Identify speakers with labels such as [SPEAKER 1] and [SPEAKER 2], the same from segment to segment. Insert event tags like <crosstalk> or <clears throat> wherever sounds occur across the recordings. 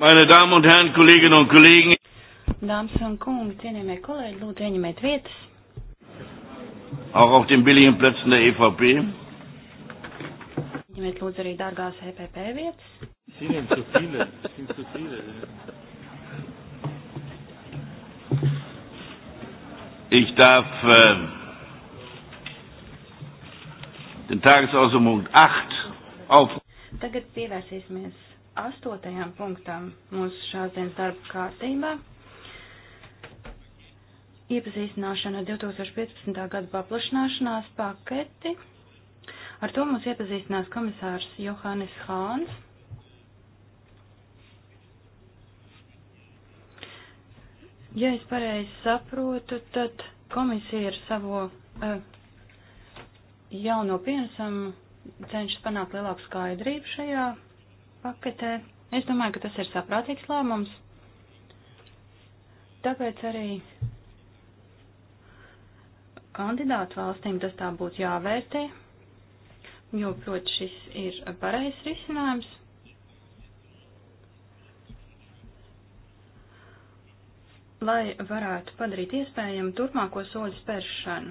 [SPEAKER 1] Meine Damen und Herren, Kolleginnen un und Kollegen.
[SPEAKER 2] Dāmas un kungi, cienījamie kolēģi, lūdzu ieņemiet vietas.
[SPEAKER 1] Auch auf den billigen Plätzen der EVP.
[SPEAKER 2] Ieņemiet lūdzu arī dārgās EPP vietas.
[SPEAKER 1] Sind zu viele, sind zu viele. Ich darf äh, den Tagesordnungspunkt 8 auf.
[SPEAKER 2] Tagad pievērsīsimies astotajam punktam mūsu šās dienas darba kārtībā. Iepazīstināšana ar 2015. gada paplašināšanās paketi. Ar to mums iepazīstinās komisārs Johannes Hāns. Ja es pareizi saprotu, tad komisija ar savu uh, jauno pienesumu cenšas panākt lielāku skaidrību šajā paketē. Es domāju, ka tas ir saprātīgs lēmums. Tāpēc arī kandidātu valstīm tas tā būtu jāvērtē, jo, protams, šis ir pareizs risinājums. lai varētu padarīt iespējamu turpmāko soļu spēršanu.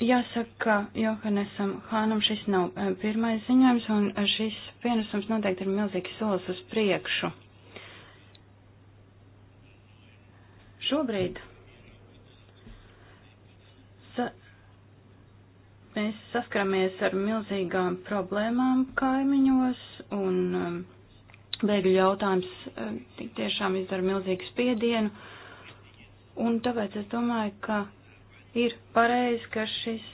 [SPEAKER 2] Jāsaka, Johannesam Hānam šis nav e, pirmais ziņojums, un šis pienesums noteikti ir milzīgs solis uz priekšu. Šobrīd sa mēs saskaramies ar milzīgām problēmām kaimiņos, un um, bēgļu jautājums um, tiešām izdara milzīgu spiedienu, un tāpēc es domāju, ka Ir pareizi, ka šis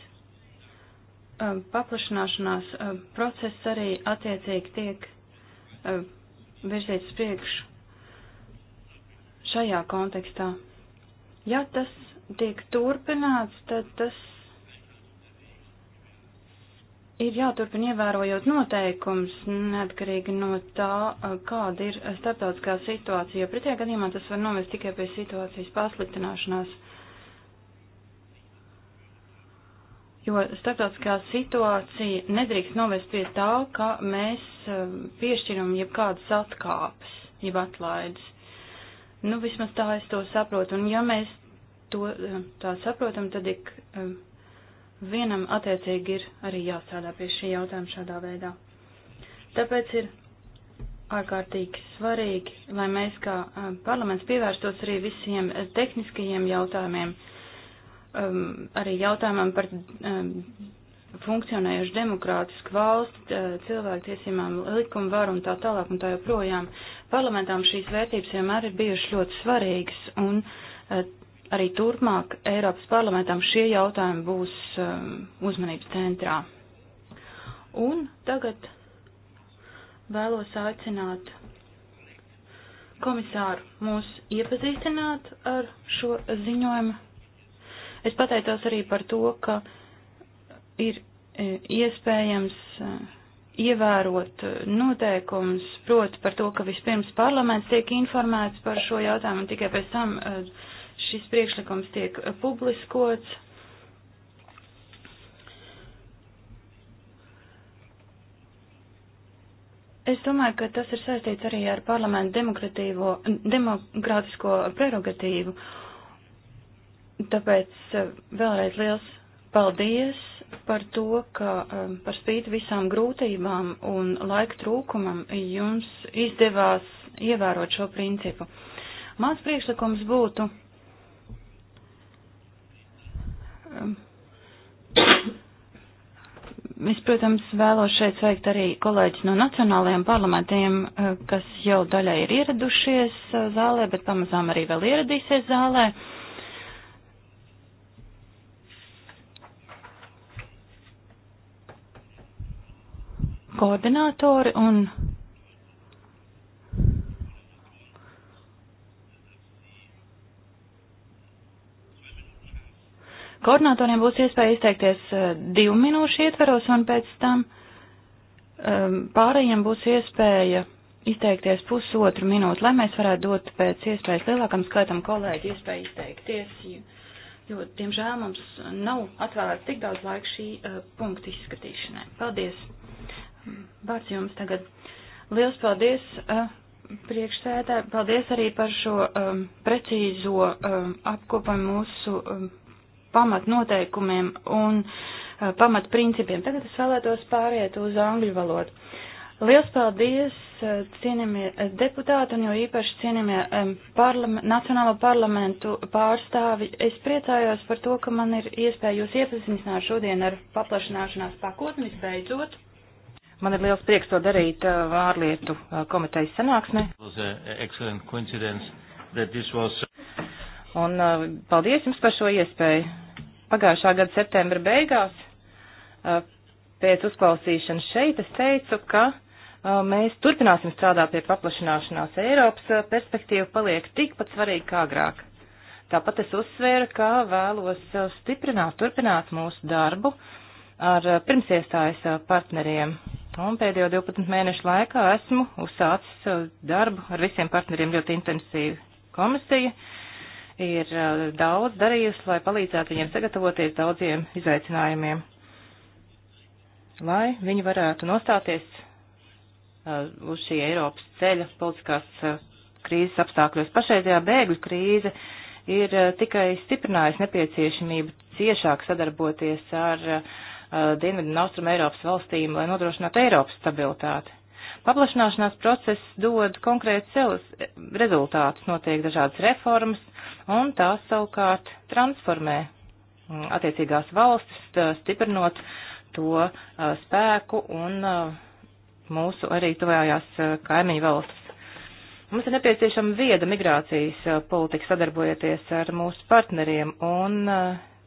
[SPEAKER 2] um, paplašanāšanās um, process arī attiecīgi tiek um, virzīts priekšu šajā kontekstā. Ja tas tiek turpināts, tad tas ir jāturpina ievērojot noteikums, neatkarīgi no tā, uh, kāda ir starptautiskā situācija. Pretējā gadījumā tas var novest tikai pie situācijas pasliktināšanās. jo starptautiskā situācija nedrīkst novest pie tā, ka mēs eh, piešķiram jebkādas atkāpes, jeb atlaides. Nu, vismaz tā es to saprotu, un ja mēs to eh, tā saprotam, tad ik eh, vienam attiecīgi ir arī jāstrādā pie šī jautājuma šādā veidā. Tāpēc ir ārkārtīgi svarīgi, lai mēs kā parlaments pievērstos arī visiem tehniskajiem jautājumiem um, arī jautājumam par um, funkcionējuši demokrātisku valsti, uh, cilvēktiesībām, likumu varu un tā tālāk un tā joprojām. Parlamentām šīs vērtības vienmēr ir bijušas ļoti svarīgas un uh, arī turpmāk Eiropas parlamentām šie jautājumi būs um, uzmanības centrā. Un tagad vēlos aicināt komisāru mūs iepazīstināt ar šo ziņojumu Es pateicos arī par to, ka ir e, iespējams e, ievērot e, noteikumus, proti par to, ka vispirms parlaments tiek informēts par šo jautājumu un tikai pēc tam šis priekšlikums tiek publiskots. Es domāju, ka tas ir saistīts arī ar parlamentu demokrātisko prerogatīvu Tāpēc eh, vēlreiz liels paldies par to, ka eh, par spīti visām grūtībām un laika trūkumam jums izdevās ievērot šo principu. Mans priekšlikums būtu ehm, <coughs> Es, protams, vēlos šeit sveikt arī kolēģis no nacionālajiem parlamentiem, eh, kas jau daļai ir ieradušies zālē, bet pamazām arī vēl ieradīsies zālē. Uh, koordinātori un Koordinatoriem būs iespēja izteikties eh, divu minūšu ietveros, un pēc tam um, pārējiem būs iespēja izteikties pusotru minūtu, lai mēs varētu dot pēc iespējas lielākam skaitam kolēģi iespēju izteikties, jo, diemžēl, mums nav atvēlēts tik daudz laika šī uh, punkta izskatīšanai. Paldies! Vārds jums tagad. Liels paldies priekšsēdē. Paldies arī par šo um, precīzo um, apkopumu mūsu um, pamatnoteikumiem un uh, pamatprincipiem. Tagad es vēlētos pāriet uz angļu valodu. Liels paldies, uh, cienījamie deputāti un jo īpaši cienījamie um, parlament, Nacionālo parlamentu pārstāvi. Es priecājos par to, ka man ir iespēja jūs iepazīstināt šodien ar paplašināšanās pakotni visbeidzot. Uh,
[SPEAKER 3] Man ir liels prieks to darīt uh, ārlietu uh, komitejas sanāksmē.
[SPEAKER 1] Was...
[SPEAKER 3] Un uh, paldies jums par šo iespēju. Pagājušā gada septembra beigās pēc uzklausīšanas šeit es teicu, ka mēs turpināsim strādāt pie paplašināšanās. Eiropas perspektīva paliek tikpat svarīga kā agrāk. Tāpat es uzsvēru, ka vēlos stiprināt, turpināt mūsu darbu ar pirmsiestājas partneriem Un pēdējo 12 mēnešu laikā esmu uzsācis uh, darbu ar visiem partneriem ļoti intensīvi. Komisija ir uh, daudz darījusi, lai palīdzētu viņiem sagatavoties daudziem izaicinājumiem, lai viņi varētu nostāties uh, uz šī Eiropas ceļa politiskās krīzes apstākļos. Pašreizējā bēgļu krīze ir tikai stiprinājusi nepieciešamību ciešāk sadarboties ar uh, Uh, Dienvidu un Austrum Eiropas valstīm, lai nodrošinātu Eiropas stabilitāti. Paplašanāšanās process dod konkrēti eh, rezultātus, notiek dažādas reformas, un tās savukārt transformē mm, attiecīgās valstis, stiprinot to eh, spēku un eh, mūsu arī tuvējās kaimiņu valstis. Mums ir nepieciešama vieda migrācijas politika sadarbojoties ar mūsu partneriem, un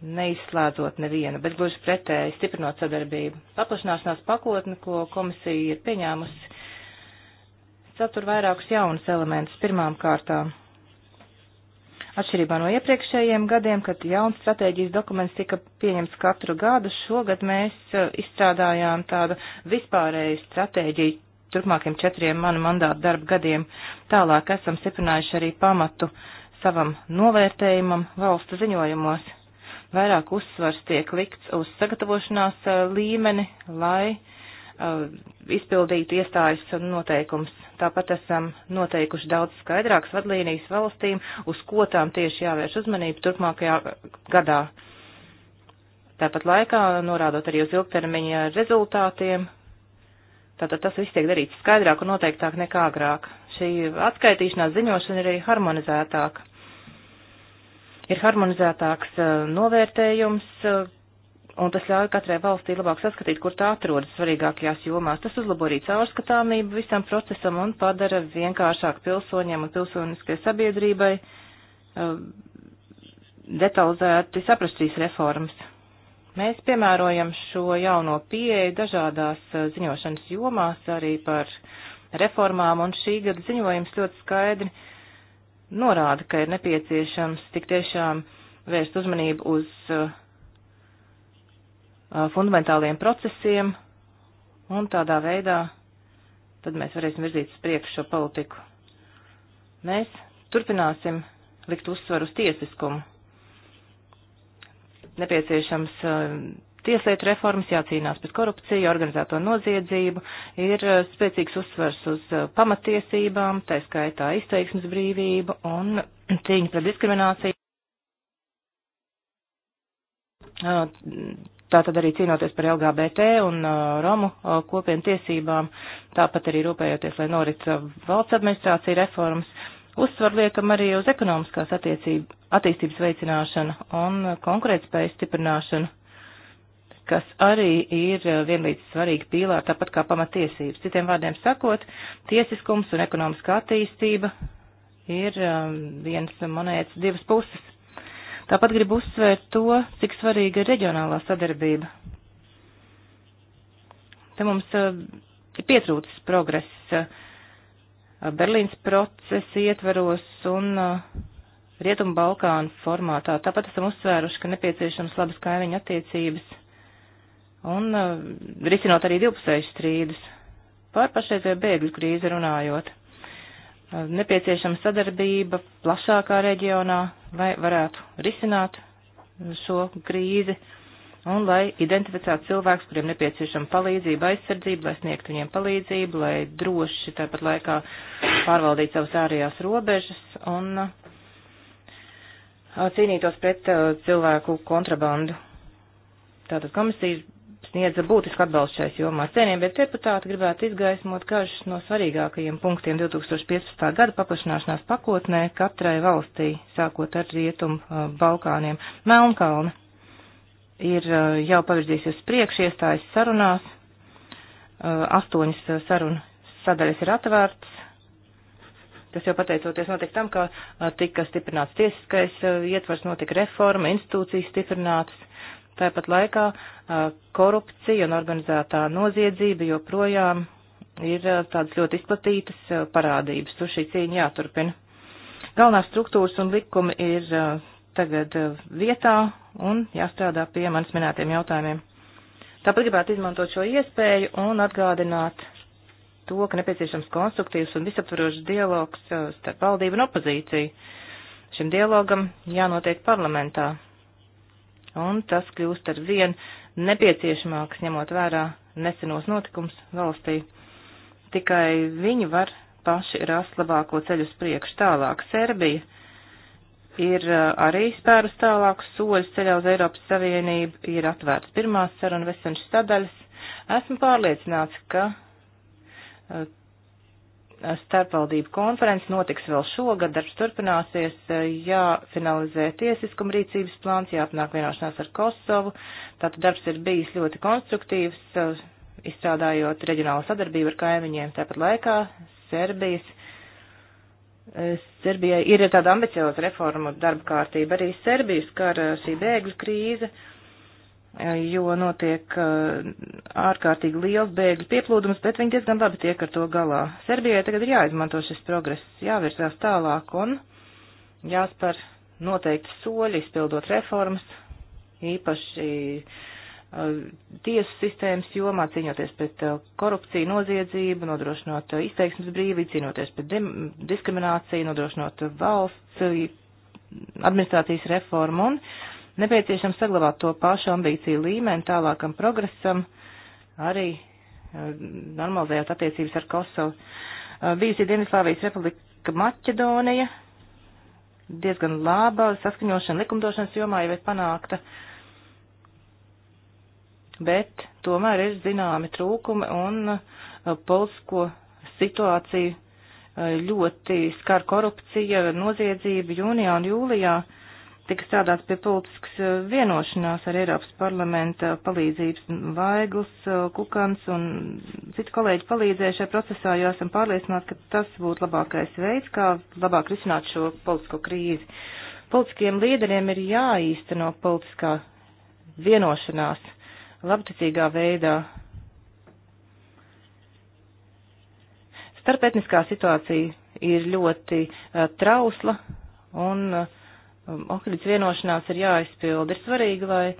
[SPEAKER 3] neizslēdzot nevienu, bet gluži pretēji stiprinot sadarbību. Paplašanāšanās pakotne, ko komisija ir pieņēmusi, satur vairākus jaunus elementus pirmām kārtām. Atšķirībā no iepriekšējiem gadiem, kad jauns stratēģijas dokuments tika pieņemts katru gadu, šogad mēs uh, izstrādājām tādu vispārēju stratēģiju turpmākiem četriem manu mandātu darba gadiem. Tālāk esam stiprinājuši arī pamatu savam novērtējumam valstu ziņojumos vairāk uzsvars tiek likts uz sagatavošanās eh, līmeni, lai eh, izpildītu iestājas noteikums. Tāpat esam noteikuši daudz skaidrākas vadlīnijas valstīm, uz ko tām tieši jāvērš uzmanība turpmākajā gadā. Tāpat laikā norādot arī uz ilgtermiņa rezultātiem, tātad tas viss tiek darīts skaidrāk un noteiktāk nekā agrāk. Šī atskaitīšanās ziņošana ir arī harmonizētāka ir harmonizētāks eh, novērtējums, eh, un tas ļauj katrai valstī labāk saskatīt, kur tā atrodas svarīgākajās jomās. Tas uzlabo arī caurskatāmību visam procesam un padara vienkāršāk pilsoņiem un pilsoniskajai sabiedrībai eh, detalizēti saprast šīs reformas. Mēs piemērojam šo jauno pieeju dažādās ziņošanas jomās arī par reformām, un šī gada ziņojums ļoti skaidri uh, norāda, ka ir nepieciešams tik tiešām vērst uzmanību uz uh, uh, fundamentāliem procesiem, un tādā veidā tad mēs varēsim virzīt uz priekšu šo politiku. Mēs turpināsim likt uzsvaru uz tiesiskumu. Nepieciešams uh, tieslietu reformas, jācīnās pret korupciju, organizēto noziedzību, ir uh, spēcīgs uzsvers uz uh, pamatiesībām, tā skaitā izteiksmes brīvību un <clears throat> cīņa pret diskrimināciju. Uh, tātad arī cīnoties par LGBT un Romu kopienu tiesībām, tāpat arī rūpējoties, lai norit valsts administrācija reformas. Uzsvar liekam arī uz ekonomiskās attīstības veicināšanu un konkurētspējas stiprināšanu kas arī ir eh, vienlīdz svarīgi pīlāri, tāpat kā pamatiesības. Citiem vārdiem sakot, tiesiskums un ekonomiskā attīstība ir eh, viens monētas divas puses. Tāpat gribu uzsvērt to, cik svarīga ir reģionālā sadarbība. Te mums eh, ir pietrūcis progress Berlīnas procesa ietveros un Rietumu Balkānu formātā. Tāpat esam uzsvēruši, ka nepieciešams labas kaimiņu attiecības un uh, risinot arī divpusēju strīdus. Par pašreizējo bēgļu krīzi runājot, uh, nepieciešama sadarbība plašākā reģionā, lai varētu risināt šo krīzi un lai identificētu cilvēkus, kuriem nepieciešama palīdzība, aizsardzība, lai sniegtu viņiem palīdzību, lai droši tāpat laikā pārvaldītu savas ārējās robežas un eh, cīnītos pret cilvēku kontrabandu. Tātad komisijas sniedza būtisku atbalstu šais jomās. Cienījamie deputāti gribētu izgaismot dažus no svarīgākajiem punktiem 2015. gada paplašanāšanās pakotnē katrai valstī, sākot ar Rietumu uh, Balkāniem. Melnkalne ir uh, jau pavirzījusies priekš, iestājas sarunās, uh, astoņas sarunu sadaļas ir atvērtas, tas jau pateicoties notiek tam, ka tika stiprināts tiesiskais ietvars, notika reforma, institūcijas stiprinātas Tāpat laikā korupcija un organizētā noziedzība joprojām ir tādas ļoti izplatītas parādības. Tur šī cīņa jāturpina. Galvenās struktūras un likumi ir tagad vietā un jāstrādā pie manis minētiem jautājumiem. Tāpat gribētu izmantot šo iespēju un atgādināt to, ka nepieciešams konstruktīvs un visaptvarošs dialogs starp valdību un opozīciju. Šim dialogam jānotiek parlamentā, un tas kļūst ar vien nepieciešamāks, ņemot vērā nesenos notikums valstī. Tikai viņi var paši rast labāko ceļu uz priekšu tālāk. Serbija ir uh, arī spērus tālākus soļus ceļā uz Eiropas Savienību, ir atvērts pirmās saruna veseņas sadaļas. Esmu pārliecināts, ka uh, starpvaldību konferences notiks vēl šogad, darbs turpināsies, jāfinalizē tiesiskuma rīcības plāns, jāpanāk vienošanās ar Kosovu. Tātad darbs ir bijis ļoti konstruktīvs, izstrādājot reģionālu sadarbību ar kaimiņiem. Tāpat laikā Serbijas, Serbijai ir tāda ambicioza reforma darba kārtība. Arī Serbijas kara šī bēgļu krīze. Uh, Eh, jo notiek eh, ārkārtīgi liels bēgļu pieplūdums, bet viņi diezgan labi tiek ar to galā. Serbijai tagad ir jāizmanto šis progress, jāvirzās tālāk un jāspēr noteikti soļi, izpildot reformas, īpaši eh, tiesu sistēmas jomā, cīņoties pret korupciju, noziedzību, nodrošinot izteiksmes brīvību, cīnoties pret diskrimināciju, nodrošinot valsts administrācijas reformu un uh, Nepieciešams saglabāt to pašu ambīciju līmeni tālākam progresam, arī e, normalizējot attiecības ar Kosovu. E, Bijusi Dienvidslāvijas republika Maķedonija, diezgan laba saskaņošana likumdošanas jomā jau ir panākta, bet tomēr ir zināmi trūkumi un e, polsko situāciju ļoti skar korupcija, noziedzība jūnijā un jūlijā. Uh, tika strādāts pie politiskas eh, vienošanās ar Eiropas parlamenta palīdzības Vaigls, eh, Kukans un citu kolēģi palīdzēja šajā procesā, jo esam pārliecināti, ka tas būtu labākais veids, kā labāk risināt šo politisko krīzi. Politiskiem līderiem ir jāīsteno politiskā vienošanās labticīgā veidā. Starpetniskā situācija ir ļoti uh, trausla un uh, Um, Ohrids vienošanās ir jāizpild. Ir svarīgi, lai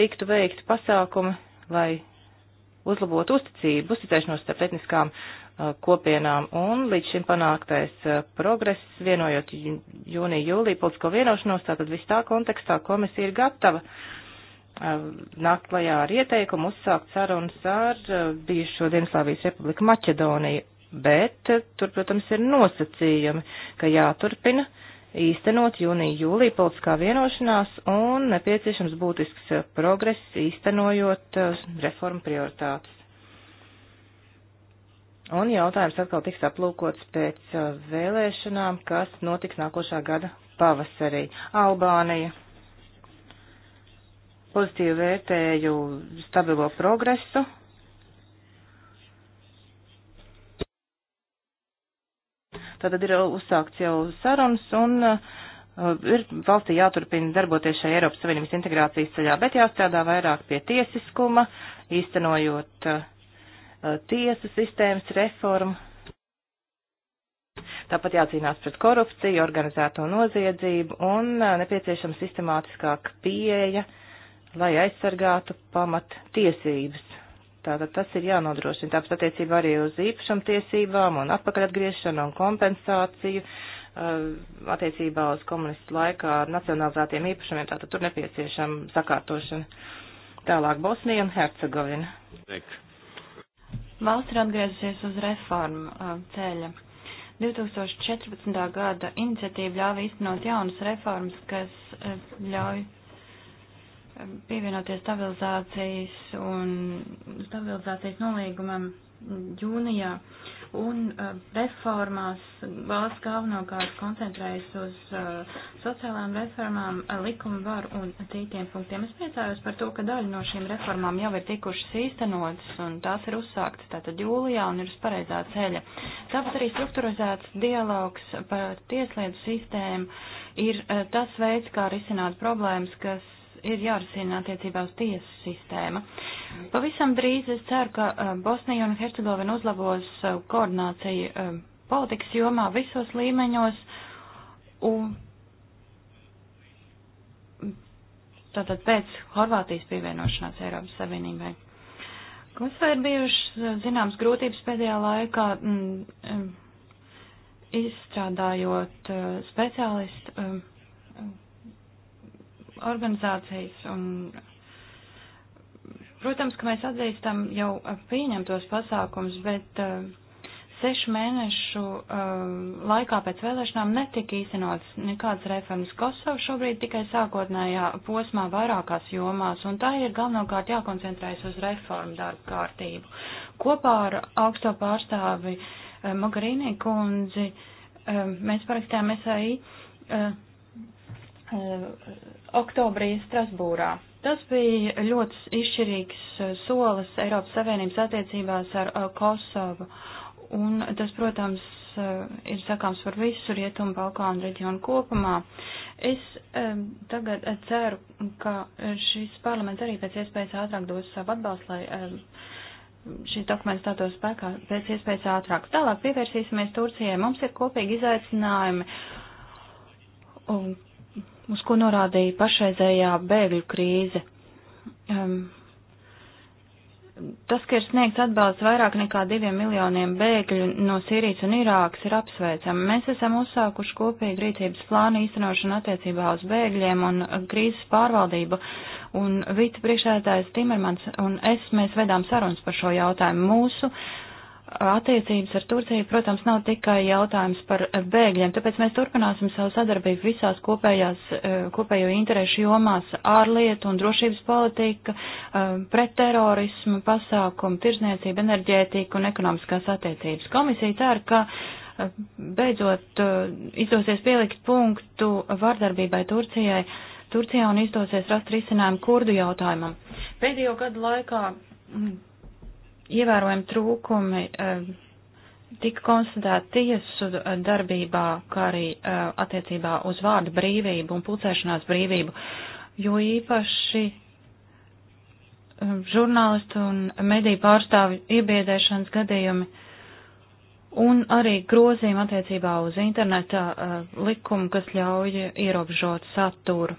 [SPEAKER 3] tiktu veikti pasākumi, lai uzlabotu uzticību, uzticēšanos starp etniskām uh, kopienām un līdz šim panāktais uh, progress, vienojot jūniju, jūliju politisko vienošanos, tātad viss tā kontekstā komisija ir gatava uh, nākt klajā ar ieteikumu uzsākt sarunas ar bijušo Dienaslāvijas republiku Maķedoniju, bet tur, protams, ir nosacījumi, ka jāturpina uh, īstenot jūnija jūlija politiskā vienošanās un nepieciešams būtisks eh, progress īstenojot eh, reformu prioritātes. Un jautājums atkal tiks aplūkots pēc eh, vēlēšanām, kas notiks nākošā gada pavasarī. Albānija. Pozitīvi vērtēju stabilo progresu Tātad ir uzsākts jau sarunas un uh, ir valstī jāturpina darboties šajā Eiropas Savienības integrācijas ceļā, bet jāstrādā vairāk pie tiesiskuma, īstenojot uh, uh, tiesu sistēmas reformu. Tāpat jācīnās pret korupciju, organizēto noziedzību un nepieciešama sistemātiskāka pieeja, lai aizsargātu pamat tiesības Tātad tas ir jānodrošina. Tāpat attiecībā arī uz īpašumtiesībām un atpakaļatgriešanu un kompensāciju uh, attiecībā uz komunistu laikā nacionalizētiem īpašumiem. Tātad tur nepieciešama sakārtošana. Tālāk Bosnija un Hercegovina. Tiek. Valsts ir atgriezusies uz reformu uh,
[SPEAKER 2] ceļa. 2014. gada iniciatīva ļāva īstenot jaunas reformas, kas uh, ļauj pievienoties stabilizācijas un stabilizācijas nolīgumam jūnijā. Un uh, reformās valsts galvenokārt koncentrējas uz uh, sociālām reformām, likuma varu un citiem punktiem. Es priecājos par to, ka daļa no šīm reformām jau ir tikušas īstenotas un tās ir uzsāktas tātad jūlijā un ir uz pareizā ceļa. Tāpat arī strukturizēts dialogs par tieslietu sistēmu ir uh, tas veids, kā risināt problēmas, kas ir jārisina attiecībā uz tiesu sistēmu. Pavisam drīz es ceru, ka eh, Bosnija un Hercegovina uzlabos eh, koordināciju eh, politikas jomā visos līmeņos. Un tātad pēc Horvātijas pievienošanās Eiropas Savienībai. Kosovā ir bijušas zināmas grūtības pēdējā laikā m, mm, izstrādājot speciālistu organizācijas un Protams, ka mēs atzīstam jau pieņemtos pasākums, bet uh, sešu mēnešu uh, laikā pēc vēlēšanām netika īstenots nekādas reformas Kosovu šobrīd tikai sākotnējā posmā vairākās jomās, un tā ir galvenokārt jākoncentrējas uz reformu darbu kārtību. Kopā ar augsto pārstāvi uh, Mogarīnī kundzi mēs parakstījām SAI oktobrī Strasbūrā. Tas bija ļoti izšķirīgs eh, solis Eiropas Savienības attiecībās ar eh, Kosovu, un tas, protams, eh, ir sakāms par visu Rietumu Balkānu reģionu kopumā. Es tagad ceru, ka šis parlaments arī pēc iespējas ātrāk dos savu atbalstu, lai šis dokuments stātos spēkā pēc iespējas ātrāk. Tālāk pievērsīsimies Turcijai. Mums ir kopīgi izaicinājumi. Un uz ko norādīja pašreizējā bēgļu krīze. Um, tas, ka ir sniegts atbalsts vairāk nekā diviem miljoniem bēgļu no Sīrijas un Irākas, ir apsveicami. Mēs esam uzsākuši kopīgu rīcības plānu īstenošanu attiecībā uz bēgļiem un krīzes pārvaldību, un vicepriekšētājs Timermans un es, mēs vedām sarunas par šo jautājumu. Mūsu uh, attiecības ar Turciju, protams, nav tikai jautājums par bēgļiem, tāpēc mēs turpināsim savu sadarbību visās kopējās, eh, kopējo interešu jomās - ārlietu un drošības politika, eh, pret terorismu, pasākumu, tirzniecību, enerģētiku un ekonomiskās attiecības. Komisija cer, ka eh, beidzot izdosies pielikt punktu vardarbībai Turcijai, Turcijā un izdosies rast risinājumu kurdu jautājumam. Pēdējo gadu laikā mm, ievērojami trūkumi eh, tika konstatēti tiesu eh, darbībā, kā arī eh, attiecībā uz vārdu brīvību un pulcēšanās brīvību, jo īpaši žurnālistu un mediju pārstāvju iebiedēšanas gadījumi un arī grozījumi attiecībā uz interneta likumu, kas ļauj ierobežot saturu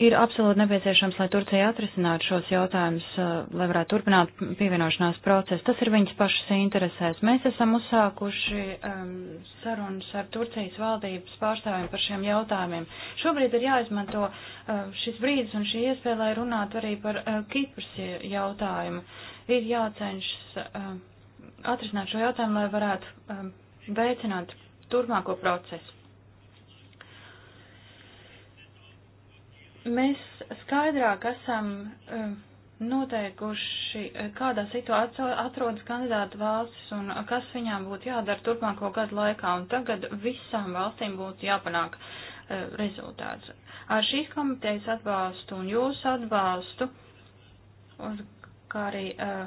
[SPEAKER 2] ir absolūti nepieciešams, lai Turcija atrisinātu šos jautājumus, uh, lai varētu turpināt pievienošanās procesu. Tas ir viņas pašas interesēs. Mēs esam uzsākuši um, sarunas ar Turcijas valdības pārstāvjiem par šiem jautājumiem. Šobrīd ir jāizmanto uh, šis brīdis un šī iespēja, lai runātu arī par uh, Kipras jautājumu. Ir jācenšas uh, atrisināt šo jautājumu, lai varētu um, veicināt turpmāko procesu. Mēs skaidrāk esam um, noteikuši, uh, kādā situācijā atrodas kandidāta valstis un kas viņām būtu jādara turpmāko gadu laikā, un tagad visām valstīm būtu jāpanāk uh, rezultāts. Ar šīs komitejas atbalstu un jūsu atbalstu, un kā arī uh,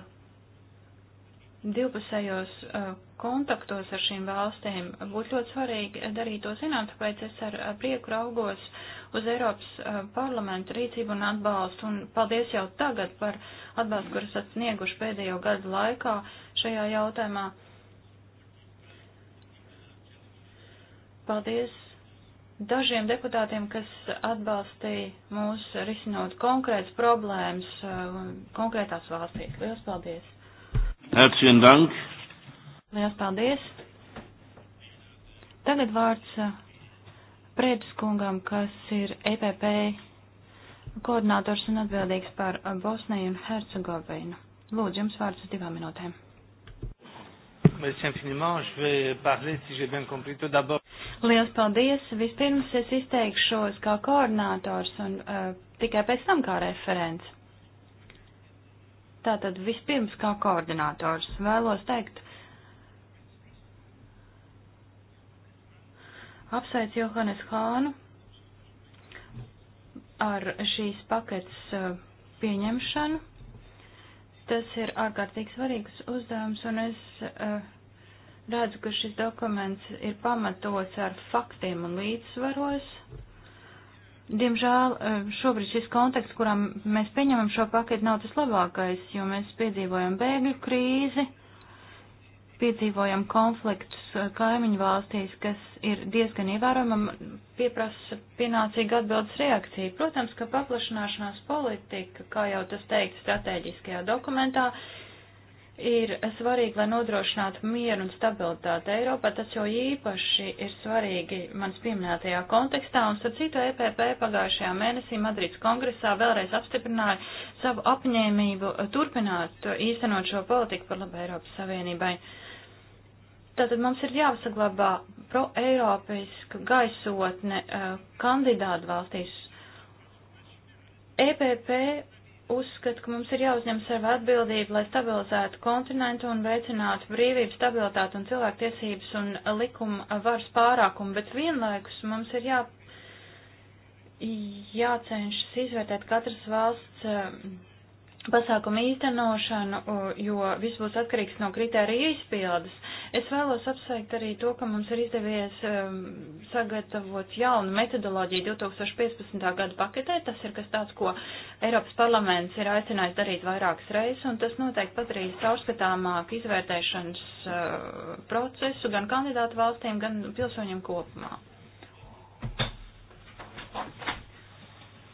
[SPEAKER 2] divpusējos uh, kontaktos ar šīm valstīm būtu ļoti svarīgi darīt to zināt, tāpēc es ar uh, prieku raugos uz Eiropas uh, parlamentu rīcību un atbalstu, un paldies jau tagad par atbalstu, kurus esat snieguši pēdējo gadu laikā šajā jautājumā. Paldies dažiem deputātiem, kas atbalstīja mūs risinot konkrētas problēmas uh, konkrētās valstīs. Lielas paldies!
[SPEAKER 1] Herzlichen Dank!
[SPEAKER 2] Lielas paldies! Tagad vārds uh, Prēdas kungam, kas ir EPP koordinators un atbildīgs par Bosniju un Hercegovinu. Lūdzu, jums vārds uz divām minūtēm.
[SPEAKER 1] Merci infiniment. Je vais parler, si j'ai bien compris, tout d'abord.
[SPEAKER 2] Liels paldies! Vispirms es izteikšos kā koordinators un uh, tikai pēc tam kā referents. Tātad vispirms kā koordinators vēlos teikt apsveic Johannes Hānu ar šīs paketes uh, pieņemšanu. Tas ir ārkārtīgi svarīgs uzdevums, un es uh, redzu, ka šis dokuments ir pamatots ar faktiem un līdzsvaros. Diemžēl uh, šobrīd šis konteksts, kurā mēs pieņemam šo paketu, nav tas labākais, jo mēs piedzīvojam bēgļu krīzi piedzīvojam konfliktus eh, kaimiņu valstīs, kas ir diezgan ievērojami, pieprasa pienācīgu atbildes reakciju. Protams, ka paplašanāšanās politika, kā jau tas teikt strateģiskajā dokumentā, ir svarīgi, lai nodrošinātu mieru un stabilitāti Eiropā. Tas jau īpaši ir svarīgi mans pieminētajā kontekstā, un starp citu EPP pagājušajā mēnesī Madrīdas kongresā vēlreiz apstiprināja savu apņēmību turpināt īstenot šo politiku par labu Eiropas Savienībai. Uh, Tātad mums ir jāsaglabā proeiropeiska gaisotne eh, kandidātu valstīs. EPP uzskata, ka mums ir jāuzņem sev atbildība, lai stabilizētu kontinentu un veicinātu brīvību, stabilitāti un cilvēktiesības un likuma varas pārākumu, bet vienlaikus mums ir jā, jācenšas izvērtēt katras valsts eh, pasākumu īstenošanu, jo viss būs atkarīgs no kritērija izpildes. Es vēlos apsveikt arī to, ka mums ir izdevies um, sagatavot jaunu metodoloģiju 2015. gada paketē. Tas ir kas tāds, ko Eiropas parlaments ir aicinājis darīt vairākas reizes, un tas noteikti padarīs caurskatāmāk izvērtēšanas uh, procesu gan kandidātu valstīm, gan pilsoņiem kopumā.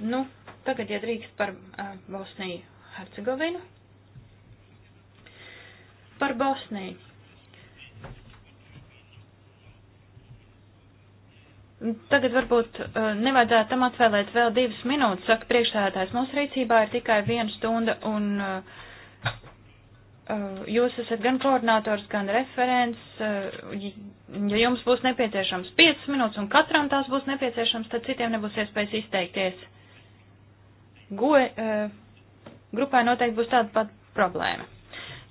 [SPEAKER 2] Nu, tagad, ja drīkst par uh, Bosniju Hercegovinu. Par Bosniju. Tagad varbūt uh, nevajadzētu tam atvēlēt vēl divas minūtes, saka priekšsēdētājs. Mūsu rīcībā ir tikai viena stunda un uh, uh, jūs esat gan koordinators, gan referents. Ja jums būs nepieciešams 5 minūtes un katram tās būs nepieciešams, tad citiem nebūs iespējas izteikties. Goe grupai noteikti būs tāda pat problēma.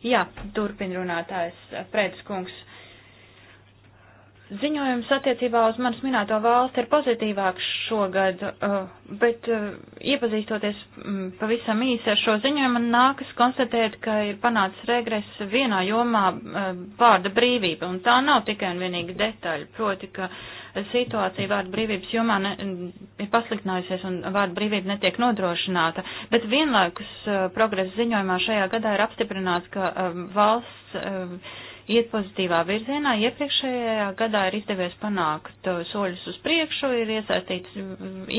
[SPEAKER 2] Jā, turpin runātājs eh, Prēdis kungs. Ziņojums attiecībā uz manas minēto valsti ir pozitīvāks šogad, eh, bet eh, iepazīstoties mm, pavisam īsi ar šo ziņojumu, man nākas konstatēt, ka ir panācis regress vienā jomā vārda brīvība, un tā nav tikai un vienīgi detaļa, proti, ka uh, situācija vārdu brīvības jomā ne, ir pasliktinājusies un vārdu brīvība netiek nodrošināta, bet vienlaikus uh, progresa ziņojumā šajā gadā ir apstiprināts, ka um, valsts um, iet pozitīvā virzienā. Iepriekšējā gadā ir izdevies panākt uh, soļus uz priekšu, ir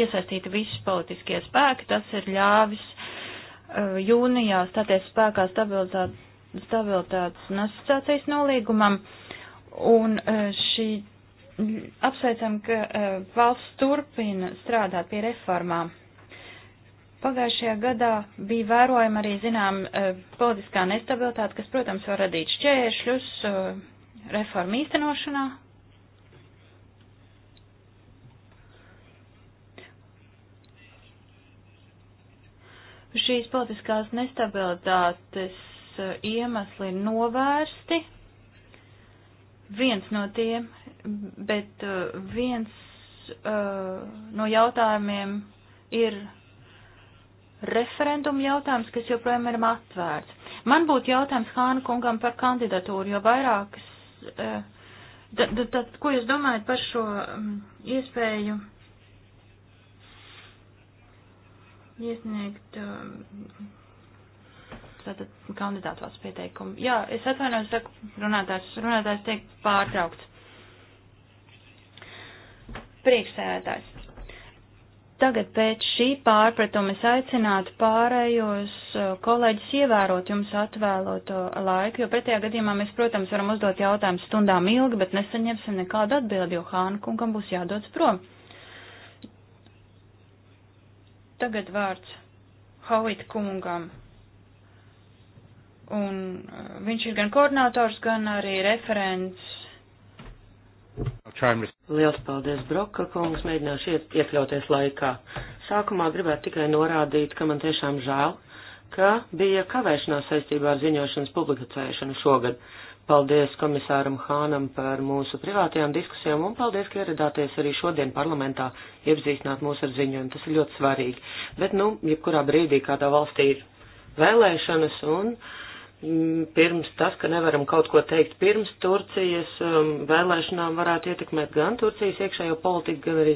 [SPEAKER 2] iesaistīti visi politiskie spēki, tas ir ļāvis uh, jūnijā stāties spēkā stabilitātes un asociācijas nolīgumam. Un šī apsveicam, ka eh, valsts turpina strādāt pie reformām. Pagājušajā gadā bija vērojama arī, zinām, eh, politiskā nestabilitāte, kas, protams, var radīt šķēršļus eh, reformu īstenošanā. Šīs politiskās nestabilitātes iemesli ir novērsti. Viens no tiem bet uh, viens uh, no jautājumiem ir referendumu jautājums, kas joprojām ir atvērts. Man būtu jautājums Hāna kungam par kandidatūru, jo vairākas, uh, tad, tad, ko jūs domājat par šo um, iespēju iesniegt um, tātad kandidātos pieteikumu? Jā, es atvainojos, saku, runātājs, runātājs tiek pārtraukts. Priekšsēdētājs. Tagad pēc šī pārpratuma es aicinātu pārējos uh, kolēģis ievērot jums atvēloto laiku, jo pretējā gadījumā mēs, protams, varam uzdot jautājumu stundām ilgi, bet nesaņemsim nekādu atbildi, jo Hāna kungam būs jādodas prom. Tagad vārds Hauit kungam. Un uh, viņš ir gan koordinators, gan arī referents
[SPEAKER 4] Liels paldies, Broka kungs, mēģināšu iet, iekļauties laikā. Sākumā gribētu tikai norādīt, ka man tiešām žēl, ka bija kavēšanās saistībā ar ziņošanas publicēšanu šogad. Paldies komisāram Hānam par mūsu privātajām diskusijām un paldies, ka ieradāties arī šodien parlamentā iepazīstināt mūs ar ziņojumu. Tas ir ļoti svarīgi. Bet, nu, jebkurā brīdī kādā valstī ir vēlēšanas un uh, Mm, pirms tas, ka nevaram kaut ko teikt pirms Turcijas um, vēlēšanām, varētu ietekmēt gan Turcijas iekšējo politiku, gan arī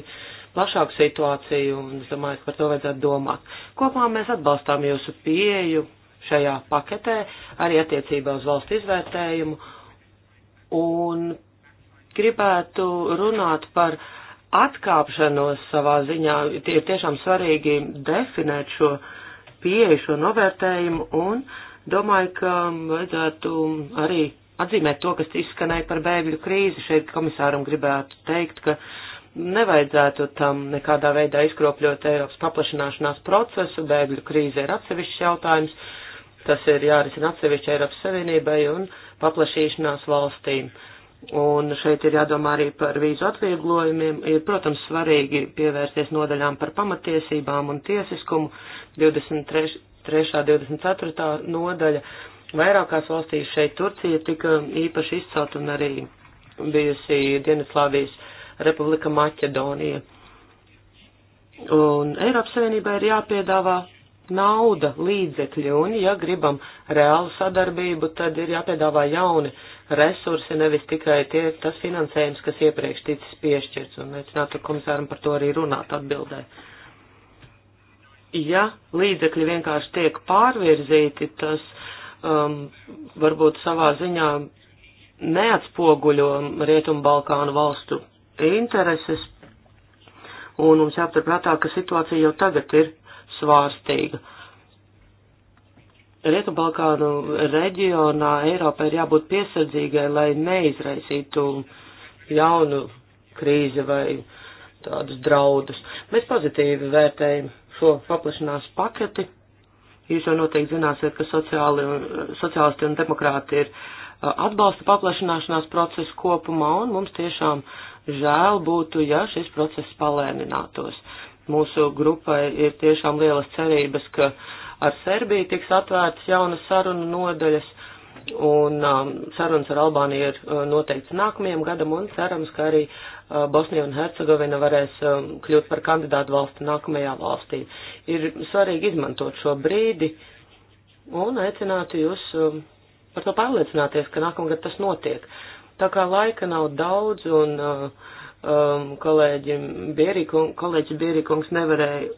[SPEAKER 4] plašāku situāciju, un es domāju, ka par to vajadzētu domāt. Kopumā mēs atbalstām jūsu pieeju šajā paketē, arī attiecībā uz valstu izvērtējumu, un gribētu runāt par atkāpšanos savā ziņā. Tie ir tiešām svarīgi definēt šo pieeju, šo novērtējumu, un uh, Domāju, ka vajadzētu arī atzīmēt to, kas izskanēja par bēgļu krīzi. Šeit komisāram gribētu teikt, ka nevajadzētu tam nekādā veidā izkropļot Eiropas paplašanāšanās procesu. Bēgļu krīze ir atsevišķs jautājums. Tas ir jārisina atsevišķi Eiropas Savienībai un paplašīšanās valstīm. Un šeit ir jādomā arī par vīzu atvieglojumiem. Ir, protams, svarīgi pievērsties nodaļām par pamatiesībām un tiesiskumu. 23. 23. 24. nodaļa. Vairākās valstīs šeit Turcija tika īpaši izcelt un arī bijusi Dienaslāvijas Republika Maķedonija. Un Eiropas Savienībai ir jāpiedāvā nauda, līdzekļi, un ja gribam reālu sadarbību, tad ir jāpiedāvā jauni resursi, nevis tikai tie, tas finansējums, kas iepriekš ticis piešķirts, un aicinātu komisāram par to arī runāt atbildē. Uh, ja līdzekļi vienkārši tiek pārvirzīti, tas um, varbūt savā ziņā neatspoguļo Rietumbalkānu valstu intereses, un mums jāaptur prātā, ka situācija jau tagad ir svārstīga. Rietumbalkānu reģionā Eiropā ir jābūt piesardzīgai, lai neizraisītu jaunu krīzi vai tādus draudus. Mēs pozitīvi vērtējam šo paplašanās paketi. Jūs jau noteikti zināsiet, ka sociāli, sociālisti un demokrāti ir uh, atbalsta paplašanāšanās procesu kopumā, un mums tiešām žēl būtu, ja šis process palēninātos. Mūsu grupai ir tiešām lielas cerības, ka ar Serbiju tiks atvērtas jaunas sarunu nodaļas, Un um, sarunas ar Albāniju ir uh, noteikts nākamajam gadam, un cerams, ka arī uh, Bosnija un Hercegovina varēs um, kļūt par kandidātu valsti nākamajā valstī. Ir svarīgi izmantot šo brīdi un aicinātu jūs um, par to pārliecināties, ka nākamgad tas notiek. Tā kā laika nav daudz un uh, um, kolēģi Bierikung, kolēģis Bierikungs nevarēja,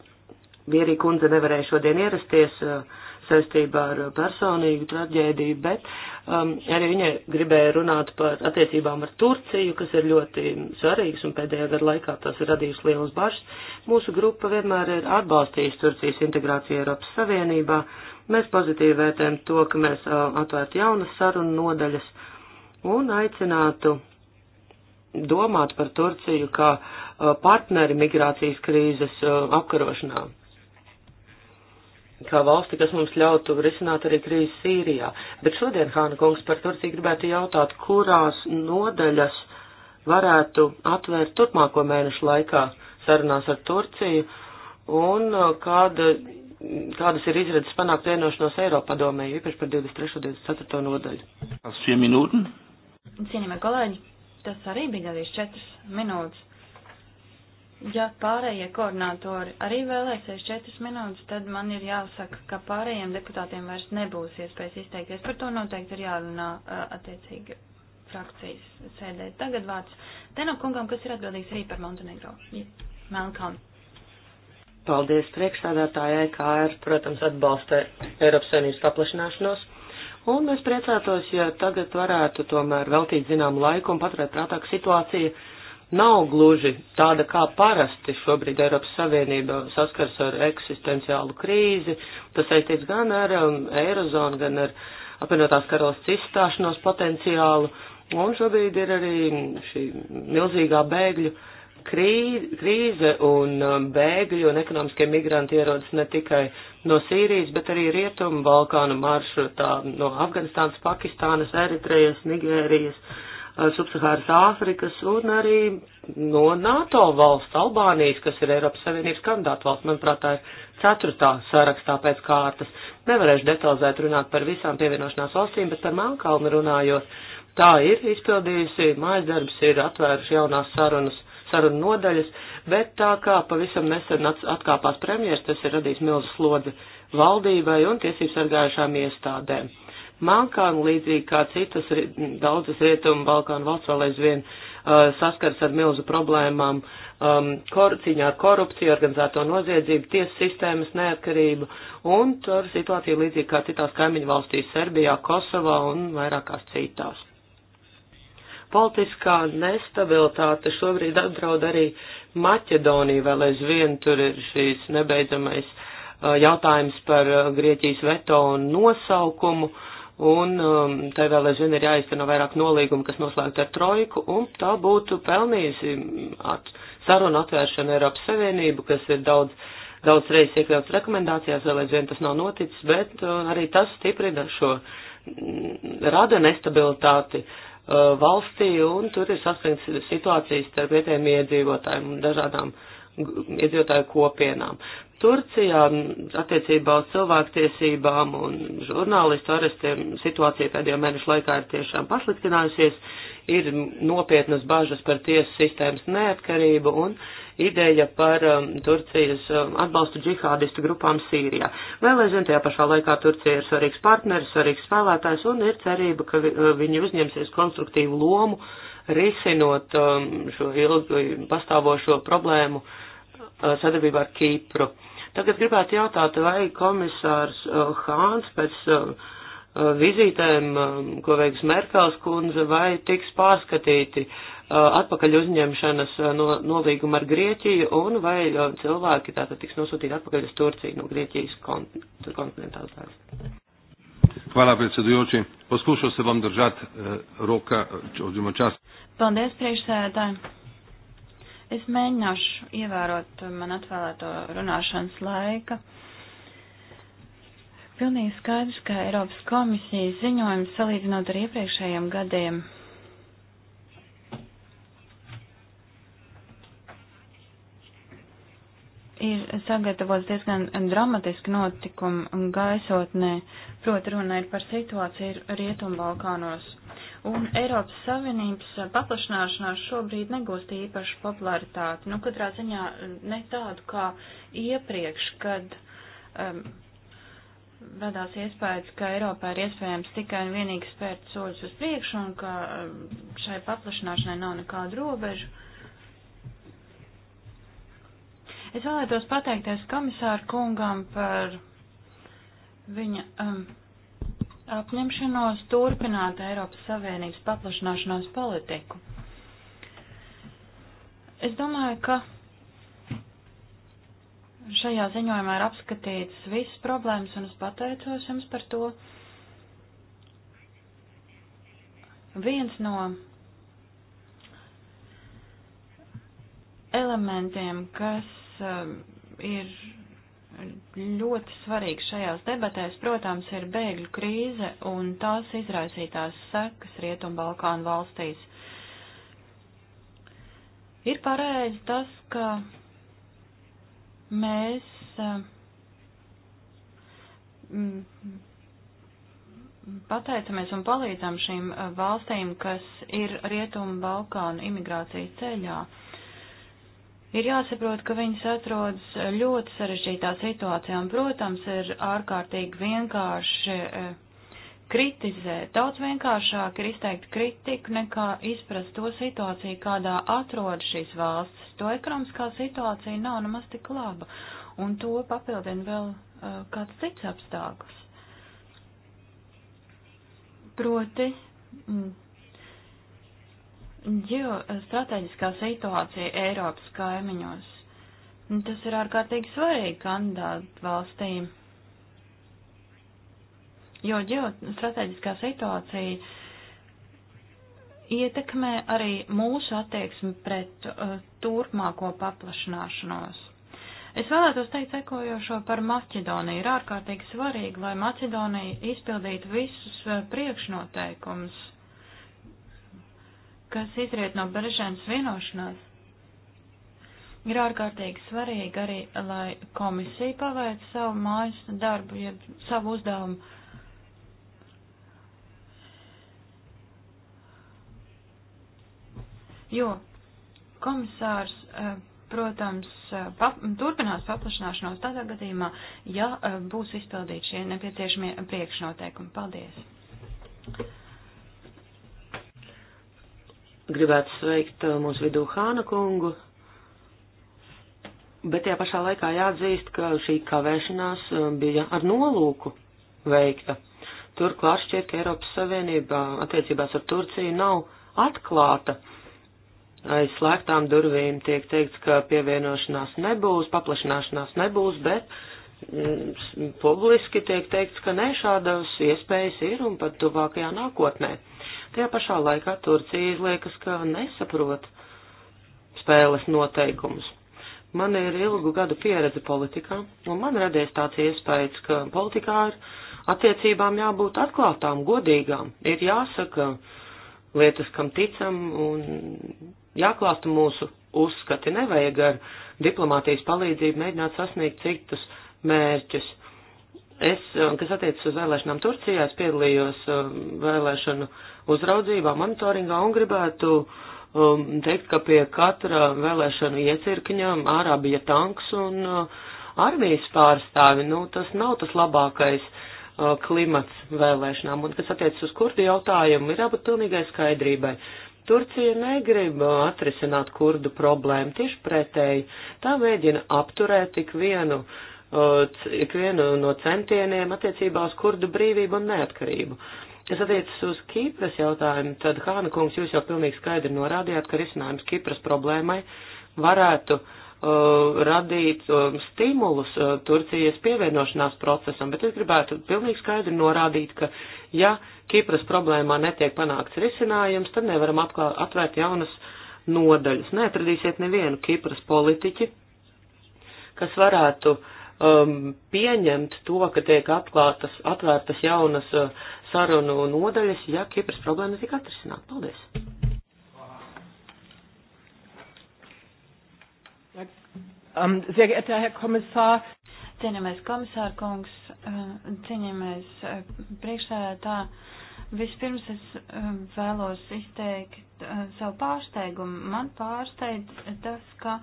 [SPEAKER 4] Bierikundze nevarēja šodien ierasties. Uh, saistībā ar personīgu traģēdiju, bet um, arī viņa gribēja runāt par attiecībām ar Turciju, kas ir ļoti svarīgas un pēdējā gada laikā tas ir radījis lielas bažas. Mūsu grupa vienmēr ir atbalstījusi Turcijas integrāciju Eiropas Savienībā. Mēs pozitīvi vērtējam to, ka mēs uh, atvērtu jaunas sarunu nodaļas un aicinātu domāt par Turciju kā uh, partneri migrācijas krīzes uh, apkarošanā kā valsti, kas mums ļautu risināt arī krīzi Sīrijā. Bet šodien, Hāna kungs, par Turciju gribētu jautāt, kurās nodaļas varētu atvērt turpmāko mēnešu laikā sarunās ar Turciju un uh, kāda, kādas ir izredzes panākt vienošanos Eiropā domē, īpaši par 23. un 24. nodaļu.
[SPEAKER 2] Cienījamie kolēģi, tas arī bija gandrīz 4 minūtes. Ja pārējie koordinātori arī vēlēsies četras minūtes, tad man ir jāsaka, ka pārējiem deputātiem vairs nebūs iespējas izteikties. Par to noteikti ir jārunā attiecīgi frakcijas sēdē. Tagad vārds Tenok kungam, kas ir atbildīgs arī par Montenegro. Melnkalnu.
[SPEAKER 4] Paldies priekšstādātājai, e kā ir, protams, atbalsta Eiropas Savienības paplašināšanos. Un mēs priecātos, ja tagad varētu tomēr veltīt zinām laiku un paturēt prātāk situāciju nav gluži tāda kā parasti. Šobrīd Eiropas Savienība saskars ar eksistenciālu krīzi. Tas saistīts gan ar um, Eirozonu, gan ar apvienotās karalists izstāšanos potenciālu. Un šobrīd ir arī šī milzīgā bēgļu krīze un um, bēgļu un ekonomiskie migranti ierodas ne tikai no Sīrijas, bet arī Rietumu Balkānu maršrutā no Afganistānas, Pakistānas, Eritrejas, Nigērijas. Uh, Eh, subsahāras Āfrikas un arī no NATO valsts Albānijas, kas ir Eiropas Savienības kandidāta valsts, manuprāt, tā ir ceturtā sarakstā pēc kārtas. Nevarēšu detalizēt runāt par visām pievienošanās valstīm, bet par Melnkalnu runājot, tā ir izpildījusi, mājas darbs ir atvēruši jaunās sarunas, sarunu nodaļas, bet tā kā pavisam nesen atkāpās premjers, tas ir radījis milzu slodzi valdībai un tiesības sargājušām iestādēm Malkānu, līdzīgi kā citas daudzas rietumu Balkānu valsts vēl aizvien uh, saskars ar milzu problēmām um, kor, cīņā ar korupciju, organizēto noziedzību, tiesu sistēmas neatkarību, un tur situācija līdzīgi kā citās kaimiņu valstīs - Serbijā, Kosovā un vairākās citās. Politiskā nestabilitāte šobrīd apdraud arī Maķedoniju, vēl aizvien tur ir šīs nebeidzamais uh, jautājums par uh, Grieķijas veto un nosaukumu. Uh, un um, tai vēl aizvien ir jāizteno vairāk nolīgumu, kas noslēgta ar trojku, un tā būtu pelnījusi mm, at, sarunu atvēršanu Eiropas Savienību, kas ir daudz, daudz reizes iekļauts rekomendācijās, vēl aizvien tas nav noticis, bet uh, arī tas stiprina šo, m, mm, rada nestabilitāti uh, valstī, un tur ir saskaņas situācijas starp vietējiem iedzīvotājiem un dažādām uh, iedzīvotāju kopienām. Turcijā attiecībā uz cilvēktiesībām un žurnālistu arestiem situācija pēdējo mēnešu laikā ir tiešām pasliktinājusies, ir nopietnas bažas par tiesu sistēmas neatkarību un ideja par um, Turcijas um, atbalstu džihādistu grupām Sīrijā. Vēl aizvien tajā pašā laikā Turcija ir svarīgs partneris, svarīgs spēlētājs un ir cerība, ka vi, viņi uzņemsies konstruktīvu lomu risinot um, šo ilgu pastāvošo problēmu uh, Uh, sadarbībā ar Kīpru. Tagad gribētu jautāt, vai komisārs uh, Hāns pēc uh, vizītēm, um, ko veiks Merkels kundze, vai tiks pārskatīti atpakaļ uzņemšanas nolīguma ar Grieķiju un vai cilvēki tātad tiks nosūtīti atpakaļ uz Turciju no Grieķijas kont kontinentālas daļas.
[SPEAKER 1] Hvala predsedujoči. Poskušal se vam držati roka, oziroma čas.
[SPEAKER 2] Paldies, priekšsēdētāji. Es mēģināšu ievērot man atvēlēto runāšanas laika. Pilnīgi skaidrs, ka Eiropas komisijas ziņojums salīdzinot ar iepriekšējiem gadiem ir sagatavots diezgan dramatiski notikumi gaisotnē, proti runa ir par situāciju Rietumbalkānos. Balkānos un Eiropas Savienības paplašanāšanās šobrīd negūst īpašu popularitāti. Nu, katrā ziņā eh, ne tādu kā iepriekš, kad um, radās iespējas, ka Eiropā ir iespējams tikai un vienīgi spērt soļus uz priekšu un ka um, šai paplašanāšanai nav nekādu robežu. Es vēlētos pateikties komisāru kungam par viņa um, apņemšanos turpināt Eiropas Savienības paplašanāšanās politiku. Es domāju, ka šajā ziņojumā ir apskatītas visas problēmas, un es pateicos jums par to. Viens no elementiem, kas um, ir ļoti svarīgs šajās debatēs, protams, ir bēgļu krīze un tās izraisītās sekas Rietumbalkānu valstīs. Ir pareizi tas, ka mēs mm, pateicamies un palīdzam šīm eh, valstīm, kas ir Rietumu Balkānu imigrācijas ceļā. Uh, Ir jāsaprot, ka viņas atrodas ļoti sarežģītā situācijā, un, protams, ir ārkārtīgi vienkārši eh, kritizēt. Daudz vienkāršāk ir izteikt kritiku nekā izprast to situāciju, kādā atrodas šīs valstis. To ekonomiskā situācija nav nemaz tik laba, un to papildina vēl uh, kāds cits apstākļus. Proti, mm, ģeostrateģiskā situācija Eiropas kaimiņos. Tas ir ārkārtīgi svarīgi kandidātu valstīm, jo ģeostrateģiskā situācija ietekmē arī mūsu attieksmi pret uh, turpmāko paplašanāšanos. Es vēlētos teikt sekojošo par Maķedoniju. Ir ārkārtīgi svarīgi, lai Maķedonija izpildītu visus uh, priekšnoteikumus kas izriet no Beržēnas vienošanās, ir ārkārtīgi svarīgi arī, lai komisija paveic savu mājas darbu, ja savu uzdevumu. Jo komisārs, eh, protams, eh, pap, turpinās paplašināšanos tādā gadījumā, ja eh, būs izpildīti šie nepieciešamie priekšnoteikumi. Paldies!
[SPEAKER 4] Gribētu sveikt uh, mūsu vidū Hāna kungu, bet tajā pašā laikā jāatzīst, ka šī kavēšanās uh, bija ar nolūku veikta. Turklāt šķiet, ka Eiropas Savienība uh, attiecībās ar Turciju nav atklāta. Aiz slēgtām durvīm tiek teikts, ka pievienošanās nebūs, paplašanāšanās nebūs, bet mm, publiski tiek teikts, ka ne šādas iespējas ir un pat tuvākajā nākotnē. Tajā pašā laikā Turcija izliekas, ka nesaprot spēles noteikumus. Man ir ilgu gadu pieredze politikā, un man radies tāds iespējas, ka politikā ir attiecībām jābūt atklātām, godīgām. Ir jāsaka lietas, kam ticam, un jāklāsta mūsu uzskati. Nevajag ar diplomātijas palīdzību mēģināt sasniegt citus mērķus. Es, kas attiecas uz vēlēšanām Turcijā, es piedalījos um, vēlēšanu uzraudzībā, monitoringā un gribētu um, teikt, ka pie katra vēlēšanu iecirkņa ārā bija tanks un uh, armijas pārstāvi. Nu, tas nav tas labākais uh, klimats vēlēšanām. Un, kas attiecas uz kurdu jautājumu, ir jābūt pilnīgai skaidrībai. Turcija negrib uh, atrisināt kurdu problēmu, tieši pretēji. Tā mēģina apturēt tik vienu uh, ikvienu no centieniem attiecībā uz kurdu brīvību un neatkarību. Kas attiecas uz Kīpras jautājumu, tad Hāna kungs jūs jau pilnīgi skaidri norādījāt, ka risinājums Kīpras problēmai varētu uh, radīt uh, stimulus uh, Turcijas pievienošanās procesam, bet es gribētu pilnīgi skaidri norādīt, ka ja Kipras problēmā netiek panākts risinājums, tad nevaram atklā, atvērt jaunas nodaļas. Neatradīsiet nevienu Kipras politiķi, kas varētu uh, um, pieņemt to, ka tiek atklātas, atvērtas jaunas uh, sarunu nodaļas, ja Kipras problēma tika atrisināt. Paldies! Um, sehr
[SPEAKER 2] geehrter Herr Kommissar, cienījamais komisārkungs, uh, cienījamais uh, priekšsēdētā, vispirms es um, vēlos izteikt uh, savu pārsteigumu. Man pārsteidz tas, ka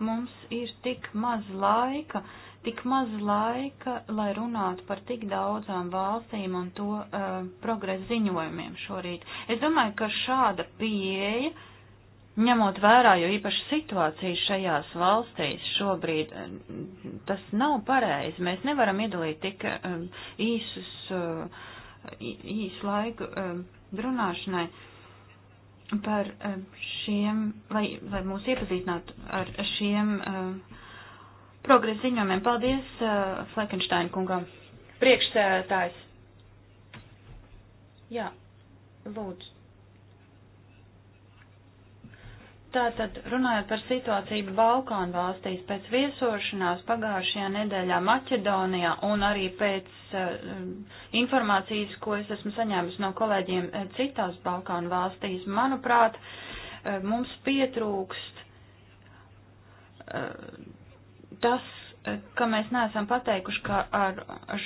[SPEAKER 2] mums ir tik maz laika tik maz laika, lai runātu par tik daudzām valstīm un to uh, eh, progresu ziņojumiem šorīt. Es domāju, ka šāda pieeja, ņemot vērā, jo īpaši situācija šajās valstīs šobrīd, eh, tas nav pareizi. Mēs nevaram iedalīt tik um, īsus, uh, īsu laiku um, runāšanai par um, šiem, lai, lai mūs iepazīstinātu ar šiem. Um, progresa ziņojumiem. Paldies uh, Fleckensteina kungam. Priekšsētājs. Jā, lūdzu. Tātad, runājot par situāciju Balkānu valstīs, pēc viesošanās pagājušajā nedēļā Maķedonijā un arī pēc uh, informācijas, ko es esmu saņēmusi no kolēģiem uh, citās Balkānu valstīs, manuprāt, uh, mums pietrūkst uh, tas, ka mēs neesam pateikuši, ka ar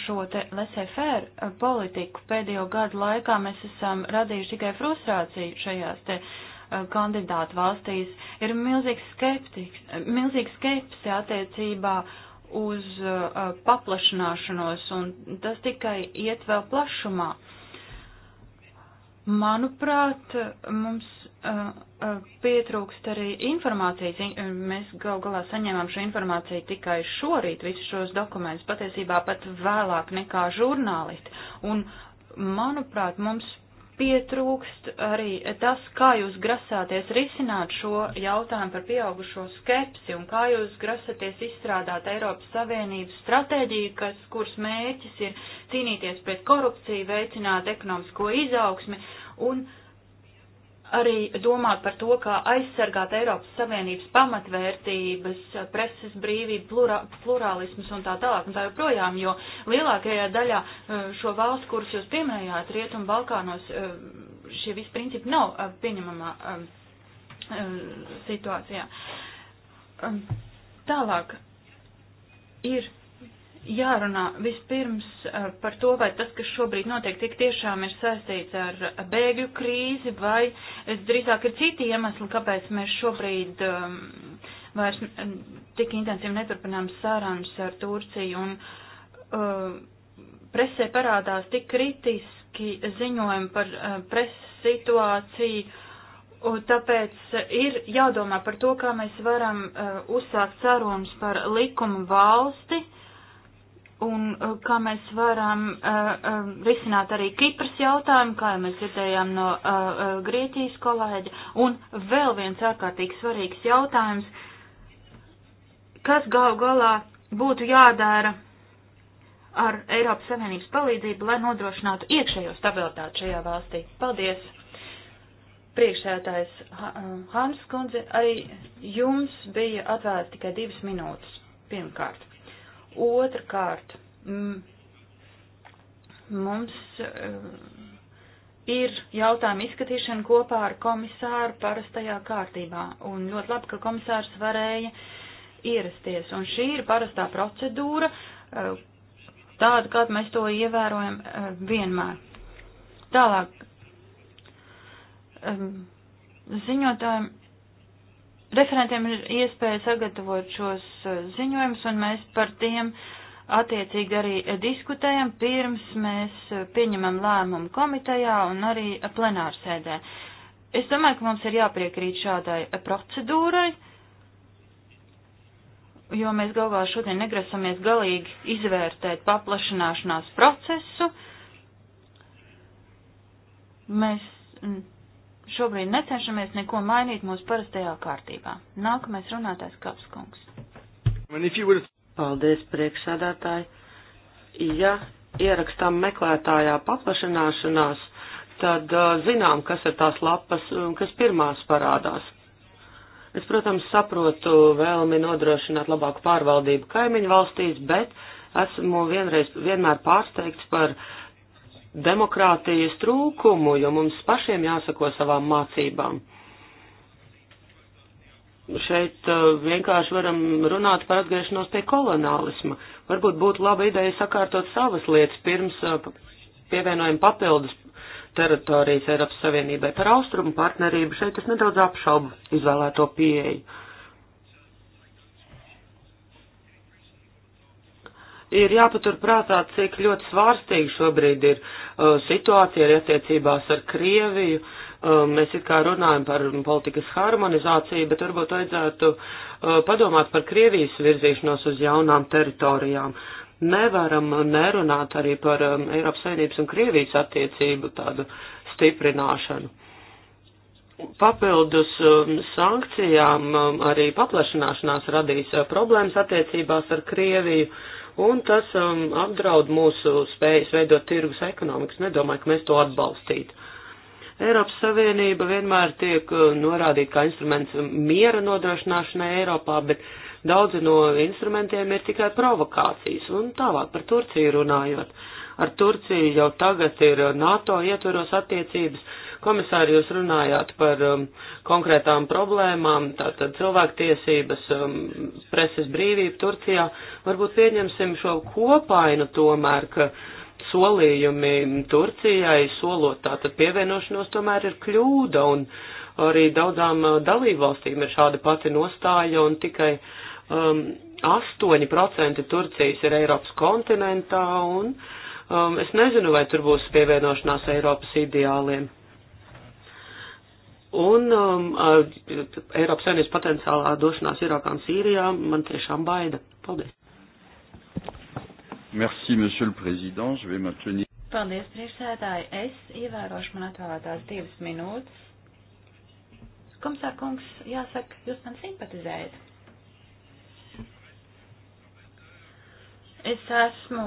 [SPEAKER 2] šo te laissez-faire politiku pēdējo gadu laikā mēs esam radījuši tikai frustrāciju šajās te eh, kandidātu valstīs, ir milzīgs skeptiks, milzīgs skepsi attiecībā uz uh, paplašināšanos, un tas tikai iet vēl plašumā. Manuprāt, mums uh, Eh, pietrūkst arī informācijas. Eh, mēs gal galā saņēmām šo informāciju tikai šorīt, visus šos dokumentus, patiesībā pat vēlāk nekā žurnālisti. Un, manuprāt, mums pietrūkst arī tas, kā jūs grasāties risināt šo jautājumu par pieaugušo skepsi un kā jūs grasaties izstrādāt Eiropas Savienības stratēģiju, kas, kuras mērķis ir cīnīties pret korupciju, veicināt ekonomisko izaugsmi un uh, arī domāt par to, kā aizsargāt Eiropas Savienības pamatvērtības, preses brīvību, plurā, plurālismus un tā tālāk un tā joprojām, jo lielākajā daļā e, šo valstu, kuras jūs pieminējāt, Rietumu Balkānos, e, šie visi principi nav e, pieņemamā situācijā. Tālāk ir jārunā vispirms eh, par to, vai tas, kas šobrīd notiek, tik tiešām ir saistīts ar bēgļu krīzi, vai drīzāk ir citi iemesli, kāpēc mēs šobrīd um, vairs tik intensīvi neturpinām sārāns ar Turciju. Un, um, presē parādās tik kritiski ziņojumi par uh, preses situāciju. Un tāpēc ir jādomā par to, kā mēs varam uh, uzsākt sarunas par likumu valsti, uh, un uh, kā mēs varam uh, uh, risināt arī Kipras jautājumu, kā jau mēs dzirdējām no uh, uh, Grieķijas kolēģa. Un vēl viens ārkārtīgi svarīgs jautājums, kas gal galā būtu jādara ar Eiropas Savienības palīdzību, lai nodrošinātu iekšējo stabilitāti šajā valstī. Paldies! Priekšsētājs Hāns uh, Kundze, arī jums bija atvērts tikai divas minūtes. Pirmkārt. Otrakārt, mm, mums eh, ir jautājuma izskatīšana kopā ar komisāru parastajā kārtībā. Un ļoti labi, ka komisārs varēja ierasties. Un šī ir parastā procedūra, eh, tāda, kāda mēs to ievērojam eh, vienmēr. Tālāk, ziņotājiem referentiem ir iespēja sagatavot šos eh, ziņojumus, un mēs par tiem attiecīgi arī diskutējam, pirms mēs eh, pieņemam lēmumu komitejā un arī plenārsēdē. Es domāju, ka mums ir jāpiekrīt šādai procedūrai, jo mēs galvā šodien negrasamies galīgi izvērtēt paplašanāšanās procesu. Mēs mm, šobrīd necenšamies neko mainīt mūsu parastajā kārtībā. Nākamais runātājs Kapskungs.
[SPEAKER 4] Paldies, priekšsādātāji. Ja ierakstām meklētājā paplašanāšanās, tad uh, zinām, kas ir tās lapas, kas pirmās parādās. Es, protams, saprotu vēlmi nodrošināt labāku pārvaldību kaimiņu valstīs, bet esmu vienreiz, vienmēr pārsteigts par uh, demokrātijas trūkumu, jo mums pašiem jāsako savām mācībām. Šeit uh, vienkārši varam runāt par atgriešanos pie kolonālisma. Varbūt būtu laba ideja sakārtot savas lietas pirms uh, pievienojam papildus teritorijas Eiropas Savienībai par austrumu partnerību. Šeit es nedaudz apšaubu izvēlēto pieeju. ir jāpatur prātā, cik ļoti svārstīgi šobrīd ir uh, situācija arī attiecībās ar Krieviju. Uh, mēs it kā runājam par politikas harmonizāciju, bet varbūt vajadzētu uh, padomāt par Krievijas virzīšanos uz jaunām teritorijām. Nevaram nerunāt arī par um, Eiropas Savienības un Krievijas attiecību tādu stiprināšanu. Papildus um, sankcijām um, arī paplašināšanās radīs uh, problēmas attiecībās ar Krieviju. Uh, un tas um, apdraud mūsu spējas veidot tirgus ekonomikas. Nedomāju, ka mēs to atbalstītu. Eiropas Savienība vienmēr tiek uh, norādīta kā instruments miera nodrošināšanai Eiropā, bet daudzi no instrumentiem ir tikai provokācijas. Un tālāk par Turciju runājot. Ar Turciju jau tagad ir NATO ietveros attiecības Komisāri, jūs runājāt par um, konkrētām problēmām, tātad cilvēktiesības, um, preses brīvība Turcijā. Varbūt pieņemsim šo kopainu tomēr, ka solījumi Turcijai solot tātad pievienošanos tomēr ir kļūda un arī daudzām uh, dalībvalstīm ir šāda pati nostāja un tikai. Um, 8% Turcijas ir Eiropas kontinentā, un um, es nezinu, vai tur būs pievienošanās Eiropas ideāliem. Un um, Eiropas Savienības potenciālā došanās Irākā un Sīrijā man tiešām baida. Paldies.
[SPEAKER 1] Merci, monsieur le président. Je vais maintenir.
[SPEAKER 4] Paldies,
[SPEAKER 2] priekšsēdāji. Es ievērošu man atvēlētās divas minūtes. Komisār kungs, jāsaka, jūs man simpatizējat. Es esmu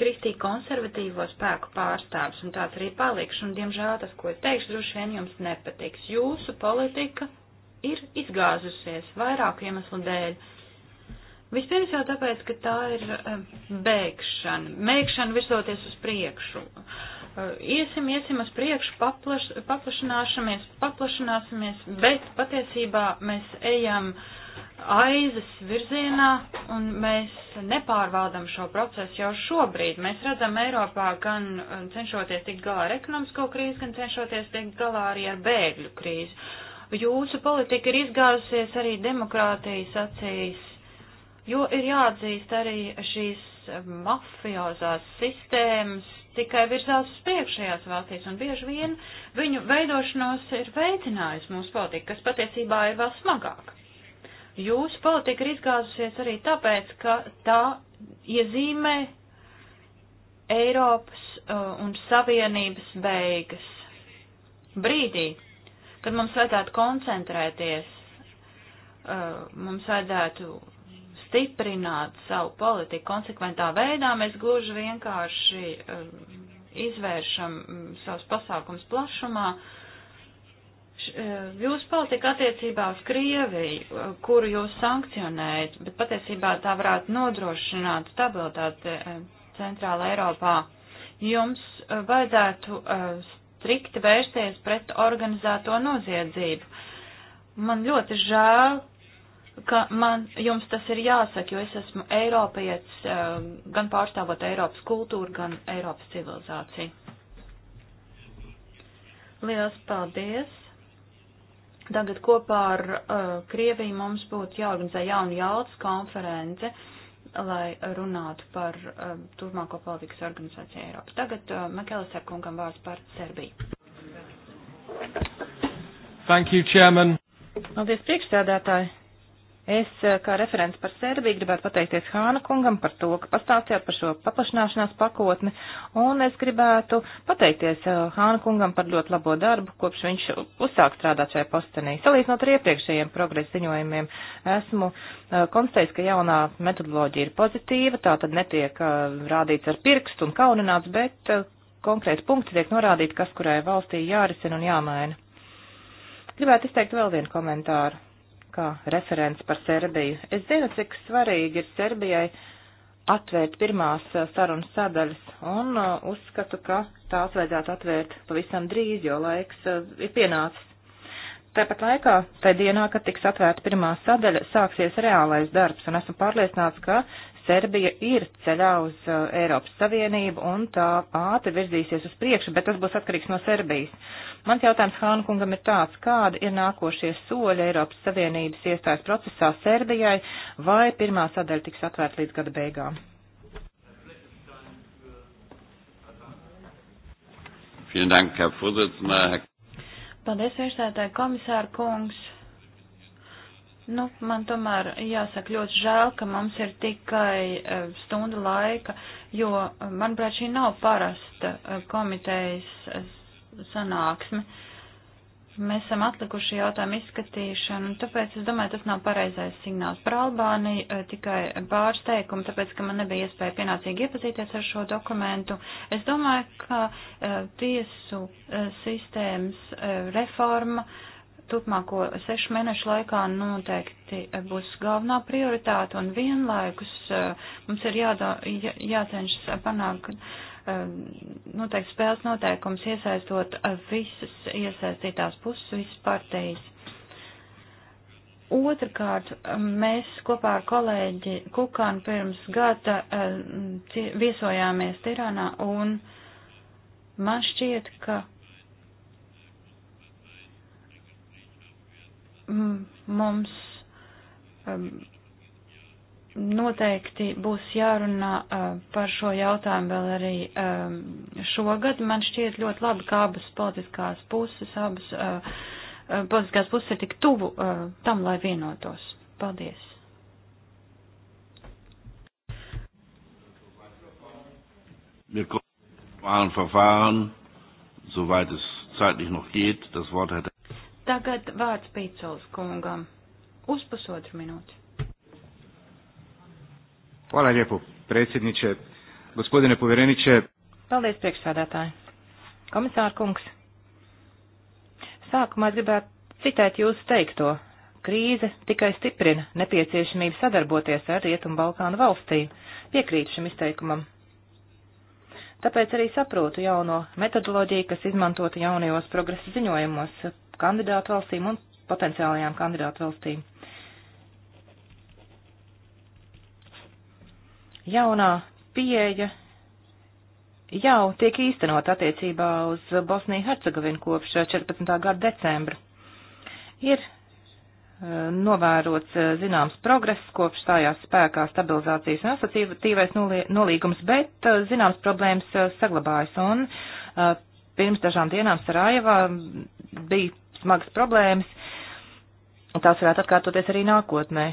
[SPEAKER 2] kristī konservatīvo spēku pārstāvis, un tāds arī palikšu, un diemžēl tas, ko es teikšu, droši vien jums nepatiks. Jūsu politika ir izgāzusies vairāku iemeslu dēļ. Vispirms jau tāpēc, ka tā ir eh, bēgšana, mēgšana virzoties uz priekšu. Eh, iesim, iesim uz priekšu, paplaš, paplašināšamies, paplašināsimies, bet patiesībā mēs ejam uh, aizes virzienā, un mēs nepārvaldam šo procesu jau šobrīd. Mēs redzam Eiropā gan um, cenšoties tikt galā ar ekonomisko krīzi, gan cenšoties tikt galā arī ar bēgļu krīzi. Jūsu politika ir izgāzusies arī demokrātijas acīs, jo ir jāatzīst arī šīs um, mafiozās sistēmas tikai virzās uz priekšējās valstīs, un bieži vien viņu veidošanos ir veicinājusi mūsu politika, kas patiesībā ir vēl smagāka. Jūsu politika ir izgāzusies arī tāpēc, ka tā iezīmē Eiropas uh, un Savienības beigas. Brīdī, kad mums vajadzētu koncentrēties, uh, mums vajadzētu stiprināt savu politiku konsekventā veidā, mēs gluži vienkārši uh, izvēršam mm, savus pasākums plašumā, uh, E, Jūsu politika attiecībā uz Krieviju, e, kuru jūs sankcionējat, bet patiesībā tā varētu nodrošināt stabilitāti e, Centrāla Eiropā, jums vajadzētu strikti vērsties pret organizēto noziedzību. Man ļoti žēl, ka man jums tas ir jāsaka, jo es esmu Eiropietis, gan pārstāvot Eiropas kultūru, gan Eiropas civilizāciju. Liels paldies! Tagad kopā ar uh, Krieviju mums būtu jāorganizē jauna jauts konference, lai runātu par uh, turmāko politikas organizāciju Eiropas. Tagad uh,
[SPEAKER 3] Makeliser kungam vārds par Serbiju.
[SPEAKER 1] Thank you, Chairman.
[SPEAKER 3] Paldies, priekšstādātāji. Es eh, kā referents par Serbiju gribētu pateikties Hāna kungam par to, ka pastāstījāt par šo paplašināšanās pakotni, un es gribētu pateikties eh, Hāna kungam par ļoti labo darbu, kopš viņš uzsāk strādāt šajā postenī. Salīdzinot ar iepriekšējiem progresa ziņojumiem, esmu eh, konstatējis, ka jaunā metodoloģija ir pozitīva, tā tad netiek rādīts ar pirkstu un kaunināts, bet konkrēti punkti tiek norādīti, kas kurai valstī jārisina un jāmaina. Gribētu izteikt vēl vienu komentāru kā referents par Serbiju. Es zinu, cik svarīgi ir Serbijai atvērt pirmās uh, sarunas sadaļas, un uh, uzskatu, ka tās vajadzētu atvērt pavisam drīz, jo laiks uh, ir pienācis. Tāpat laikā, tajā dienā, kad tiks atvērta pirmā sadaļa, sāksies reālais darbs, un esmu pārliecināts, ka Serbija ir ceļā uz uh, Eiropas Savienību un tā ātri virzīsies uz priekšu, bet tas būs atkarīgs no Serbijas. Mans jautājums Hānu kungam ir tāds, kādi ir nākošie soļi Eiropas Savienības iestājas procesā Serbijai, vai pirmā sadaļa tiks atvērta līdz gada beigām?
[SPEAKER 1] Vielen Dank, Herr Vorsitzender.
[SPEAKER 3] Paldies,
[SPEAKER 2] priekšstādātāji komisāra kungs. Nu, man tomēr jāsaka ļoti žēl, ka mums ir tikai e, stunda laika, jo, e, manuprāt, šī nav parasta e, komitejas sanāksme. Mēs esam atlikuši jautājumu izskatīšanu, tāpēc es domāju, tas nav pareizais signāls par Albāniju, tikai pārsteigumu, tāpēc, ka man nebija iespēja pienācīgi iepazīties ar šo dokumentu. Es domāju, ka tiesu sistēmas reforma turpmāko sešu mēnešu laikā noteikti būs galvenā prioritāte un vienlaikus eh, mums ir jādo, jā, jācenšas panākt eh, noteikti spēles noteikums, iesaistot eh, visas iesaistītās puses, visas partijas. Otrakārt, mēs kopā ar kolēģi Kukānu pirms gada viesojāmies Tirānā un man šķiet, ka mums noteikti būs jārunā e, par šo jautājumu vēl arī e, šogad. Man šķiet ļoti labi, ka abas politiskās puses, abas e, politiskās puses ir tik tuvu tam, lai vienotos. Paldies!
[SPEAKER 1] Wir kommen zum Verfahren, soweit es zeitlich noch geht. Das Wort hat
[SPEAKER 2] Tagad vārds Pīcols kungam. Uz pusotru minūti.
[SPEAKER 1] Hvala lijepo, predsjedniče. Gospodine povjereniče.
[SPEAKER 3] Paldies, priekšsādātāji. Komisār kungs. Sākumā es gribētu citēt jūsu teikto. Krīze tikai stiprina nepieciešamību sadarboties ar Rietumu Balkānu valstīm. Piekrītu šim izteikumam. Tāpēc arī saprotu jauno metodoloģiju, kas izmantota jaunajos progresa ziņojumos, kandidātu valstīm un potenciālajām kandidātu valstīm. Jaunā pieeja jau tiek īstenot attiecībā uz Bosniju Hercegovinu kopš 14. gada decembra. Ir eh, novērots eh, zināms progress kopš stājās spēkā stabilizācijas un asociatīvais nolīgums, bet eh, zināms problēmas saglabājas. Un pirms dažām dienām Sarajevā bija smagas problēmas, un tās varētu atkārtoties arī nākotnē.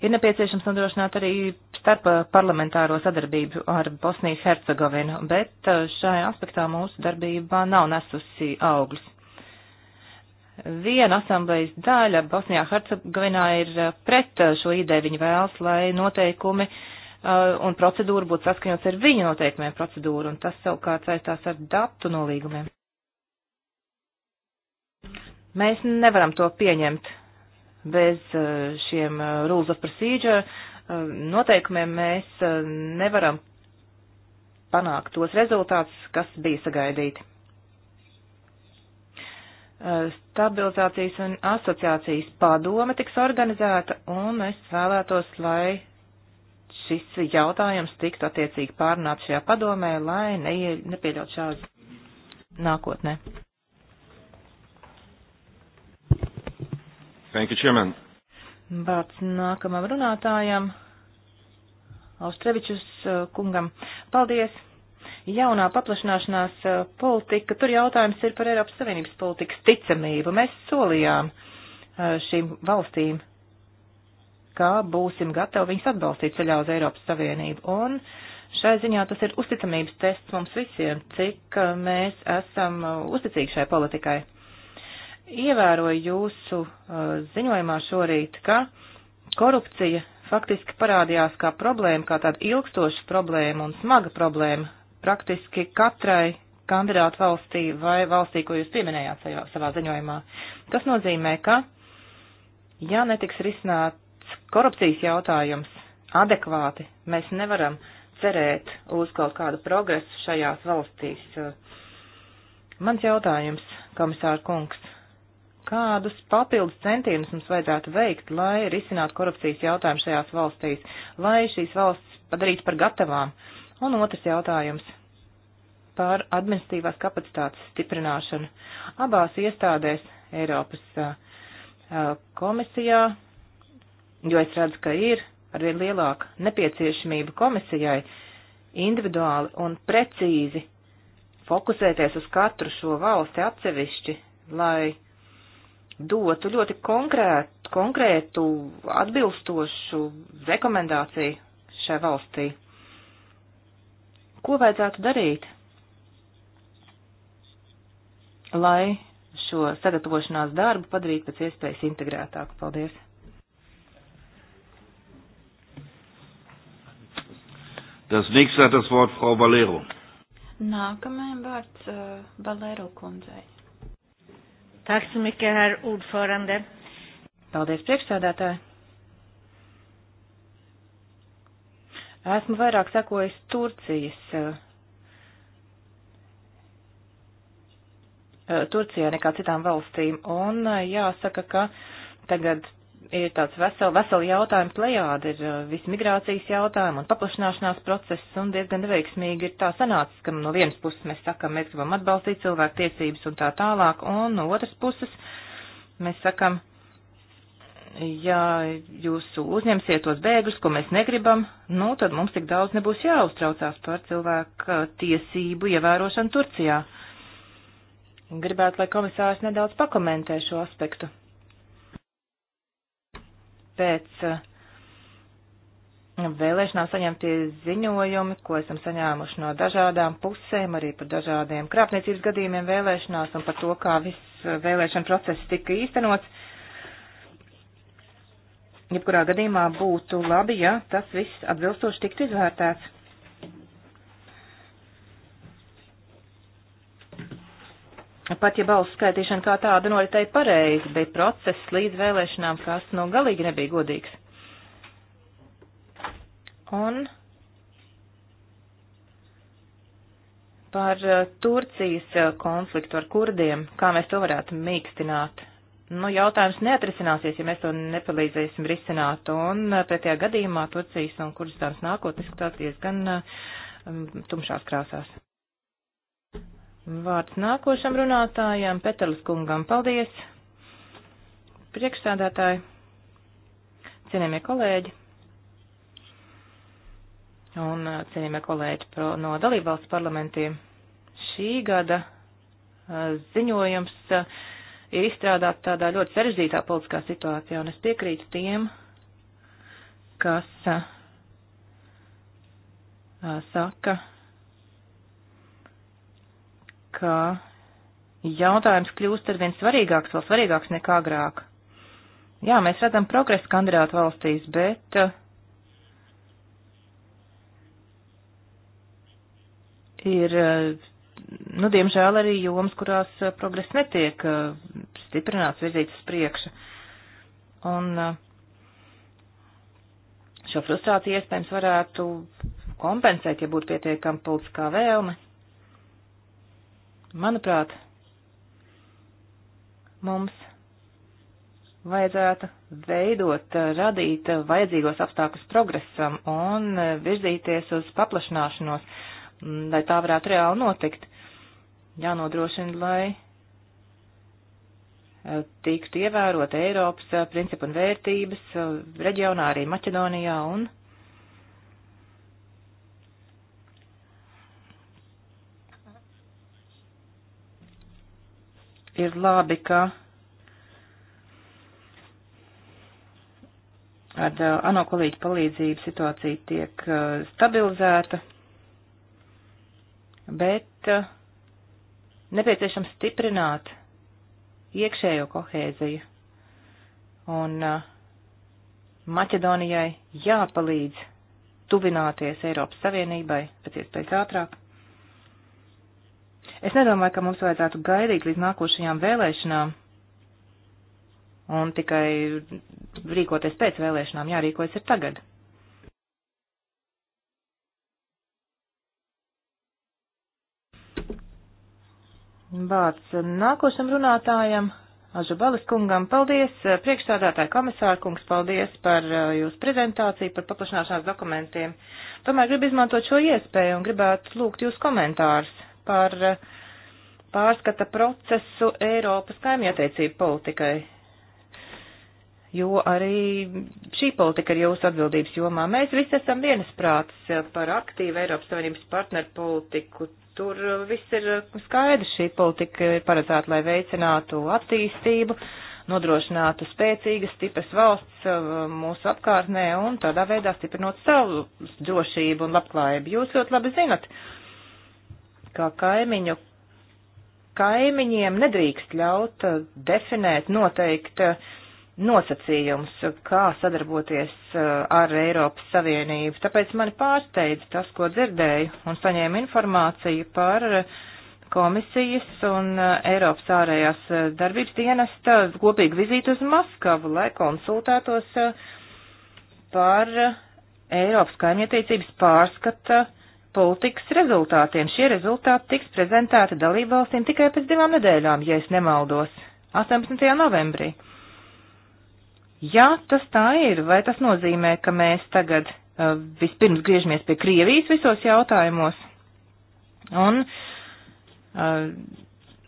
[SPEAKER 3] Ir nepieciešams nodrošināt arī starp parlamentāro sadarbību ar Bosniju Hercegovinu, bet uh, šajā aspektā mūsu darbībā nav nesusi augļus. Viena asamblejas daļa Bosnijā Hercegovinā ir uh, pret uh, šo ideju. Viņi vēlas, lai noteikumi uh, un procedūra būtu saskaņots ar viņu noteikumiem procedūru, un tas savukārt saistās ar datu nolīgumiem. Mēs nevaram to pieņemt bez uh, šiem uh, rules of procedure uh, noteikumiem. Mēs nevaram panākt tos rezultātus, kas bija sagaidīti. Stabilizācijas un asociācijas padome tiks organizēta, un es vēlētos, lai šis jautājums tiktu attiecīgi pārnāts šajā padomē, lai ne, nepieļaut šādu nākotnē.
[SPEAKER 1] Thank you, Chairman.
[SPEAKER 3] Vārds nākamam runātājam, Austrevičus uh, kungam. Paldies! Jaunā paplašanāšanās uh, politika, tur jautājums ir par Eiropas Savienības politikas ticamību. Mēs solījām uh, šīm valstīm, ka būsim gatavi viņus atbalstīt ceļā uz Eiropas Savienību. Un šai ziņā tas ir uzticamības tests mums visiem, cik mēs esam uzticīgi šai politikai ievēroju jūsu uh, ziņojumā šorīt, ka korupcija faktiski parādījās kā problēma, kā tāda ilgstoša problēma un smaga problēma praktiski katrai kandidātu valstī vai valstī, ko jūs pieminējāt savā, savā ziņojumā. Tas nozīmē, ka, ja netiks risināts korupcijas jautājums adekvāti, mēs nevaram cerēt uz kaut kādu progresu šajās valstīs. Mans jautājums, komisāra kungs, kādus papildus centienus mums vajadzētu veikt, lai risinātu korupcijas jautājumu šajās valstīs, lai šīs valsts padarītu par gatavām. Un otrs jautājums par administratīvās kapacitātes stiprināšanu. Abās iestādēs Eiropas uh, komisijā, jo es redzu, ka ir arvien lielāka nepieciešamība komisijai individuāli un precīzi fokusēties uz katru šo valsti atsevišķi, lai dotu ļoti konkrētu, konkrētu atbilstošu rekomendāciju šai valstī. Ko vajadzētu darīt, lai šo sagatavošanās darbu padarītu pēc iespējas integrētāku? Paldies!
[SPEAKER 1] Das nächste hat das Wort Frau Valero.
[SPEAKER 2] Nākamajam vārds uh, Valero kundzei. Tack så mycket, herr
[SPEAKER 3] ordförande. Paldies, priekšsēdētāji. Esmu vairāk sekojis Turcijas, eh, Turcijā nekā citām valstīm, un eh, jāsaka, ka tagad ir tāds vesel, veseli jautājumu plejāda, ir uh, vismigrācijas jautājumi un paplašanāšanās process, un diezgan veiksmīgi ir tā sanācis, ka no vienas puses mēs sakam, mēs gribam atbalstīt cilvēku tiesības un tā tālāk, un no otras puses mēs sakam, ja jūs uzņemsiet tos bēgļus, ko mēs negribam, nu, tad mums tik daudz nebūs jāuztraucās par cilvēku uh, tiesību ievērošanu Turcijā. Gribētu, lai komisārs nedaudz pakomentē šo aspektu pēc eh, vēlēšanām saņemtie ziņojumi, ko esam saņēmuši no dažādām pusēm, arī par dažādiem krāpniecības gadījumiem vēlēšanās un par to, kā viss eh, vēlēšana process tika īstenots. Jebkurā gadījumā būtu labi, ja tas viss atbilstoši tiktu izvērtēts. pat ja balsu skaitīšana kā tāda noritēja pareizi, bet process līdz vēlēšanām kas nu galīgi nebija godīgs. Un par eh, Turcijas eh, konfliktu ar kurdiem, kā mēs to varētu mīkstināt. Nu, jautājums neatrisināsies, ja mēs to nepalīdzēsim risināt, un eh, pretējā gadījumā Turcijas un Kurdistānas nākotnes skatās diezgan um, tumšās krāsās. Vārds nākošam runātājam, Petelis kungam. Paldies! Priekšsādātāji, cienījamie kolēģi un uh, cienījamie kolēģi no dalībvalsts parlamentiem. Šī gada uh, ziņojums uh, ir izstrādāts tādā ļoti sarežģītā politiskā situācijā, un es piekrītu tiem, kas saka, ka jautājums kļūst arvien svarīgāks, vēl svarīgāks nekā agrāk. Jā, mēs redzam progresu kandidātu valstīs, bet uh, ir, uh, nu, diemžēl arī joms, kurās uh, progress netiek stiprināts, virzīts uz priekšu. Un šo frustrāciju iespējams varētu kompensēt, ja būtu pietiekama politiskā vēlme. Manuprāt, mums vajadzētu veidot, eh, radīt vajadzīgos apstākļus progresam un eh, virzīties uz paplašināšanos, mm, lai tā varētu reāli notikt. Jānodrošina, lai eh, tiktu ievērot Eiropas principu un vērtības reģionā, arī Maķedonijā un ir labi, ka ar uh, ANO kolīģu palīdzību situācija tiek uh, stabilizēta, bet uh, nepieciešams stiprināt iekšējo kohēziju. Un Maķedonijai jāpalīdz tuvināties Eiropas Savienībai pēc iespējas ātrāk. Es nedomāju, ka mums vajadzētu gaidīt līdz nākošajām vēlēšanām un tikai rīkoties pēc vēlēšanām, jārīkojas ir tagad. Vārds nākošam runātājam, Ažubalis kungam, paldies, priekšstādātāja komisāra kungs, paldies par uh, jūsu prezentāciju, par paplašināšanās dokumentiem. Tomēr gribu izmantot šo iespēju un gribētu lūgt jūs komentārus par eh, pārskata procesu Eiropas kaimietiecību politikai, jo arī šī politika ir jūsu atbildības jomā. Mēs visi esam vienasprātis eh, par aktīvu Eiropas Savienības partneru politiku. Tur eh, viss ir skaidrs, šī politika ir paredzēta, lai veicinātu attīstību, nodrošinātu spēcīgas, stipras valsts mūsu apkārtnē un tādā veidā stiprinot savu drošību un labklājību. Jūs ļoti labi zinat, uh, kā kaimiņu kaimiņiem nedrīkst ļaut eh, definēt noteikt eh, nosacījums, kā sadarboties eh, ar Eiropas Savienību. Tāpēc mani pārsteidz tas, ko dzirdēju un saņēmu informāciju par komisijas un Eiropas ārējās darbības dienesta kopīgu vizīti uz Maskavu, lai konsultētos par Eiropas kaimietiecības pārskata uh, politikas rezultātiem. Šie rezultāti tiks prezentēti dalībvalstīm tikai pēc divām nedēļām, ja es nemaldos, 18. novembrī. Ja tas tā ir, vai tas nozīmē, ka mēs tagad uh, vispirms griežamies pie Krievijas visos jautājumos un uh,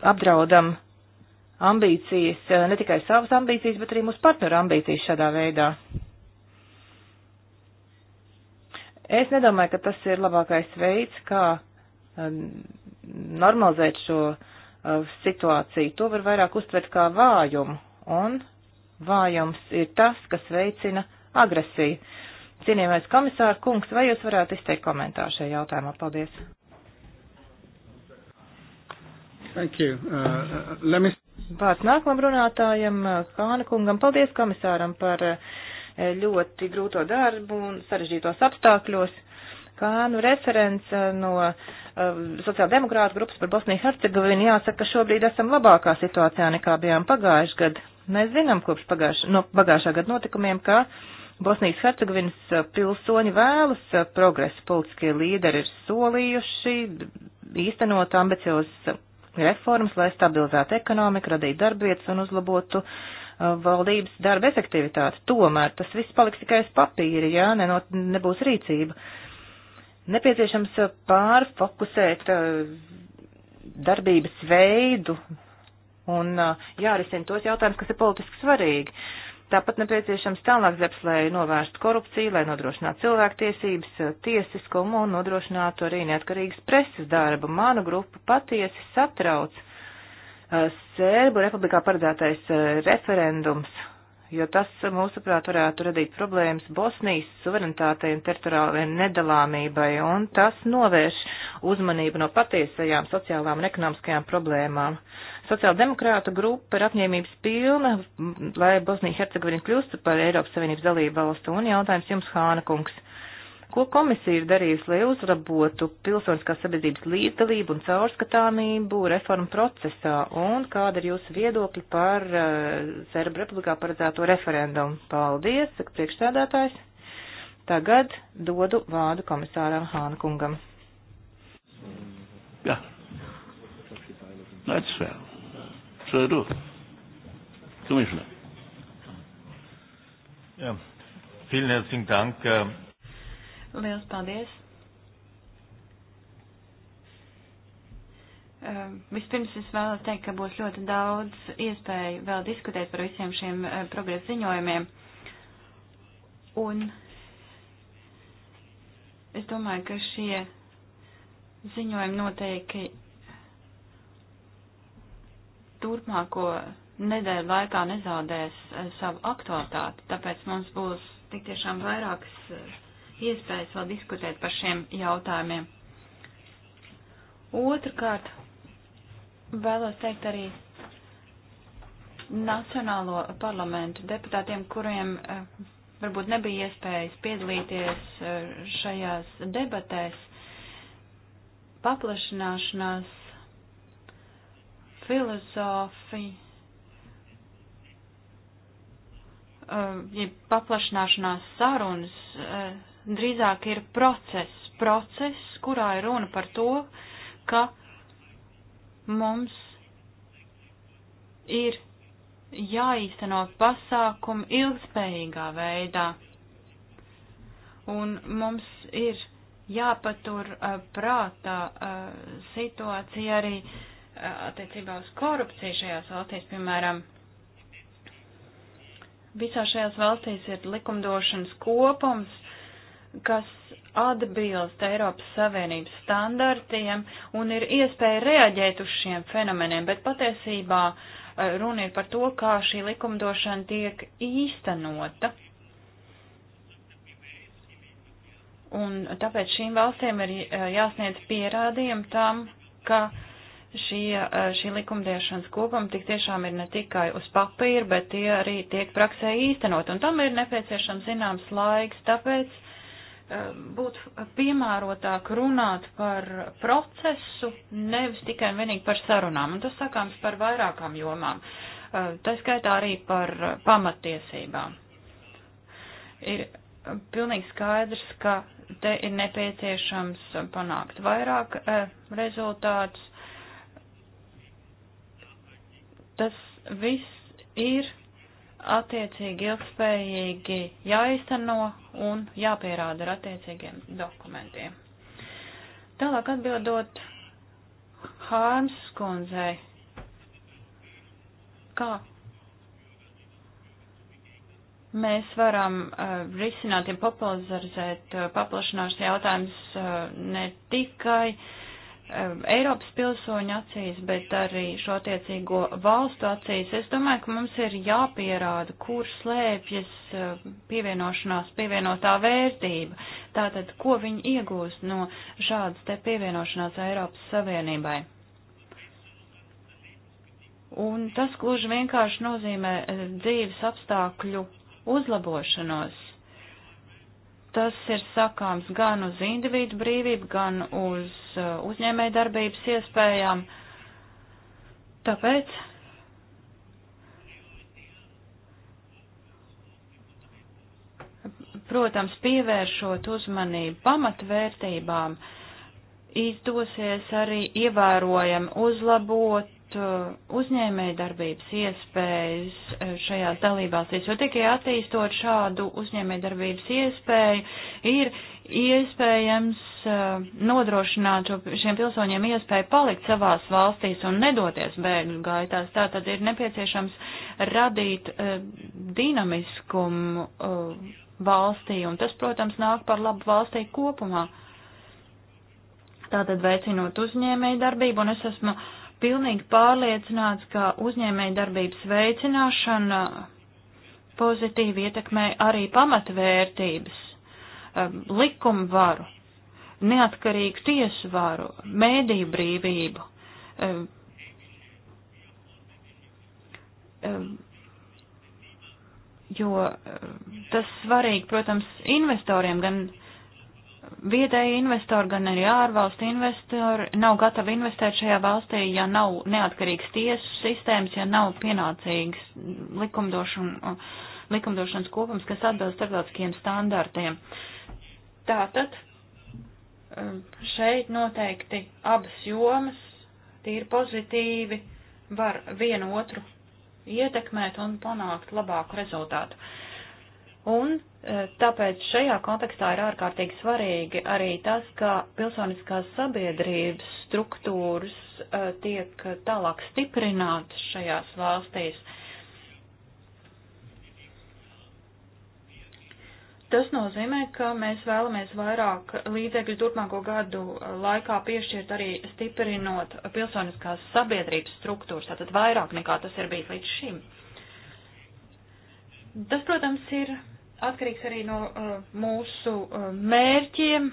[SPEAKER 3] apdraudam ambīcijas, uh, ne tikai savas ambīcijas, bet arī mūsu partneru ambīcijas šādā veidā? Es nedomāju, ka tas ir labākais veids, kā um, normalizēt šo uh, situāciju. To var vairāk uztvert kā vājumu, un vājums ir tas, kas veicina agresiju. Cienījamais komisāra kungs, vai jūs varētu izteikt komentāru šajā jautājumā? Paldies. Thank you. Uh, me... Vārds nākamam runātājam, Kāna uh, kungam. Paldies komisāram par uh, ļoti grūto darbu un sarežģītos apstākļos. Kā nu referents eh, no uh, sociāldemokrāta grupas par Bosniju Hercegovinu jāsaka, ka šobrīd esam labākā situācijā nekā bijām pagājuši gadu. Mēs zinām kopš pagājuš, no pagājušā gada notikumiem, ka Bosnijas Hercegovinas eh, pilsoņi vēlas progresu. Politiskie līderi ir solījuši īstenot ambiciozas reformas, lai stabilizētu ekonomiku, radītu darbvietas un uzlabotu uh, Uh, valdības darba efektivitāti. Tomēr tas viss paliks tikai uz papīra, jā, nenot, nebūs rīcība. Nepieciešams uh, pārfokusēt uh, darbības veidu un jārisina tos jautājumus, kas ir politiski svarīgi. Tāpat nepieciešams tālāk darbs, lai novērstu korupciju, lai nodrošinātu cilvēktiesības, tiesiskumu un nodrošinātu arī neatkarīgas preses darbu. Manu grupu patiesi satrauc Eh, Sērbu republikā paredzētais eh, referendums, jo tas, mūsuprāt, varētu radīt problēmas Bosnijas suverenitātei un teritoriālajai nedalāmībai, un tas novērš uzmanību no patiesajām sociālām un ekonomiskajām problēmām. Sociāldemokrāta grupa ir apņēmības pilna, lai Bosnija Hercegovina kļūstu par Eiropas Savienības dalību valstu, un jautājums jums, Hāna kungs. Ko komisija ir darījusi, lai uzrabotu pilsoniskās sabiedrības līdzdalību un caurskatāmību reformu procesā, un kāda ir jūsu viedokļa par uh, Serbu republikā paredzēto referendumu? Paldies, saka priekšsēdētājs. Tagad dodu vārdu komisāram Hāna kungam. Jā,
[SPEAKER 1] that's fair. So I do. Commissioner. Ja, vielen herzlichen Dank. Uh,
[SPEAKER 2] Liels paldies! Ehm, vispirms es vēlos teikt, ka būs ļoti daudz iespēju vēl diskutēt par visiem šiem eh, progresa ziņojumiem. Un es domāju, ka šie ziņojumi noteikti turpmāko nedēļu laikā nezaudēs eh, savu aktualitāti, tāpēc mums būs tik tiešām vairākas eh, iespējas vēl diskutēt par šiem jautājumiem. Otrakārt, vēlos teikt arī nacionālo parlamentu deputātiem, kuriem eh, varbūt nebija iespējas piedalīties eh, šajās debatēs, paplašināšanās filozofi, eh, ja paplašināšanās sarunas drīzāk ir process, process, kurā ir runa par to, ka mums ir jāīsteno pasākumu ilgspējīgā veidā. Un mums ir jāpatur uh, prātā uh, situācija arī uh, attiecībā uz korupciju šajās valstīs, piemēram. Visā šajās valstīs ir likumdošanas kopums, kas atbilst Eiropas Savienības standartiem un ir iespēja reaģēt uz šiem fenomeniem, bet patiesībā eh, runa ir par to, kā šī likumdošana tiek īstenota. Un tāpēc šīm valstīm ir eh, jāsniedz pierādījumi tam, ka šī, eh, šī likumdošanas kopuma tik tiešām ir ne tikai uz papīra, bet tie arī tiek praksē īstenot. Un tam ir nepieciešams zināms laiks, tāpēc būtu piemērotāk runāt par procesu, nevis tikai un vienīgi par sarunām, un tas sakāms par vairākām jomām, tā skaitā arī par pamatiesībām. Ir pilnīgi skaidrs, ka te ir nepieciešams panākt vairāk rezultātus. Tas viss ir attiecīgi ilgspējīgi jāizteno un jāpierāda ar attiecīgiem dokumentiem. Tālāk atbildot Hārms kundzei, kā mēs varam uh, risināt, ja popularizēt uh, paplašināšanas jautājumus uh, ne tikai uh, Um, Eiropas pilsoņu acīs, bet arī šo attiecīgo valstu acīs. Es domāju, ka mums ir jāpierāda, kur slēpjas um, pievienošanās pievienotā vērtība. Tātad, ko viņi iegūst no šādas te pievienošanās Eiropas Savienībai. Un tas gluži vienkārši nozīmē eh, dzīves apstākļu uzlabošanos tas ir sakāms gan uz individu brīvību, gan uz uh, uzņēmē darbības iespējām. Tāpēc protams, pievēršot uzmanību pamatvērtībām, izdosies arī ievērojami uzlabot atvērt uh, uzņēmēju darbības iespējas uh, šajās dalībvalstīs, jo tikai attīstot šādu uzņēmēju darbības iespēju ir iespējams uh, nodrošināt šiem pilsoņiem iespēju palikt savās valstīs un nedoties bēgļu gaitās. Tātad ir nepieciešams radīt dinamiskumu valstī, un tas, protams, nāk par labu valstī kopumā tātad veicinot uzņēmēju darbību, un es esmu pilnīgi pārliecināts, ka uzņēmēja darbības veicināšana pozitīvi ietekmē arī pamatvērtības, um, likumu varu, neatkarīgu tiesu varu, mēdīju brīvību. Um, um, jo tas svarīgi, protams, investoriem gan vietēji investori, gan arī ārvalstu investori nav gatavi investēt šajā valstī, ja nav neatkarīgs tiesu sistēmas, ja nav pienācīgs likumdošana, likumdošanas kopums, kas atbilst starptautiskiem standartiem. Tātad eh, šeit noteikti abas jomas tīri pozitīvi var vienu otru ietekmēt un panākt labāku rezultātu. Uh, Un e, tāpēc šajā kontekstā ir ārkārtīgi svarīgi arī tas, ka pilsoniskās sabiedrības struktūras e, tiek tālāk stiprinātas šajās valstīs. Tas nozīmē, ka mēs vēlamies vairāk līdzekļu turpmāko gadu laikā piešķirt arī stiprinot pilsoniskās sabiedrības struktūras, tātad vairāk nekā tas ir bijis līdz šim. Tas, protams, ir atkarīgs arī no uh, mūsu uh, mērķiem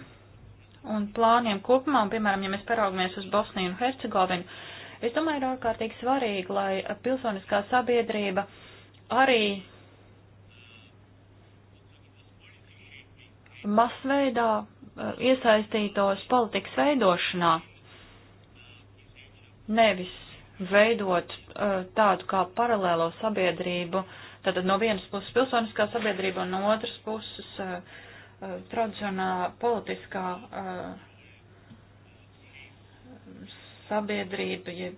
[SPEAKER 2] un plāniem kopumā, un, piemēram, ja mēs paraugamies uz Bosniju un Hercegovinu, es domāju, ir ārkārtīgi svarīgi, lai uh, pilsoniskā sabiedrība arī masveidā iesaistītos politikas veidošanā, nevis veidot tādu kā paralēlo sabiedrību uh, Tātad no vienas puses pilsoniskā sabiedrība un no otras puses uh, uh, tradicionālā politiskā uh, sabiedrība. Ja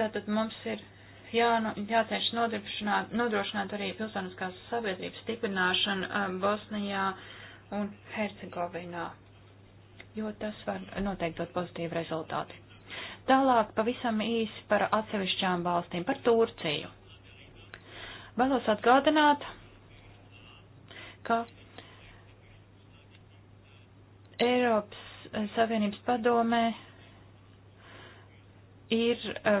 [SPEAKER 2] Tātad mums ir jānu, jācenš nodrošināt arī pilsoniskās sabiedrības stiprināšanu uh, Bosnijā un Hercegovinā, jo tas var noteikti dot pozitīvu rezultātu. Tālāk pavisam īsi par atsevišķām valstīm, par Turciju. Vēlos atgādināt, ka Eiropas Savienības padomē ir e,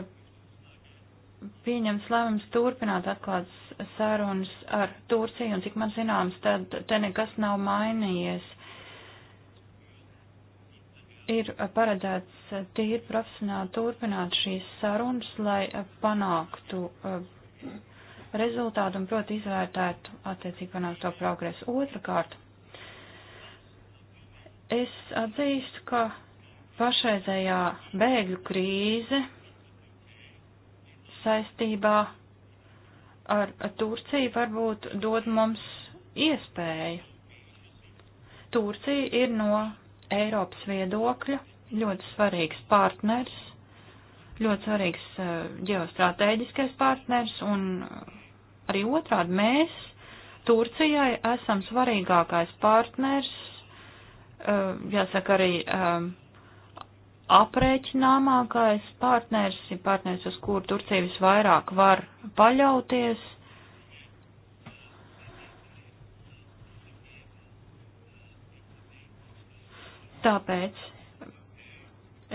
[SPEAKER 2] pieņems lēmums turpināt atklātas sarunas ar Turciju, un cik man zināms, tad te nekas nav mainījies ir paredzēts tīri profesionāli turpināt šīs sarunas, lai eh, panāktu eh, rezultātu un, proti, izvērtētu attiecīgi panākto progresu. Otrakārt, es atzīstu, ka pašreizējā bēgļu krīze saistībā ar Turciju varbūt dod mums iespēju. Turcija ir no Eiropas viedokļa ļoti svarīgs partners, ļoti svarīgs eh, ģeostrateģiskais partners un eh, arī otrādi mēs Turcijai esam svarīgākais partners, eh, jāsaka arī aprēķināmākais partners, ir partners, uz kuru Turcija visvairāk var paļauties Tāpēc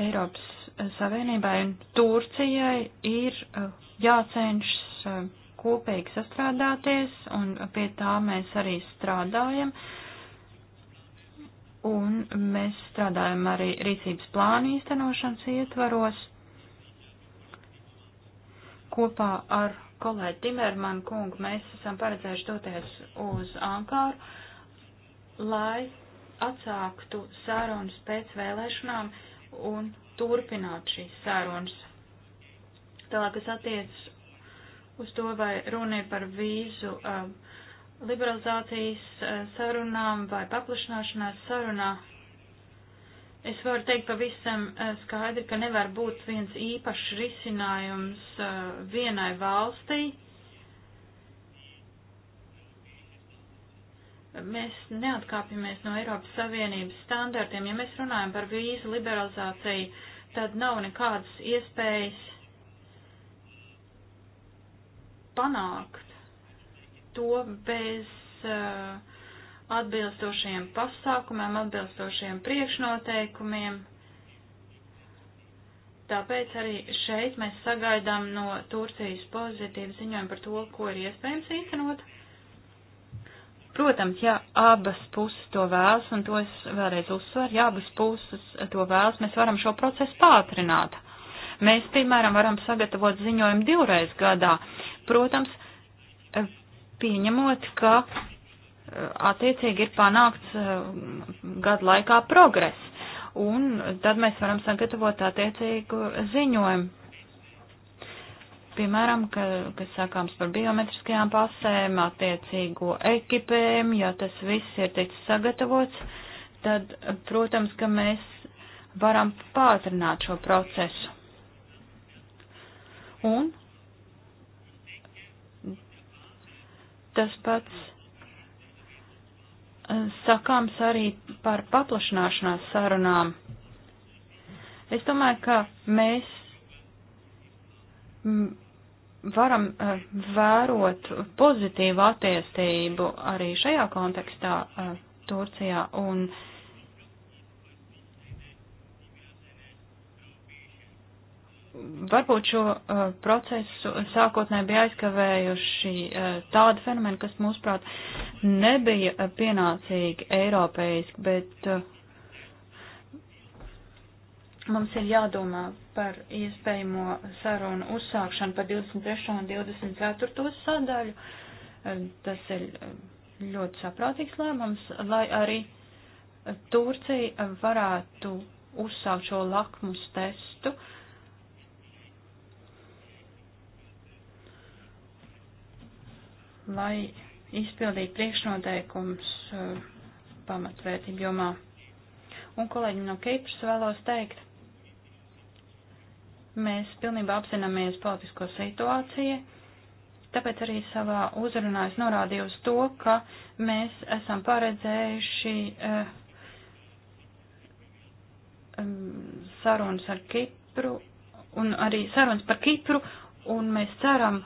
[SPEAKER 2] Eiropas Savienībai un Turcijai ir eh, jācenšas eh, kopīgi sastrādāties, un pie tā mēs arī strādājam. Un mēs strādājam arī rīcības plānu īstenošanas ietvaros kopā ar kolēģi Timermanu kungu mēs esam paredzējuši doties uz Ankāru, lai atsāktu sarunas pēc vēlēšanām un turpinātu šīs sarunas. Tālāk, kas attiecas uz to, vai runa ir par vīzu uh, liberalizācijas uh, sarunām vai paplašināšanās sarunā, es varu teikt pavisam uh, skaidri, ka nevar būt viens īpašs risinājums uh, vienai valstī Mēs neatkāpjamies no Eiropas Savienības standartiem. Ja mēs runājam par vīzu liberalizāciju, tad nav nekādas iespējas panākt to bez uh, atbilstošiem pasākumiem, atbilstošiem priekšnoteikumiem. Tāpēc arī šeit mēs sagaidām no Turcijas pozitīvu ziņojumu par to, ko ir iespējams īstenot. Protams, ja abas puses to vēlas, un to es vēlreiz uzsveru, ja abas puses to vēlas, mēs varam šo procesu pātrināt. Mēs, piemēram, varam sagatavot ziņojumu divreiz gadā. Protams, e, pieņemot, ka e, attiecīgi ir panākts e, gadu laikā progress, un tad mēs varam sagatavot attiecīgu ziņojumu piemēram, ka, kas sākāms par biometriskajām pasēm, attiecīgo ekipējumu, ja tas viss ir ticis sagatavots, tad, protams, ka mēs varam pātrināt šo procesu. Un tas pats eh, sakāms arī par paplašanāšanās sarunām. Es domāju, ka mēs varam eh, vērot pozitīvu attiestību arī šajā kontekstā eh, Turcijā un varbūt šo uh, procesu sākotnē bija aizkavējuši uh, tādi fenomeni, kas, mūsuprāt, nebija pienācīgi eiropeiski, bet uh, Mums ir jādomā par iespējamo sarunu uzsākšanu par 23. un 24. sadaļu. Eh, tas ir eh, ļoti saprātīgs lēmums, lai arī Turcija varētu uzsākt šo lakmus testu, lai izpildītu priekšnoteikumus eh, pamatvērtību jomā. Un kolēģim no Kipras vēlos teikt, Mēs pilnībā apzināmies politisko situāciju, tāpēc arī savā uzrunā es norādīju uz to, ka mēs esam paredzējuši uh, sarunas ar Kipru un arī sarunas par Kipru, un mēs ceram,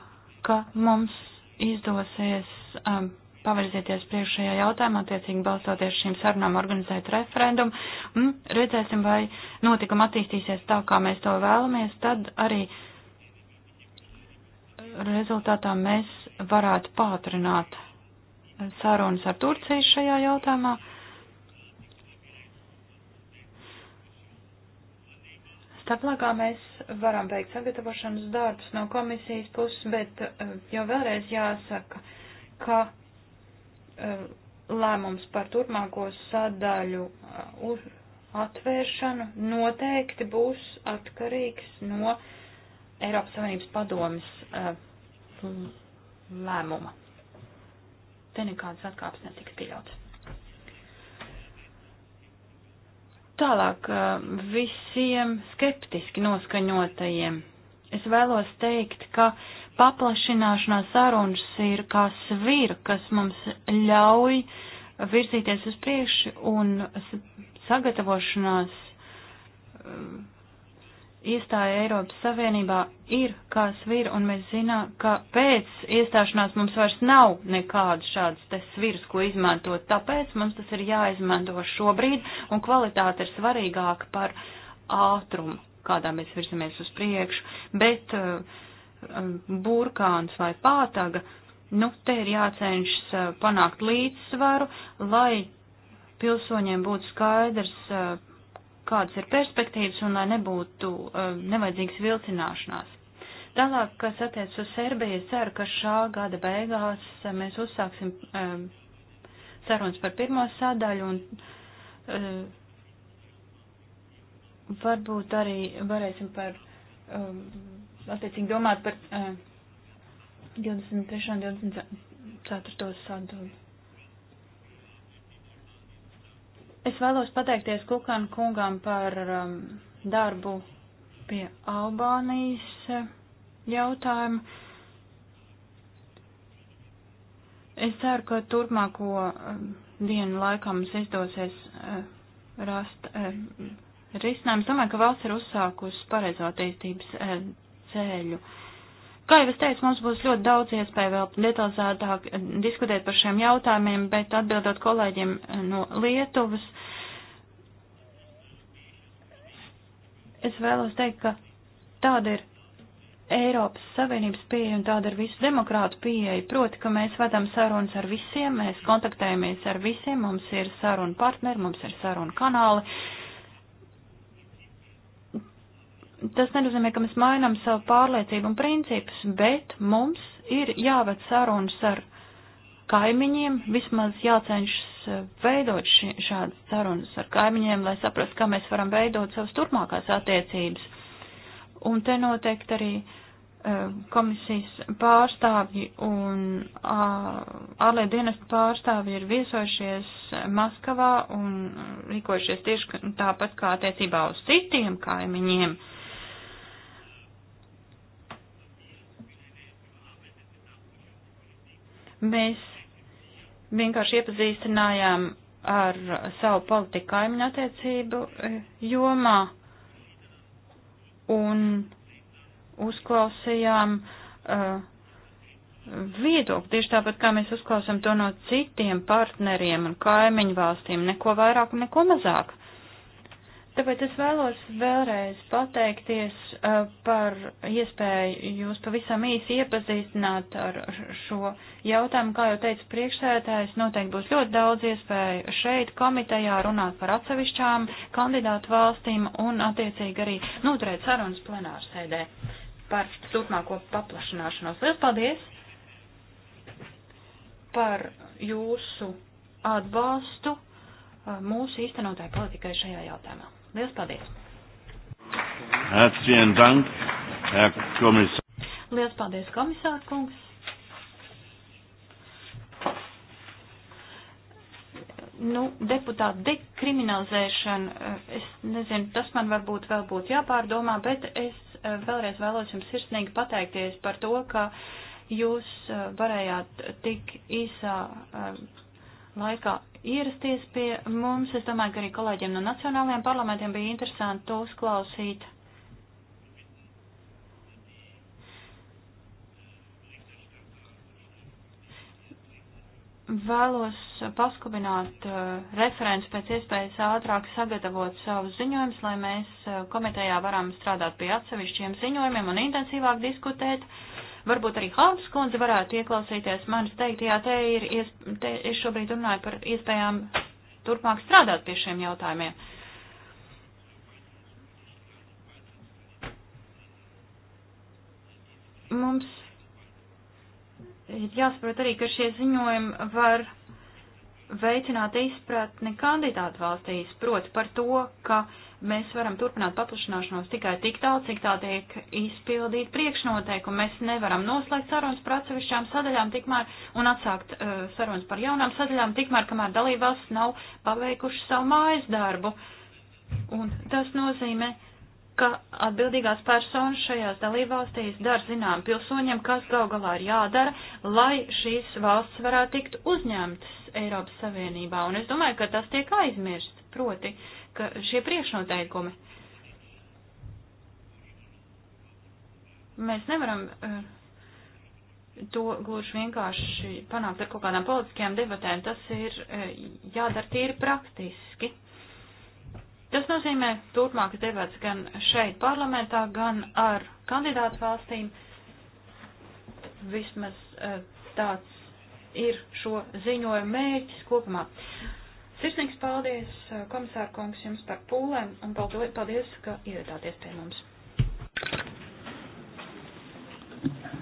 [SPEAKER 2] ka mums izdosies um, pavirzieties priekš šajā jautājumā, attiecīgi balstoties šīm sarunām organizēt referendumu, un redzēsim, vai notikuma attīstīsies tā, kā mēs to vēlamies, tad arī rezultātā mēs varētu pātrināt sarunas ar Turciju šajā jautājumā. Starplaikā mēs varam veikt sagatavošanas darbus no komisijas puses, bet eh, jau vēlreiz jāsaka, ka Um, lēmums par turpmāko sadaļu uh, atvēršanu noteikti būs atkarīgs no Eiropas Savienības padomis uh, lēmuma. Te nekādas atkāpes netiks pieļauts. Tālāk uh, visiem skeptiski noskaņotajiem. Es vēlos teikt, ka uh, paplašināšanās sarunas ir kā svira, kas mums ļauj virzīties uz priekšu un sagatavošanās uh, iestāja Eiropas Savienībā ir kā svira, un mēs zinām, ka pēc iestāšanās mums vairs nav nekādas šādas te sviras, ko izmantot. Tāpēc mums tas ir jāizmanto šobrīd, un kvalitāte ir svarīgāka par ātrumu, kādā mēs virzamies uz priekšu. Bet uh, burkāns vai pātaga, nu, te ir jācenšas eh, panākt līdzsvaru, lai pilsoņiem būtu skaidrs, eh, kādas ir perspektīvas un lai nebūtu eh, nevajadzīgas vilcināšanās. Tālāk, kas attiec uz Serbiju, es ceru, ka šā gada beigās mēs uzsāksim sarunas par pirmo sadaļu un varbūt arī varēsim par attiecīgi domāt par uh, eh, 23. un 24. sadaļu. Es vēlos pateikties Kukan kungam par um, darbu pie Albānijas uh, eh, jautājumu. Es ceru, ka turpmāko uh, dienu laikā mums izdosies uh, rast uh, risinājumu. Es domāju, ka valsts ir uzsākusi pareizo attīstības ceļu. Kā jau es teicu, mums būs ļoti daudz iespēju vēl detalizētāk diskutēt par šiem jautājumiem, bet atbildot kolēģiem no Lietuvas, es vēlos teikt, ka tāda ir Eiropas Savienības pieeja un tāda ir visu demokrātu pieeja, proti, ka mēs vedam sarunas ar visiem, mēs kontaktējamies ar visiem, mums ir saruna partneri, mums ir saruna kanāli, tas nenozīmē, ka mēs mainām savu pārliecību un principus, bet mums ir jāved sarunas ar kaimiņiem, vismaz jācenšas eh, veidot šī, šādas sarunas ar kaimiņiem, lai saprastu, kā mēs varam veidot savas turpmākās attiecības. Un te noteikti arī eh, komisijas pārstāvji un ārlietu dienestu pārstāvji ir viesojušies Maskavā un rīkojušies tieši tāpat kā attiecībā uz citiem kaimiņiem. Uh, Mēs vienkārši iepazīstinājām ar savu politiku kaimiņu attiecību e, jomā un uzklausījām uh, viedokli, tieši tāpat kā mēs uzklausām to no citiem partneriem un kaimiņu valstīm, neko vairāk un neko mazāk. Tāpēc es vēlos vēlreiz pateikties uh, par iespēju jūs pavisam īsi iepazīstināt ar šo jautājumu. Kā jau teicu, priekšsētājs noteikti būs ļoti daudz iespēju šeit komitejā runāt par atsevišķām kandidātu valstīm un attiecīgi arī noturēt sarunas plenāru sēdē par turpmāko paplašanāšanos. Liels paldies par jūsu atbalstu uh, mūsu īstenotāju politikai šajā jautājumā. Lielas paldies!
[SPEAKER 1] Herzlichen Dank, Herr Kommissar.
[SPEAKER 2] Lielas paldies, komisār kungs. Nu, deputāta dekriminalizēšana, eh, es nezinu, tas man varbūt vēl būtu jāpārdomā, bet es eh, vēlreiz vēlos jums sirsnīgi pateikties par to, ka jūs eh, varējāt tik īsā laikā ierasties pie mums. Es domāju, ka arī kolēģiem no nacionālajiem parlamentiem bija interesanti to uzklausīt. Vēlos paskubināt uh, referents pēc iespējas ātrāk sagatavot savus ziņojumus, lai mēs uh, komitejā varam strādāt pie atsevišķiem ziņojumiem un intensīvāk diskutēt. Uh, Varbūt arī Hāns kundze varētu ieklausīties manis teiktajā, te ir, te es šobrīd runāju par iespējām turpmāk strādāt pie šiem jautājumiem. Mums ir jāsaprot arī, ka šie ziņojumi var veicināt izpratni kandidātu valstīs, proti par to, ka uh, mēs varam turpināt paplašināšanos tikai tik tālu, cik tā tiek izpildīt priekšnoteikumi. Mēs nevaram noslēgt sarunas par atsevišķām sadaļām tikmēr un atsākt uh, sarunas par jaunām sadaļām tikmēr, kamēr dalībās nav paveikuši savu mājas darbu. Un tas nozīmē, ka atbildīgās personas šajās dalībvalstīs dar zinām pilsoņiem, kas gal galā ir jādara, lai šīs valsts varētu tikt uzņemtas Eiropas Savienībā. Un es domāju, ka tas tiek aizmirsts. Proti, uh, tiek šie priekšnoteikumi. Mēs nevaram eh, to gluži vienkārši panākt ar kaut kādām politiskajām debatēm. Tas ir eh, jādara tīri praktiski. Tas nozīmē turpmākas debats gan šeit parlamentā, gan ar kandidātu valstīm. Vismaz eh, tāds ir šo ziņojumu mērķis kopumā. Sirsnīgs paldies, eh, komisāra kungs, jums par pūlēm un paldies, ka ieradāties pie mums. Thank you.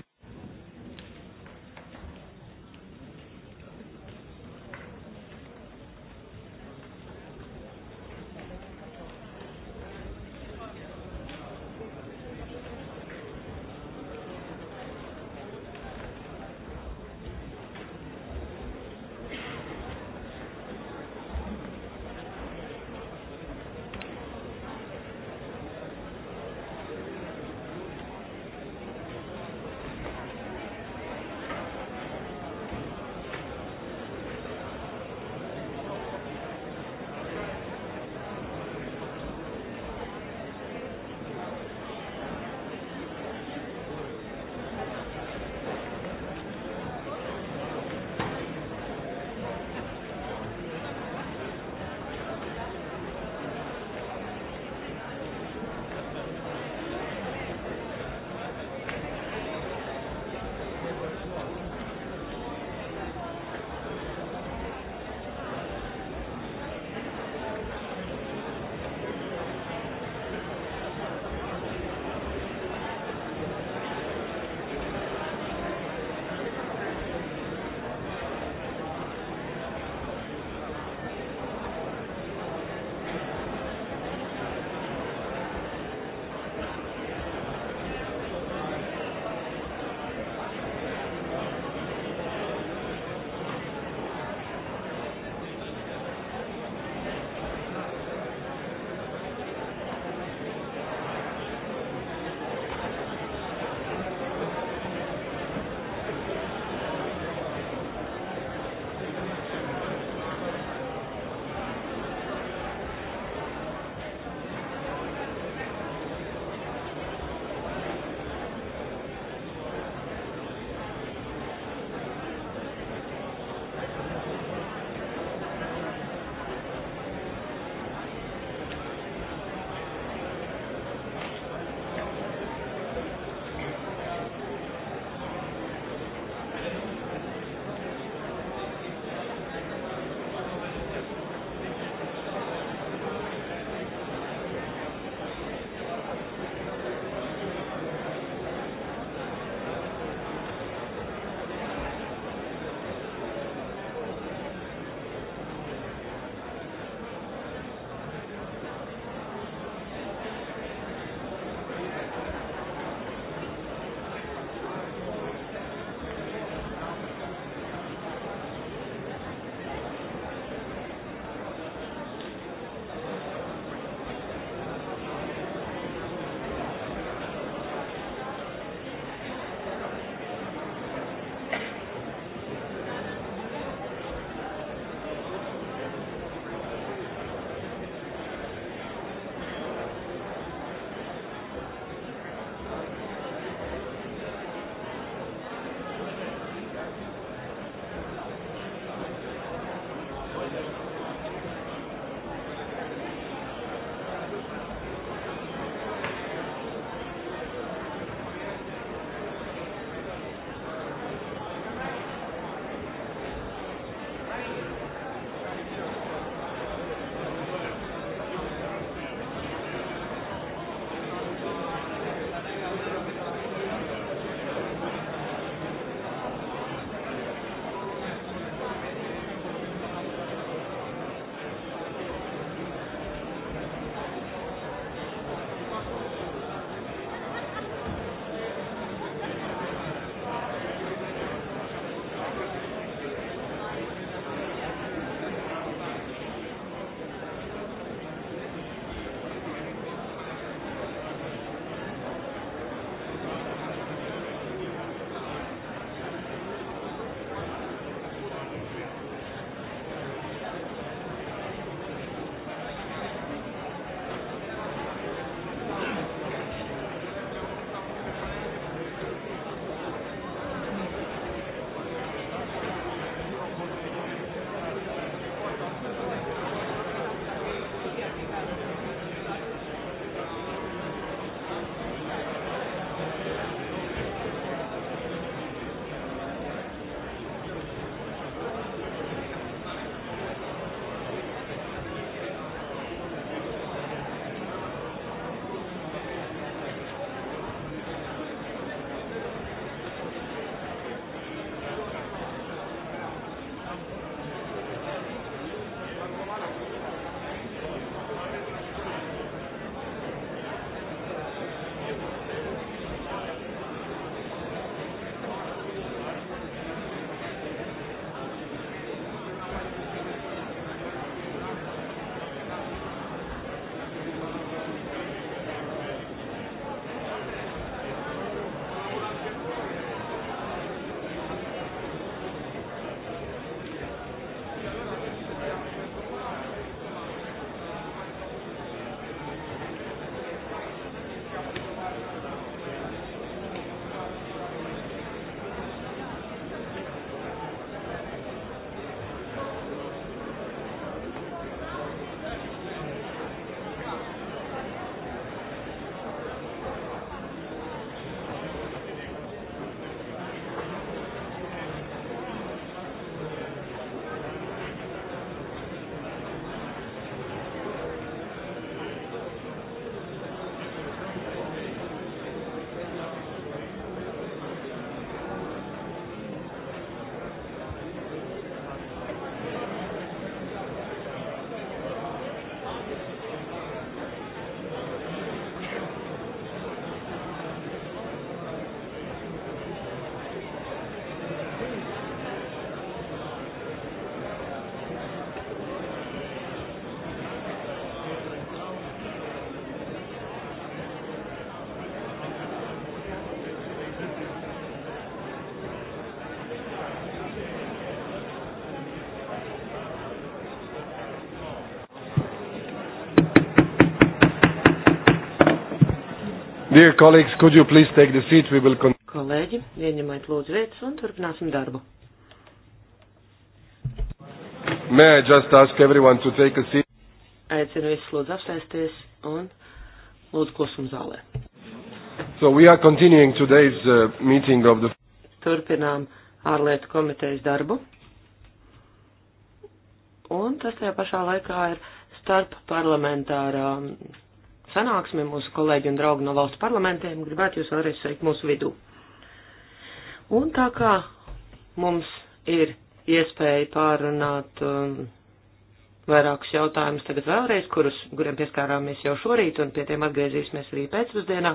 [SPEAKER 1] Dear colleagues, could you please take the seat? We will continue.
[SPEAKER 4] Kolēģi, ieņemiet lūdzu vietas un turpināsim darbu.
[SPEAKER 1] May I just ask everyone to take a seat?
[SPEAKER 4] Aicinu visus lūdzu apsēsties un lūdzu klusumu zālē.
[SPEAKER 1] So we are continuing today's uh, meeting of the.
[SPEAKER 4] Turpinām ārlietu komitejas darbu. Un tas tajā pašā laikā ir starp parlamentārā. Um, sanāksmi, mūsu kolēģi un draugi no valstu parlamentiem, gribētu jūs vēlreiz sveikt mūsu vidū. Un tā kā mums ir iespēja pārunāt um, vairākus jautājumus tagad vēlreiz, kurus, kuriem pieskārāmies jau šorīt un pie tiem atgriezīsimies arī pēcpusdienā,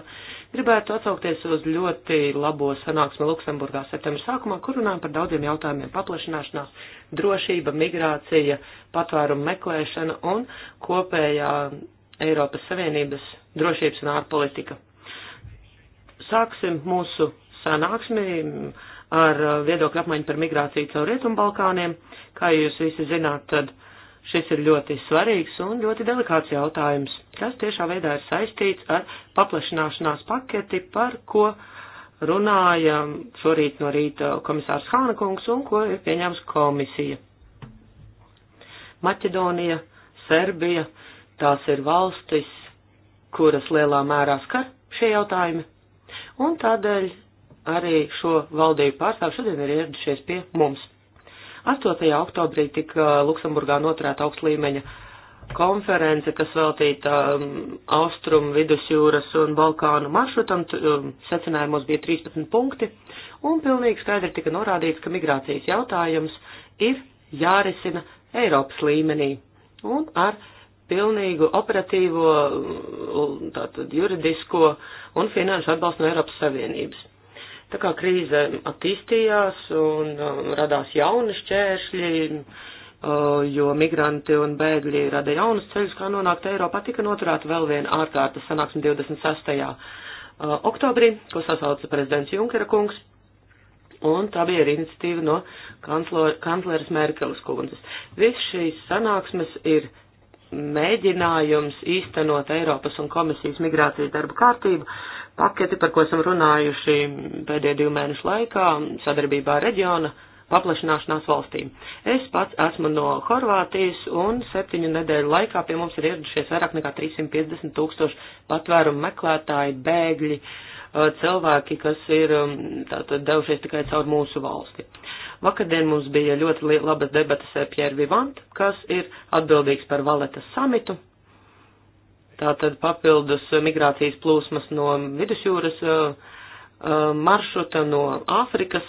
[SPEAKER 4] gribētu atsaukties uz ļoti labo sanāksmi Luksemburgā septembra sākumā, kur runājam par daudziem jautājumiem - paplašināšanās, drošība, migrācija, patvērumu meklēšana un kopējā Eiropas Savienības drošības un ārpolitika. Sāksim mūsu sanāksmi ar viedokļu apmaiņu par migrāciju caur Rietumbalkāniem. Kā jūs visi zināt, tad šis ir ļoti svarīgs un ļoti delikāts jautājums, kas tiešā veidā ir saistīts ar paplašināšanās paketi, par ko runāja šorīt no rīta komisārs Hānekungs un ko ir pieņēmusi komisija. Maķedonija, Serbija, Tās ir valstis, kuras lielā mērā skar šie jautājumi, un tādēļ arī šo valdību pārstāvu šodien ir ieradušies pie mums. 8. oktobrī tika Luksemburgā noturēta augsta līmeņa konference, kas veltīta um, Austrum, Vidusjūras un Balkānu maršrutam, um, secinājumos bija 13 punkti, un pilnīgi skaidri tika norādīts, ka migrācijas jautājums ir jārisina Eiropas līmenī un ar pilnīgu operatīvo, tātad juridisko un finanšu atbalstu no Eiropas Savienības. Tā kā krīze attīstījās un um, radās jauni šķēršļi, uh, jo migranti un bēgļi rada jaunus ceļus, kā nonākt Eiropā, tika noturēta vēl viena ārkārtas sanāksme 26. Uh, oktobrī, ko sasauca prezidents Junkera kungs, un tā bija arī iniciatīva no kancleres Merkeles kundzes. Viss šīs sanāksmes ir mēģinājums īstenot Eiropas un komisijas migrācijas darba kārtību, paketi, par ko esam runājuši pēdējo divu mēnešu laikā, sadarbībā ar reģiona paplašināšanās valstīm. Es pats esmu no Horvātijas un septiņu nedēļu laikā pie mums ir ieradušies vairāk nekā 350 tūkstoši patvērumu meklētāji, bēgļi, uh, cilvēki, kas ir um, tātad devušies tikai caur mūsu valsti. Uh, Vakardien mums bija ļoti labas debatas ar Pierre Vivant, kas ir atbildīgs par valetas samitu. Tātad papildus migrācijas plūsmas no vidusjūras uh, uh, maršruta no Āfrikas.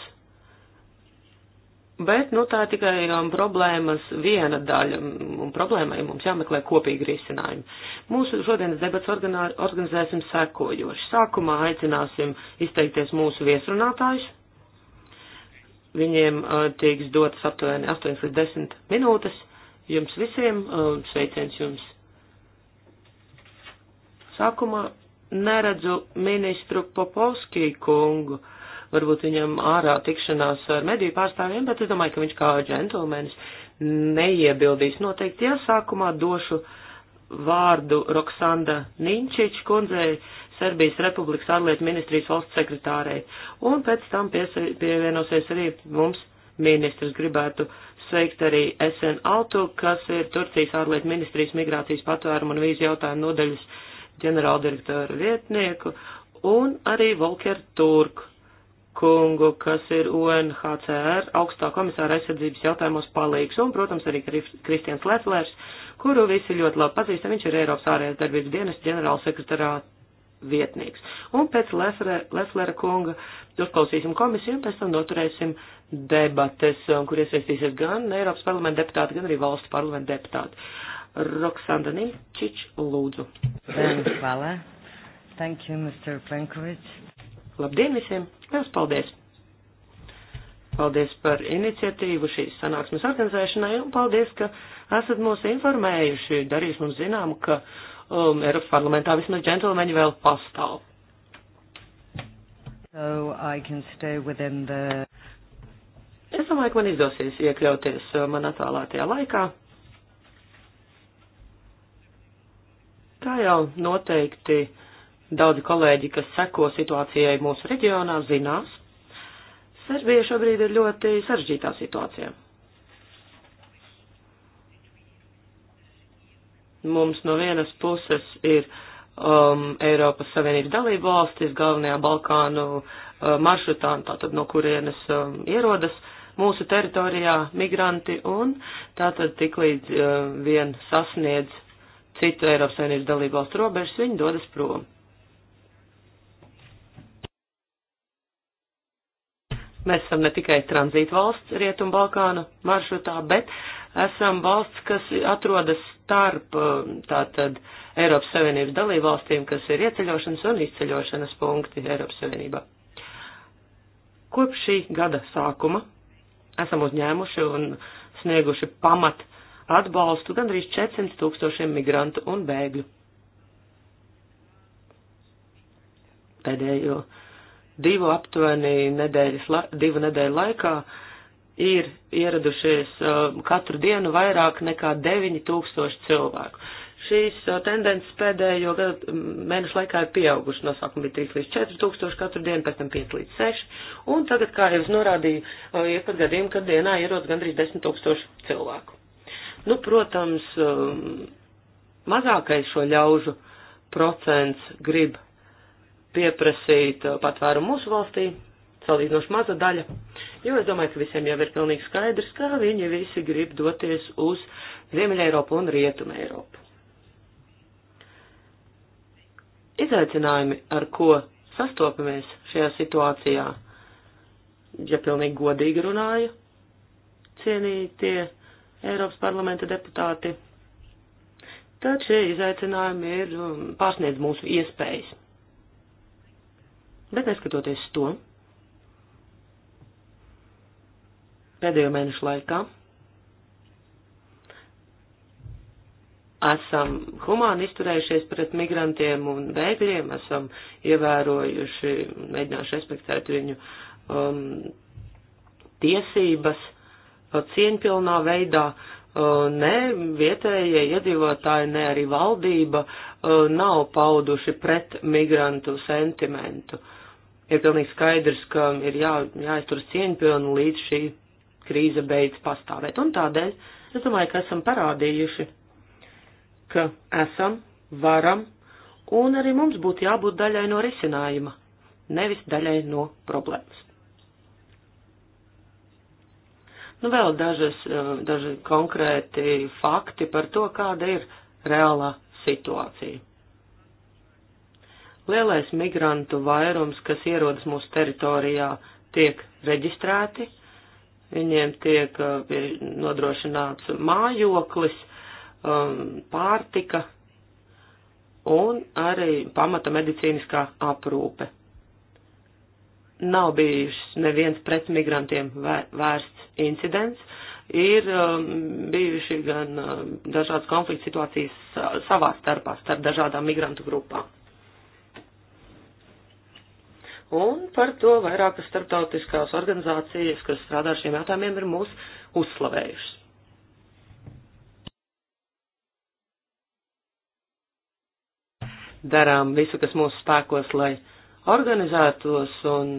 [SPEAKER 4] Bet, nu, tā ir tikai um, problēmas viena daļa, un problēmai mums jāmeklē kopīgi risinājumi. Mūsu šodienas debats organizēsim sekojoši. Sākumā aicināsim izteikties mūsu viesrunātājus, Viņiem uh, tiks dotas aptuveni 8 līdz 10 minūtes. Jums visiem uh, sveiciens jums. Sākumā neredzu ministru Popovskī kungu. Varbūt viņam ārā tikšanās ar mediju pārstāvjiem, bet es domāju, ka viņš kā džentlmenis neiebildīs. Noteikti jāsākumā došu vārdu Roksanda Ninčič kundzei. Uh, Serbijas Republikas ārlietu ministrijas valsts sekretārei. Un pēc tam pievienosies arī mums ministrs. Gribētu sveikt arī SN Altu, kas ir Turcijas ārlietu ministrijas migrācijas patvērumu un vīzu jautājumu nodaļas ģenerāldirektora vietnieku. Un arī Volker Turku kungu, kas ir UNHCR augstā komisāra aizsardzības jautājumos palīgs, un, protams, arī Kristians Letlers, kuru visi ļoti labi pazīstam, viņš ir Eiropas ārējās darbības dienas ģenerālsekretārā vietnieks. Un pēc Leslera, Leslera kunga uzklausīsim komisiju un pēc tam noturēsim debates, kur iesaistīsies gan Eiropas parlamenta deputāti, gan arī valstu parlamenta deputāti. Roksanda Nimčič, lūdzu. Hvala.
[SPEAKER 1] Thank you, Mr. Plenković.
[SPEAKER 4] Labdien visiem! Liels paldies! Paldies par iniciatīvu šīs sanāksmes organizēšanai un paldies, ka esat mūs informējuši, darījis mums zinām, ka uh, um, Eiropas parlamentā vismaz džentlmeņi vēl pastāv. So the... Es domāju, ka man izdosies iekļauties uh, man atvēlētajā laikā. Kā jau noteikti daudzi kolēģi, kas seko situācijai mūsu reģionā, zinās, Serbija šobrīd ir ļoti sarežģītā situācijā. Mums no vienas puses ir um, Eiropas Savienības dalību valstis galvenajā Balkānu uh, maršrutā, tātad no kurienes um, ierodas mūsu teritorijā migranti un tātad tiklīdz uh, vien sasniedz citu Eiropas Savienības dalību valstu robežas, viņi dodas prom. Mēs esam ne tikai tranzīta valsts Rietumbalkānu maršrutā, bet esam valsts, kas atrodas starp um, tātad Eiropas Savienības dalībvalstīm, kas ir ieceļošanas un izceļošanas punkti Eiropas Savienībā. Kopš šī gada sākuma esam uzņēmuši un snieguši pamat atbalstu gandrīz 400 tūkstošiem migrantu un bēgļu. Pēdējo divu aptuveni nedēļas, la, divu nedēļu laikā uh, ir ieradušies uh, katru dienu vairāk nekā 9000 cilvēku. Šīs uh, tendences pēdējo gadu mēnešu laikā ir pieaugušas. No sākuma bija 3 līdz 4 tūkstoši katru dienu, pēc tam 5 līdz 6. Un tagad, kā jau es norādīju, uh, ir pat gadījumi, kad dienā ierodas gandrīz 10 tūkstoši cilvēku. Nu, protams, um, mazākais šo ļaužu procents grib pieprasīt patvērumu mūsu valstī, salīdzinoši maza daļa. Uh, jo es domāju, ka visiem jau ir pilnīgi skaidrs, kā viņi visi grib doties uz Ziemeļa Eiropu un Rietuma Eiropu. Izaicinājumi, ar ko sastopamies šajā situācijā, ja pilnīgi godīgi runāju, cienītie Eiropas parlamenta deputāti, tad šie izaicinājumi ir um, pārsniedz mūsu iespējas. Bet neskatoties to, pēdējo mēnešu laikā. Esam humāni izturējušies pret migrantiem un bēgļiem, esam ievērojuši, mēģinājuši respektēt viņu um, tiesības uh, cieņpilnā veidā. Uh, ne vietējie iedzīvotāji, ne arī valdība uh, nav pauduši pret migrantu sentimentu. Ir pilnīgi skaidrs, ka ir jā, jāizturas cieņpilni līdz šī krīze beidz pastāvēt. Un tādēļ es domāju, ka esam parādījuši, ka esam, varam, un arī mums būtu jābūt daļai no risinājuma, nevis daļai no problēmas. Nu, vēl dažas, eh, daži konkrēti fakti par to, kāda ir reālā situācija. Lielais migrantu vairums, kas ierodas mūsu teritorijā, tiek reģistrēti, Viņiem tiek uh, nodrošināts mājoklis, um, pārtika un arī pamata medicīniskā aprūpe. Nav bijušas neviens pret migrantiem vērsts incidents, ir um, bijuši gan um, dažādas konflikta situācijas savā starpā, starp dažādām migrantu grupām. Un par to vairākas starptautiskās organizācijas, kas strādā ar šiem jautājumiem, ir mūs uzslavējušas. Darām visu, kas mūsu spēkos, lai organizētos un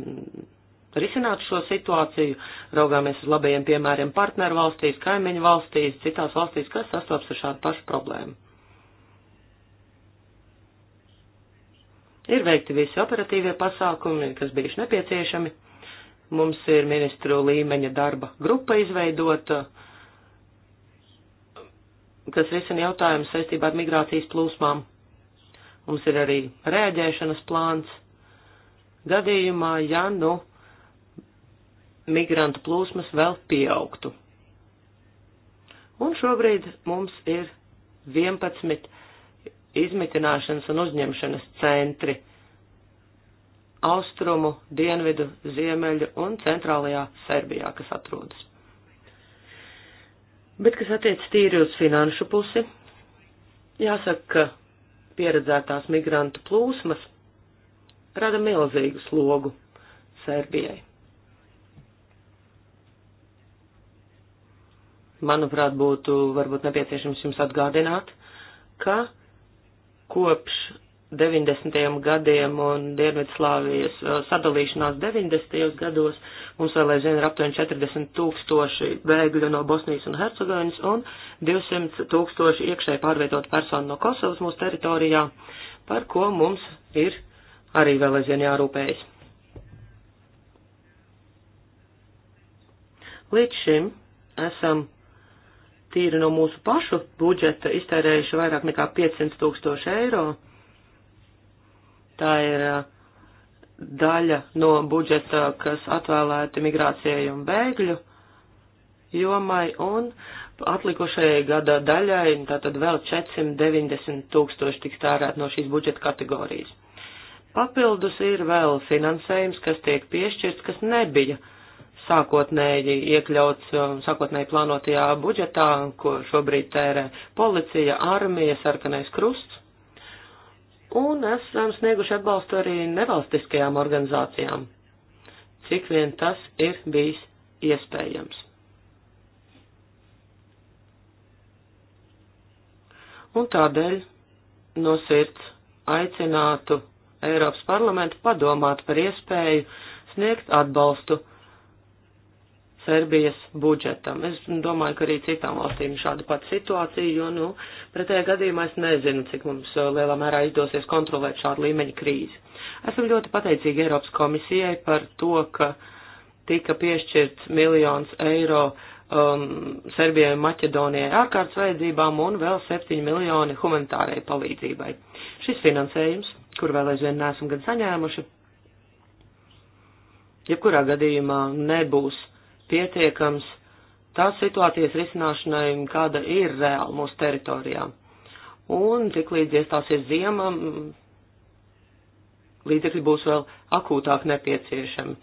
[SPEAKER 4] risinātu šo situāciju. Raugāmies uz labajiem piemēriem partneru valstīs, kaimiņu valstīs, citās valstīs, kas sastopas ar šādu pašu problēmu. Ir veikti visi operatīvie pasākumi, kas bijuši nepieciešami. Mums ir ministru līmeņa darba grupa izveidota, kas risina jautājumus saistībā ar migrācijas plūsmām. Mums ir arī rēģēšanas plāns. Gadījumā, ja nu migrantu plūsmas vēl pieaugtu. Un šobrīd mums ir 11 izmitināšanas un uzņemšanas centri austrumu, dienvidu, ziemeļu un centrālajā Serbijā, kas atrodas. Bet, kas attiec tīri uz finanšu pusi, jāsaka, ka pieredzētās migrantu plūsmas rada milzīgu slogu Serbijai. Manuprāt, būtu varbūt nepieciešams jums atgādināt, ka kopš 90. gadiem un Dienvidslāvijas eh, sadalīšanās 90. gados mums vēl aizvien ir aptuveni 40 tūkstoši bēgļu no Bosnijas un Hercegovinas un 200 tūkstoši iekšēji pārvietot personu no Kosovas mūsu teritorijā, par ko mums ir arī vēl aizvien jārūpējas. Līdz šim esam tīri no mūsu pašu budžeta iztērējuši vairāk nekā 500 tūkstoši eiro. Tā ir uh, daļa no budžeta, kas atvēlēti migrācijai un bēgļu jomai, un atlikušajai gada daļai tātad vēl 490 tūkstoši tiks tērēt no šīs budžeta kategorijas. Papildus ir vēl finansējums, kas tiek piešķirts, kas nebija uh, sākotnēji iekļauts um, sākotnēji plānotajā budžetā, ko šobrīd tērē policija, armija, sarkanais krusts. Un esam snieguši atbalstu arī nevalstiskajām organizācijām, cik vien tas ir bijis iespējams. Un tādēļ no sirds aicinātu Eiropas parlamentu padomāt par iespēju sniegt atbalstu Serbijas budžetam. Es domāju, ka arī citām valstīm šāda pati situācija, jo, nu, pretējā gadījumā es nezinu, cik mums uh, lielā mērā izdosies kontrolēt šādu līmeņa krīzi. Esam ļoti pateicīgi Eiropas komisijai par to, ka tika piešķirts miljons eiro um, Serbijai un Maķedonijai ārkārtas vajadzībām un vēl 7 miljoni humanitārai palīdzībai. Šis finansējums, kur vēl aizvien neesam gan saņēmuši, jebkurā gadījumā nebūs pietiekams tās situācijas risināšanai, kāda ir reāli mūsu teritorijā. Un tik līdz iestāsies ziema, līdzekļi būs vēl akūtāk nepieciešami,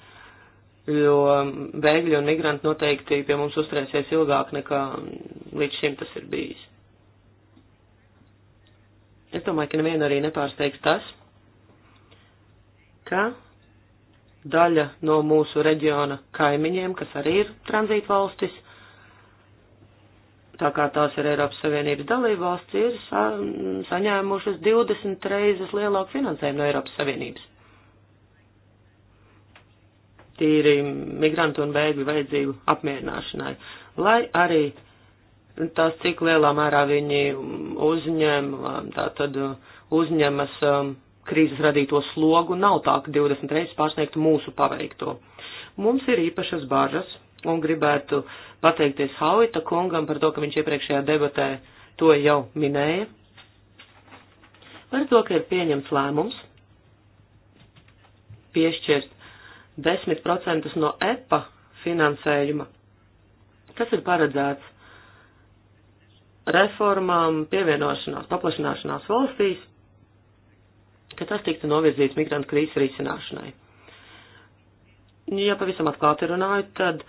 [SPEAKER 4] jo bēgļi un migranti noteikti pie mums uzturēsies ilgāk nekā līdz šim tas ir bijis. Es domāju, ka nevienu arī nepārsteigts tas, ka daļa no mūsu reģiona kaimiņiem, kas arī ir tranzītvalstis, tā kā tās ir Eiropas Savienības dalībvalsts, ir sa saņēmušas 20 reizes lielāku finansējumu no Eiropas Savienības. Tīri migrantu un bēgļu vajadzību apmierināšanai, lai arī tās, cik lielā mērā viņi uzņem, tā tad uzņemas um, krīzes radīto slogu nav tā, ka 20 reizes pārsniegtu mūsu paveikto. Mums ir īpašas bažas, un gribētu pateikties Hauita kungam par to, ka viņš iepriekšējā debatē to jau minēja. Par to, ka ir pieņemts lēmums piešķirt 10% no EPA finansējuma, kas ir paredzēts reformām, pievienošanās, paplašināšanās valstīs, ka tas tiktu novirzīts migrantu krīzes risināšanai. Ja pavisam atklāti runāju, tad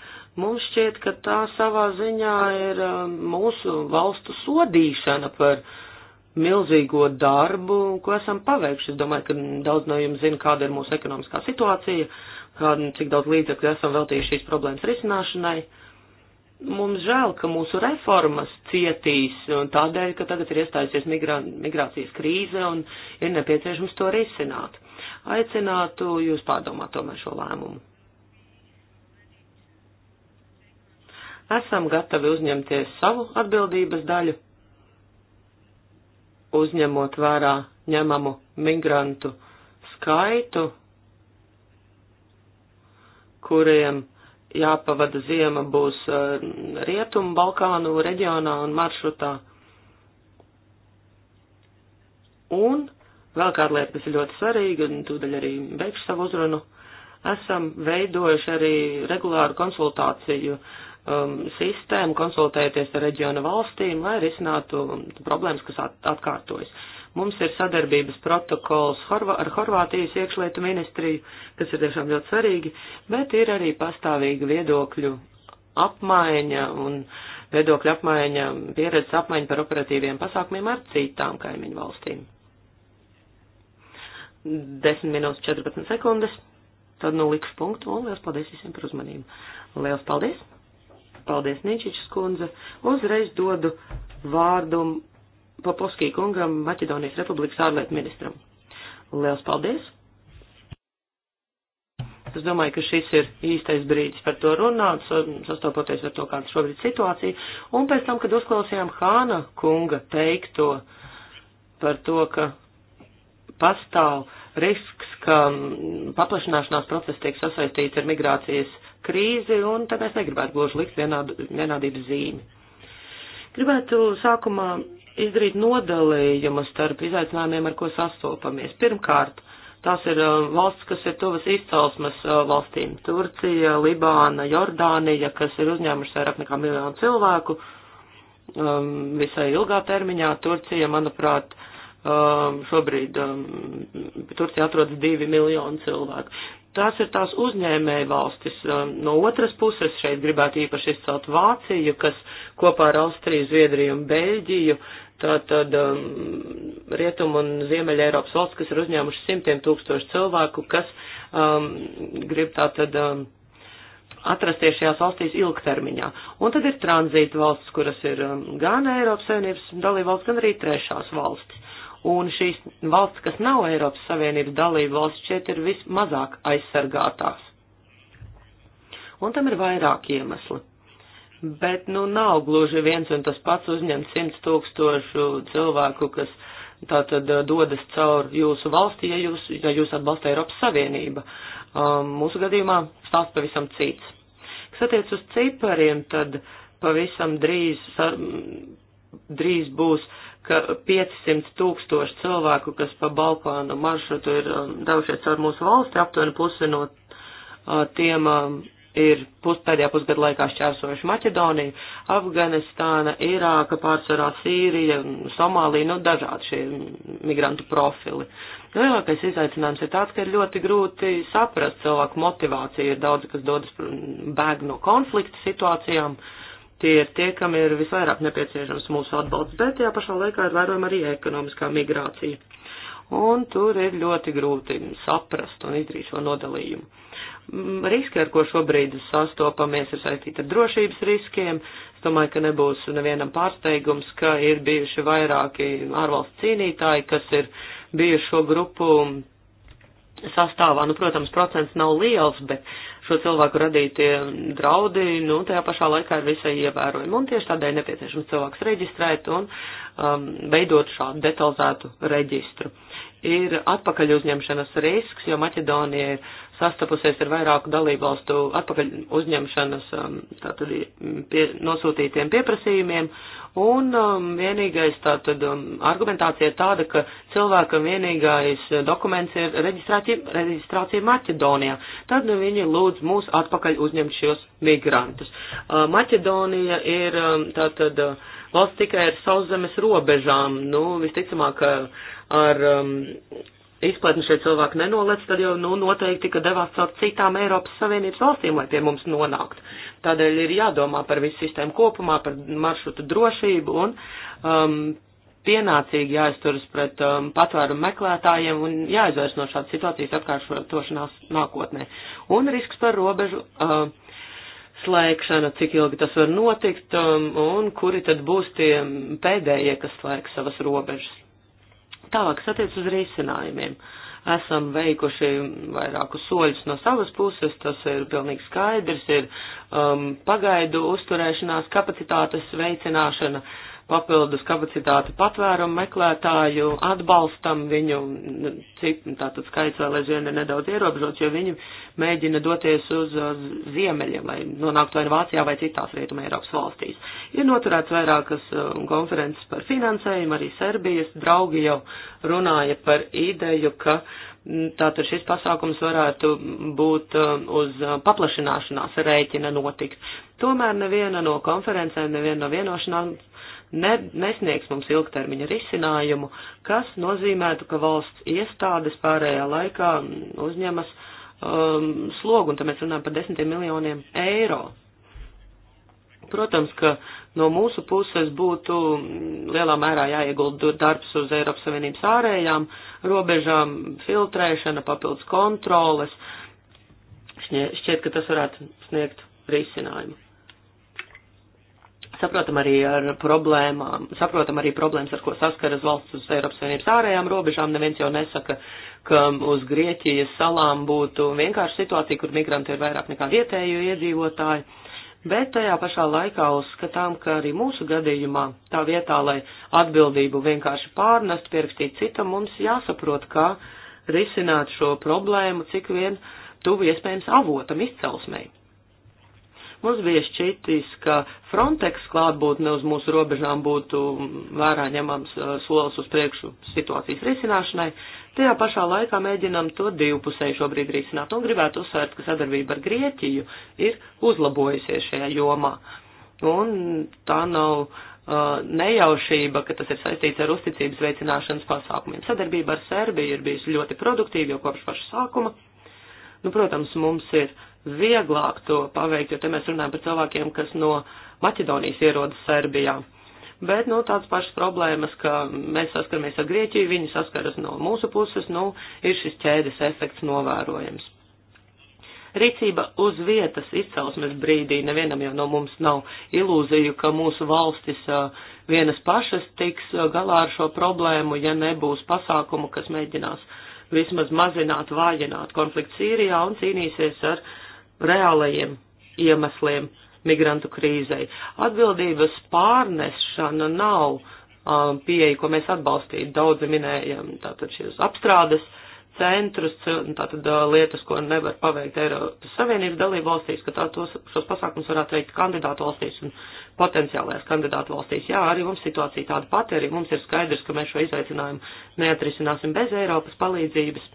[SPEAKER 4] mums šķiet, ka tā savā ziņā ir um, mūsu valstu sodīšana par milzīgo darbu, ko esam paveikuši. Es domāju, ka daudz no jums zina, kāda ir mūsu ekonomiskā situācija, kāda, cik daudz līdzekļu esam veltījuši šīs problēmas risināšanai. Uh, mums žēl, ka mūsu reformas cietīs tādēļ, ka tagad ir iestājusies migrā, migrācijas krīze un ir nepieciešams to risināt. Aicinātu jūs pārdomāt tomēr šo lēmumu. Esam gatavi uzņemties savu atbildības daļu, uzņemot vērā ņemamu migrantu skaitu, kuriem jāpavada ziema būs e, Rietumu Balkānu reģionā un maršrutā. Un vēl kāda lieta, kas ir ļoti svarīga, un tūdaļ arī beigšu savu uzrunu, esam veidojuši arī regulāru konsultāciju um, sistēmu, konsultējoties ar reģiona valstīm, lai risinātu um, problēmas, kas at atkārtojas. Mums ir sadarbības protokols Horva ar Horvātijas iekšlietu ministriju, kas ir tiešām ļoti svarīgi, bet ir arī pastāvīga viedokļu apmaiņa un viedokļu apmaiņa, pieredzes apmaiņa par operatīviem pasākumiem ar citām kaimiņu valstīm. 10 minūtes 14 sekundes, tad nu likšu punktu un liels paldies visiem par uzmanību. Liels paldies! Paldies, Ničičs kundze. Uzreiz dodu vārdu Papovskī kungam, Maķedonijas Republikas ārlietu ministram. Liels paldies! Es domāju, ka šis ir īstais brīdis par to runāt, sastopoties ar to, kāda šobrīd situācija. Un pēc tam, kad uzklausījām Hāna kunga teikto par to, ka pastāv risks, ka paplašināšanās process tiek sasaistīts ar migrācijas krīzi, un tad es negribētu gluži likt vienādu, vienādības zīmi. Gribētu sākumā izdarīt nodalījumu starp izaicinājumiem, ar ko sastopamies. Pirmkārt, tās ir uh, valsts, kas ir tuvas izcelsmes uh, valstīm - Turcija, Libāna, Jordānija, kas ir uzņēmuši vairāk nekā miljonu cilvēku um, visai ilgā termiņā. Turcija, manuprāt, um, šobrīd um, Turcija atrodas divi miljoni cilvēku. Tās ir tās uzņēmēja valstis. Um, no otras puses šeit gribētu īpaši izcelt Vāciju, kas uh, kopā ar Austriju, Zviedriju un Beļģiju, tātad um, Rietumu un Ziemeļa Eiropas valsts, kas ir uzņēmuši simtiem tūkstošu cilvēku, kas um, grib tātad. Um, atrasties šajās valstīs ilgtermiņā. Un tad ir tranzīta valsts, kuras ir um, gan Eiropas Savienības dalībvalsts, gan arī trešās valstis. Un šīs valsts, kas nav Eiropas Savienības dalībvalsts, šeit ir vismazāk aizsargātās. Un tam ir vairāk iemesli bet, nu, nav gluži viens un tas pats uzņemt 100 tūkstošu cilvēku, kas tātad uh, dodas caur jūsu valsti, ja jūs, ja jūs atbalsta Eiropas Savienība. Um, mūsu gadījumā stāsts pavisam cits. Kas attiec uz cipariem, tad pavisam drīz, drīz būs, ka 500 tūkstoši cilvēku, kas pa Balkānu maršrutu ir um, devušies caur mūsu valsti, aptuveni pusi no uh, tiem um, ir pus, pēdējā pusgada laikā šķērsojuši Maķedoniju, Afganistāna, Irāka, pārsvarā Sīrija, Somālija, nu dažādi šie migrantu profili. Lielākais izaicinājums ir tāds, ka ir ļoti grūti saprast cilvēku motivāciju, ir daudzi, kas dodas bēg no konflikta situācijām, tie ir tie, kam ir visvairāk nepieciešams mūsu atbalsts, bet tajā pašā laikā ir vērojama arī ekonomiskā migrācija. Un tur ir ļoti grūti saprast un izdarīt šo nodalījumu. Mm, riski, ar ko šobrīd sastopamies, ir saistīti ar drošības riskiem. Es domāju, ka nebūs nevienam pārsteigums, ka ir bijuši vairāki ārvalsts cīnītāji, kas ir bijuši šo grupu sastāvā. Nu, protams, procents nav liels, bet šo cilvēku radītie draudi, nu, tajā pašā laikā ir visai ievērojami. Un tieši tādēļ nepieciešams cilvēks reģistrēt un um, veidot šādu detalizētu reģistru ir atpakaļ uzņemšanas risks, jo Maķedonija ir sastapusies ar vairāku dalībvalstu atpakaļ uzņemšanas um, tātad, mm, pie, nosūtītiem pieprasījumiem, un um, vienīgais tātad um, argumentācija ir tāda, ka cilvēkam vienīgais uh, dokuments ir reģistrācija Maķedonijā. Tad nu, viņi lūdz mūs atpakaļ uzņemt šos migrantus. Uh, Maķedonija ir um, tātad uh, valsts tikai ar sauszemes robežām, nu, visticamāk, ar um, izplatni šie cilvēki nenolec, tad jau nu, noteikti, ka devās caur citām Eiropas Savienības valstīm, lai pie mums nonāktu. Tādēļ ir jādomā par visu sistēmu kopumā, par maršrutu drošību un um, pienācīgi jāizturas pret um, patvērumu meklētājiem un jāizvērst no šādas situācijas atkārtošanās nākotnē. Un risks par robežu. Uh, um, slēgšana, cik ilgi tas var notikt um, un kuri tad būs tie pēdējie, kas slēgs savas robežas. Tālāk, kas attiec uz risinājumiem. Esam veikuši vairākus soļus no savas puses, tas ir pilnīgi skaidrs, ir um, pagaidu uzturēšanās, kapacitātes veicināšana. Uh, papildus kapacitāti patvērumu meklētāju atbalstam, viņu nu, cik tātad skaits vēl aizvien ir nedaudz ierobežots, jo viņi mēģina doties uz, uz ziemeļiem, lai nonāktu vai nu Vācijā vai citās rietuma Eiropas valstīs. Ir noturēts vairākas um, konferences par finansējumu, arī Serbijas draugi jau runāja par ideju, ka mm, Tātad šis pasākums varētu būt um, uz um, paplašināšanās rēķina notikt. Tomēr neviena no konferencēm, neviena no vienošanām ne, nesniegs mums ilgtermiņa risinājumu, kas nozīmētu, ka valsts iestādes pārējā laikā uzņemas um, slogu, un tad mēs runājam par desmitiem miljoniem eiro. Protams, ka no mūsu puses būtu lielā mērā jāiegulda darbs uz Eiropas Savienības ārējām robežām, filtrēšana, papildus kontroles. Šķiet, ka tas varētu sniegt risinājumu saprotam arī ar problēmām, saprotam arī problēmas, ar ko saskaras valsts uz Eiropas Savienības ārējām robežām. Neviens jau nesaka, ka uz Grieķijas salām būtu vienkārši situācija, kur migranti ir vairāk nekā vietējo iedzīvotāju. Bet tajā pašā laikā uzskatām, ka arī mūsu gadījumā tā vietā, lai atbildību vienkārši pārnest, pierakstīt citam, mums jāsaprot, kā risināt šo problēmu, cik vien tuvu iespējams avotam izcelsmei. Mums bija šķitis, ka Frontex klātbūtne uz mūsu robežām būtu vērā ņemams uh, solis uz priekšu situācijas risināšanai. Tajā pašā laikā mēģinam to divpusēji šobrīd risināt un gribētu uzsvērt, ka sadarbība ar Grieķiju ir uzlabojusies šajā jomā. Un tā nav uh, nejaušība, ka tas ir saistīts ar uzticības veicināšanas pasākumiem. Sadarbība ar Serbiju ir bijusi ļoti produktīva jau kopš paša sākuma. Nu, protams, mums ir vieglāk to paveikt, jo te mēs runājam par cilvēkiem, kas no Maķedonijas ierodas Serbijā. Bet, nu, tāds pašas problēmas, ka mēs saskaramies ar Grieķiju, viņi saskaras no mūsu puses, nu, ir šis ķēdes efekts novērojams. Rīcība uz vietas izcelsmes brīdī nevienam jau no mums nav ilūziju, ka mūsu valstis vienas pašas tiks galā ar šo problēmu, ja nebūs pasākumu, kas mēģinās vismaz mazināt, vājināt konfliktu Sīrijā un cīnīsies ar uh, reālajiem iemesliem migrantu krīzei. Atbildības pārnešana nav um, pieeja, ko mēs atbalstītu. Daudzi minējam um, tātad šīs apstrādes centrus, tātad uh, lietas, ko nevar paveikt Eiropas Savienības dalību valstīs, ka tā tos, šos pasākums varētu veikt kandidātu valstīs un potenciālajās kandidātu valstīs. Jā, arī mums situācija tāda pati, arī mums ir skaidrs, ka mēs šo izaicinājumu neatrisināsim bez Eiropas palīdzības.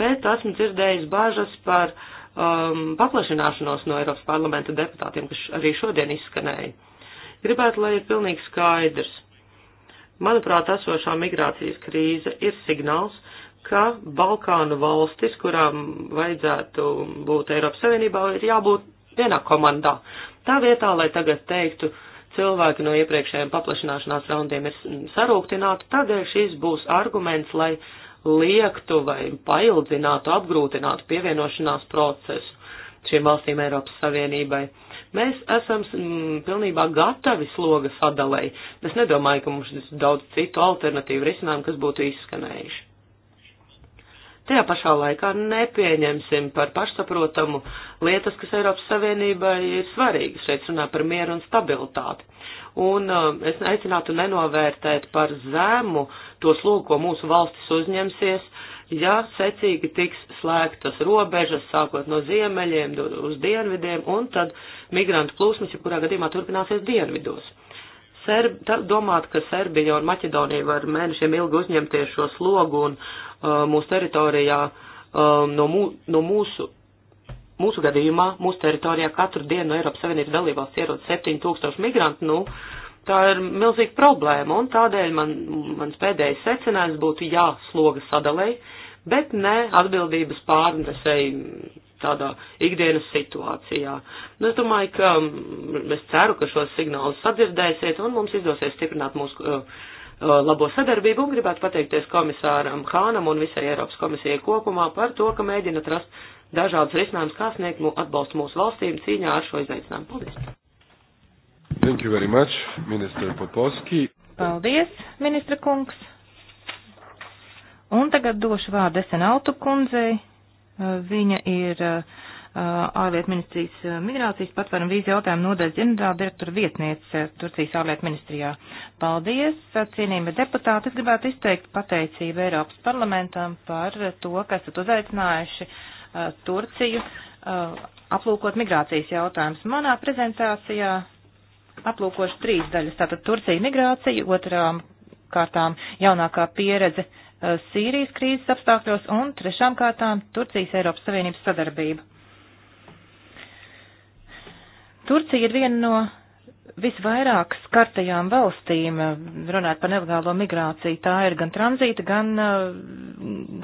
[SPEAKER 4] Bet esmu dzirdējis bažas par uh, um, paplašināšanos no Eiropas parlamenta deputātiem, kas arī šodien izskanēja. Gribētu, lai ir pilnīgi skaidrs. Manuprāt, esošā migrācijas krīze ir signāls, ka Balkānu valstis, kurām vajadzētu būt Eiropas Savienībā, ir jābūt vienā komandā. Tā vietā, lai tagad teiktu, cilvēki no iepriekšējiem paplašināšanās raundiem ir sarūktināti, tādēļ šis būs arguments, lai uh, liektu vai paildzinātu, apgrūtinātu pievienošanās procesu šīm valstīm Eiropas Savienībai. Mēs esam mm, pilnībā gatavi sloga sadalēji. Es nedomāju, ka mums ir daudz citu alternatīvu risinājumu, kas būtu izskanējuši. Tajā pašā laikā nepieņemsim par pašsaprotamu lietas, kas Eiropas Savienībai ir svarīgas. Šeit runā par mieru un stabilitāti un um, es aicinātu nenovērtēt par zemu to slogu, ko mūsu valstis uzņemsies, ja secīgi tiks slēgtas robežas, sākot no ziemeļiem uz dienvidiem, un tad migrantu plūsmas, ja kurā gadījumā turpināsies dienvidos. Serb, domāt, ka Serbija un Maķedonija var mēnešiem ilgi uzņemties šo slogu un uh, mūsu teritorijā uh, no, mū, no mūsu mūsu gadījumā, mūsu teritorijā katru dienu no Eiropas Savienības dalībvalsts ierodas 7000 migrantu, nu, Tā ir milzīga problēma, un tādēļ man, mans pēdējais secinājums būtu jā, sloga sadalēji, bet ne atbildības pārnesēji tādā ikdienas situācijā. Nu, es domāju, ka es ceru, ka šos signālus sadzirdēsiet, un mums izdosies stiprināt mūsu uh, uh, labo sadarbību un gribētu pateikties komisāram Hānam un visai Eiropas komisijai kopumā par to, ka mēģinat rast dažādas risinājumas, kā sniegt atbalstu mūsu valstīm cīņā ar šo izaicinājumu. Paldies!
[SPEAKER 1] Thank you very much, minister Popovski.
[SPEAKER 4] Paldies, ministra kungs.
[SPEAKER 3] Un tagad došu vārdu Esen Autu kundzei. Viņa ir ārlietu ministrijas migrācijas patvērumu vīzi jautājumu nodaļas ģenerāla direktora vietniece Turcijas ārlietu ministrijā. Paldies, cienījami deputāti. Es gribētu izteikt pateicību Eiropas parlamentam par to, ka esat uzaicinājuši Turciju aplūkot migrācijas jautājumus. Manā prezentācijā aplūkošu trīs daļas. Tātad Turcija migrācija, otrām kārtām jaunākā pieredze eh, Sīrijas krīzes apstākļos un trešām kārtām Turcijas Eiropas Savienības sadarbība. Turcija ir viena no visvairāk skartajām valstīm, eh, runāt par nelegālo migrāciju, tā ir gan tranzīta, gan eh,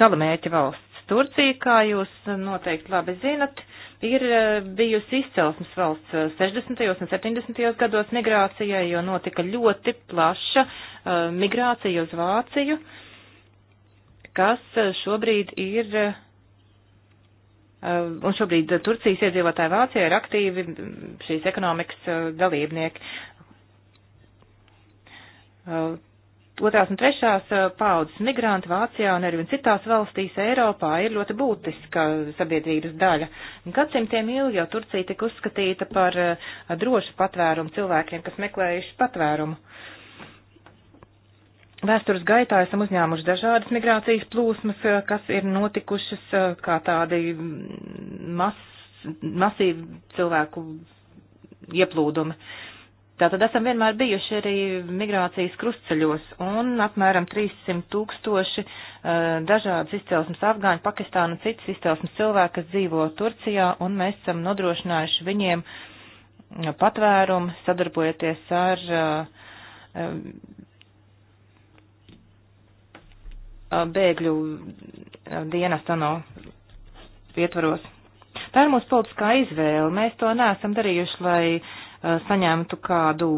[SPEAKER 3] galamērķa valsts. Turcija, kā jūs noteikti labi zinat, uh, ir eh, bijusi izcelsmes valsts 60. Eh, un 70. gados migrācijai, jo notika ļoti plaša eh, migrācija uz Vāciju, kas šobrīd ir, un šobrīd Turcijas iedzīvotāji Vācijā ir aktīvi šīs ekonomikas dalībnieki otrās un trešās eh, paudzes migranti Vācijā un arī citās valstīs Eiropā ir ļoti būtiska sabiedrības daļa. Gadsimtiem ilgi jau Turcija tika uzskatīta par eh, drošu patvērumu cilvēkiem, kas meklējuši patvērumu. Vēstures gaitā esam uzņēmuši dažādas migrācijas plūsmas, eh, kas ir notikušas kā tādi mm, mas, masīvi cilvēku ieplūdumi. Uh, Tātad esam vienmēr bijuši arī migrācijas krustceļos un apmēram 300 tūkstoši uh, dažādas izcelsmes afgāņu, Pakistānu un citas izcelsmes cilvēku, kas dzīvo Turcijā, un mēs esam nodrošinājuši viņiem patvērumu, sadarbojoties ar uh, uh, bēgļu dienestu no ietvaros. Tā ir mūsu politiskā izvēle. Mēs to neesam darījuši, lai uh, saņemtu kādu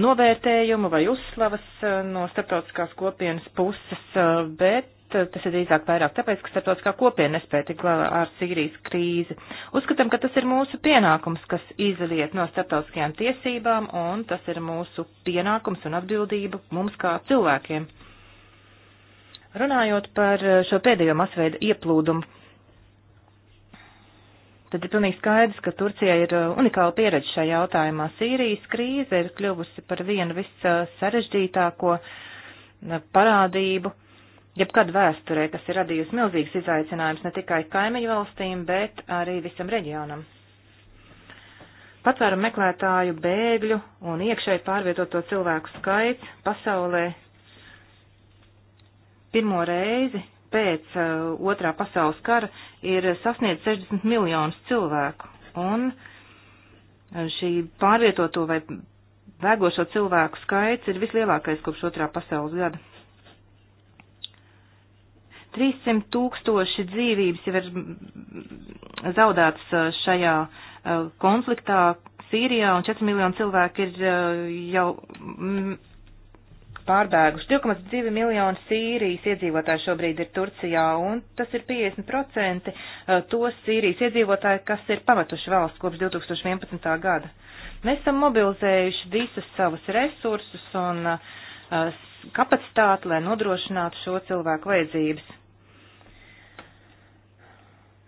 [SPEAKER 3] novērtējumu vai uzslavas no starptautiskās kopienas puses, bet tas ir drīzāk vairāk tāpēc, ka starptautiskā kopiena nespēja tik galā ar Sīrijas krīzi. Uzskatām, ka tas ir mūsu pienākums, kas izriet no starptautiskajām tiesībām, un tas ir mūsu pienākums un atbildība mums kā cilvēkiem. Runājot par šo pēdējo masveida ieplūdumu tad ir pilnīgi skaidrs, ka Turcija ir uh, unikāla pieredze šajā jautājumā. Sīrijas krīze ir kļuvusi par vienu vissarežģītāko uh, parādību jebkad vēsturē, kas ir radījusi milzīgas izaicinājumus ne tikai kaimiņu valstīm, bet arī visam reģionam. Patvēru meklētāju, bēgļu un iekšēji pārvietoto cilvēku skaits pasaulē pirmo reizi pēc uh, otrā pasaules kara ir sasniedz 60 miljonus cilvēku. Un uh, šī pārvietoto vai vēgošo cilvēku skaits ir vislielākais kopš otrā pasaules gada. 300 tūkstoši dzīvības jau ir zaudētas uh, šajā uh, konfliktā Sīrijā un 4 miljoni cilvēki ir jau pārbēguši. 2,2 miljoni Sīrijas iedzīvotāju šobrīd ir Turcijā, un tas ir 50% eh, to Sīrijas iedzīvotāju, kas ir pametuši valsts kopš 2011. gada. Mēs esam mobilizējuši visus savus resursus un uh, kapacitāti, lai nodrošinātu šo cilvēku vajadzības.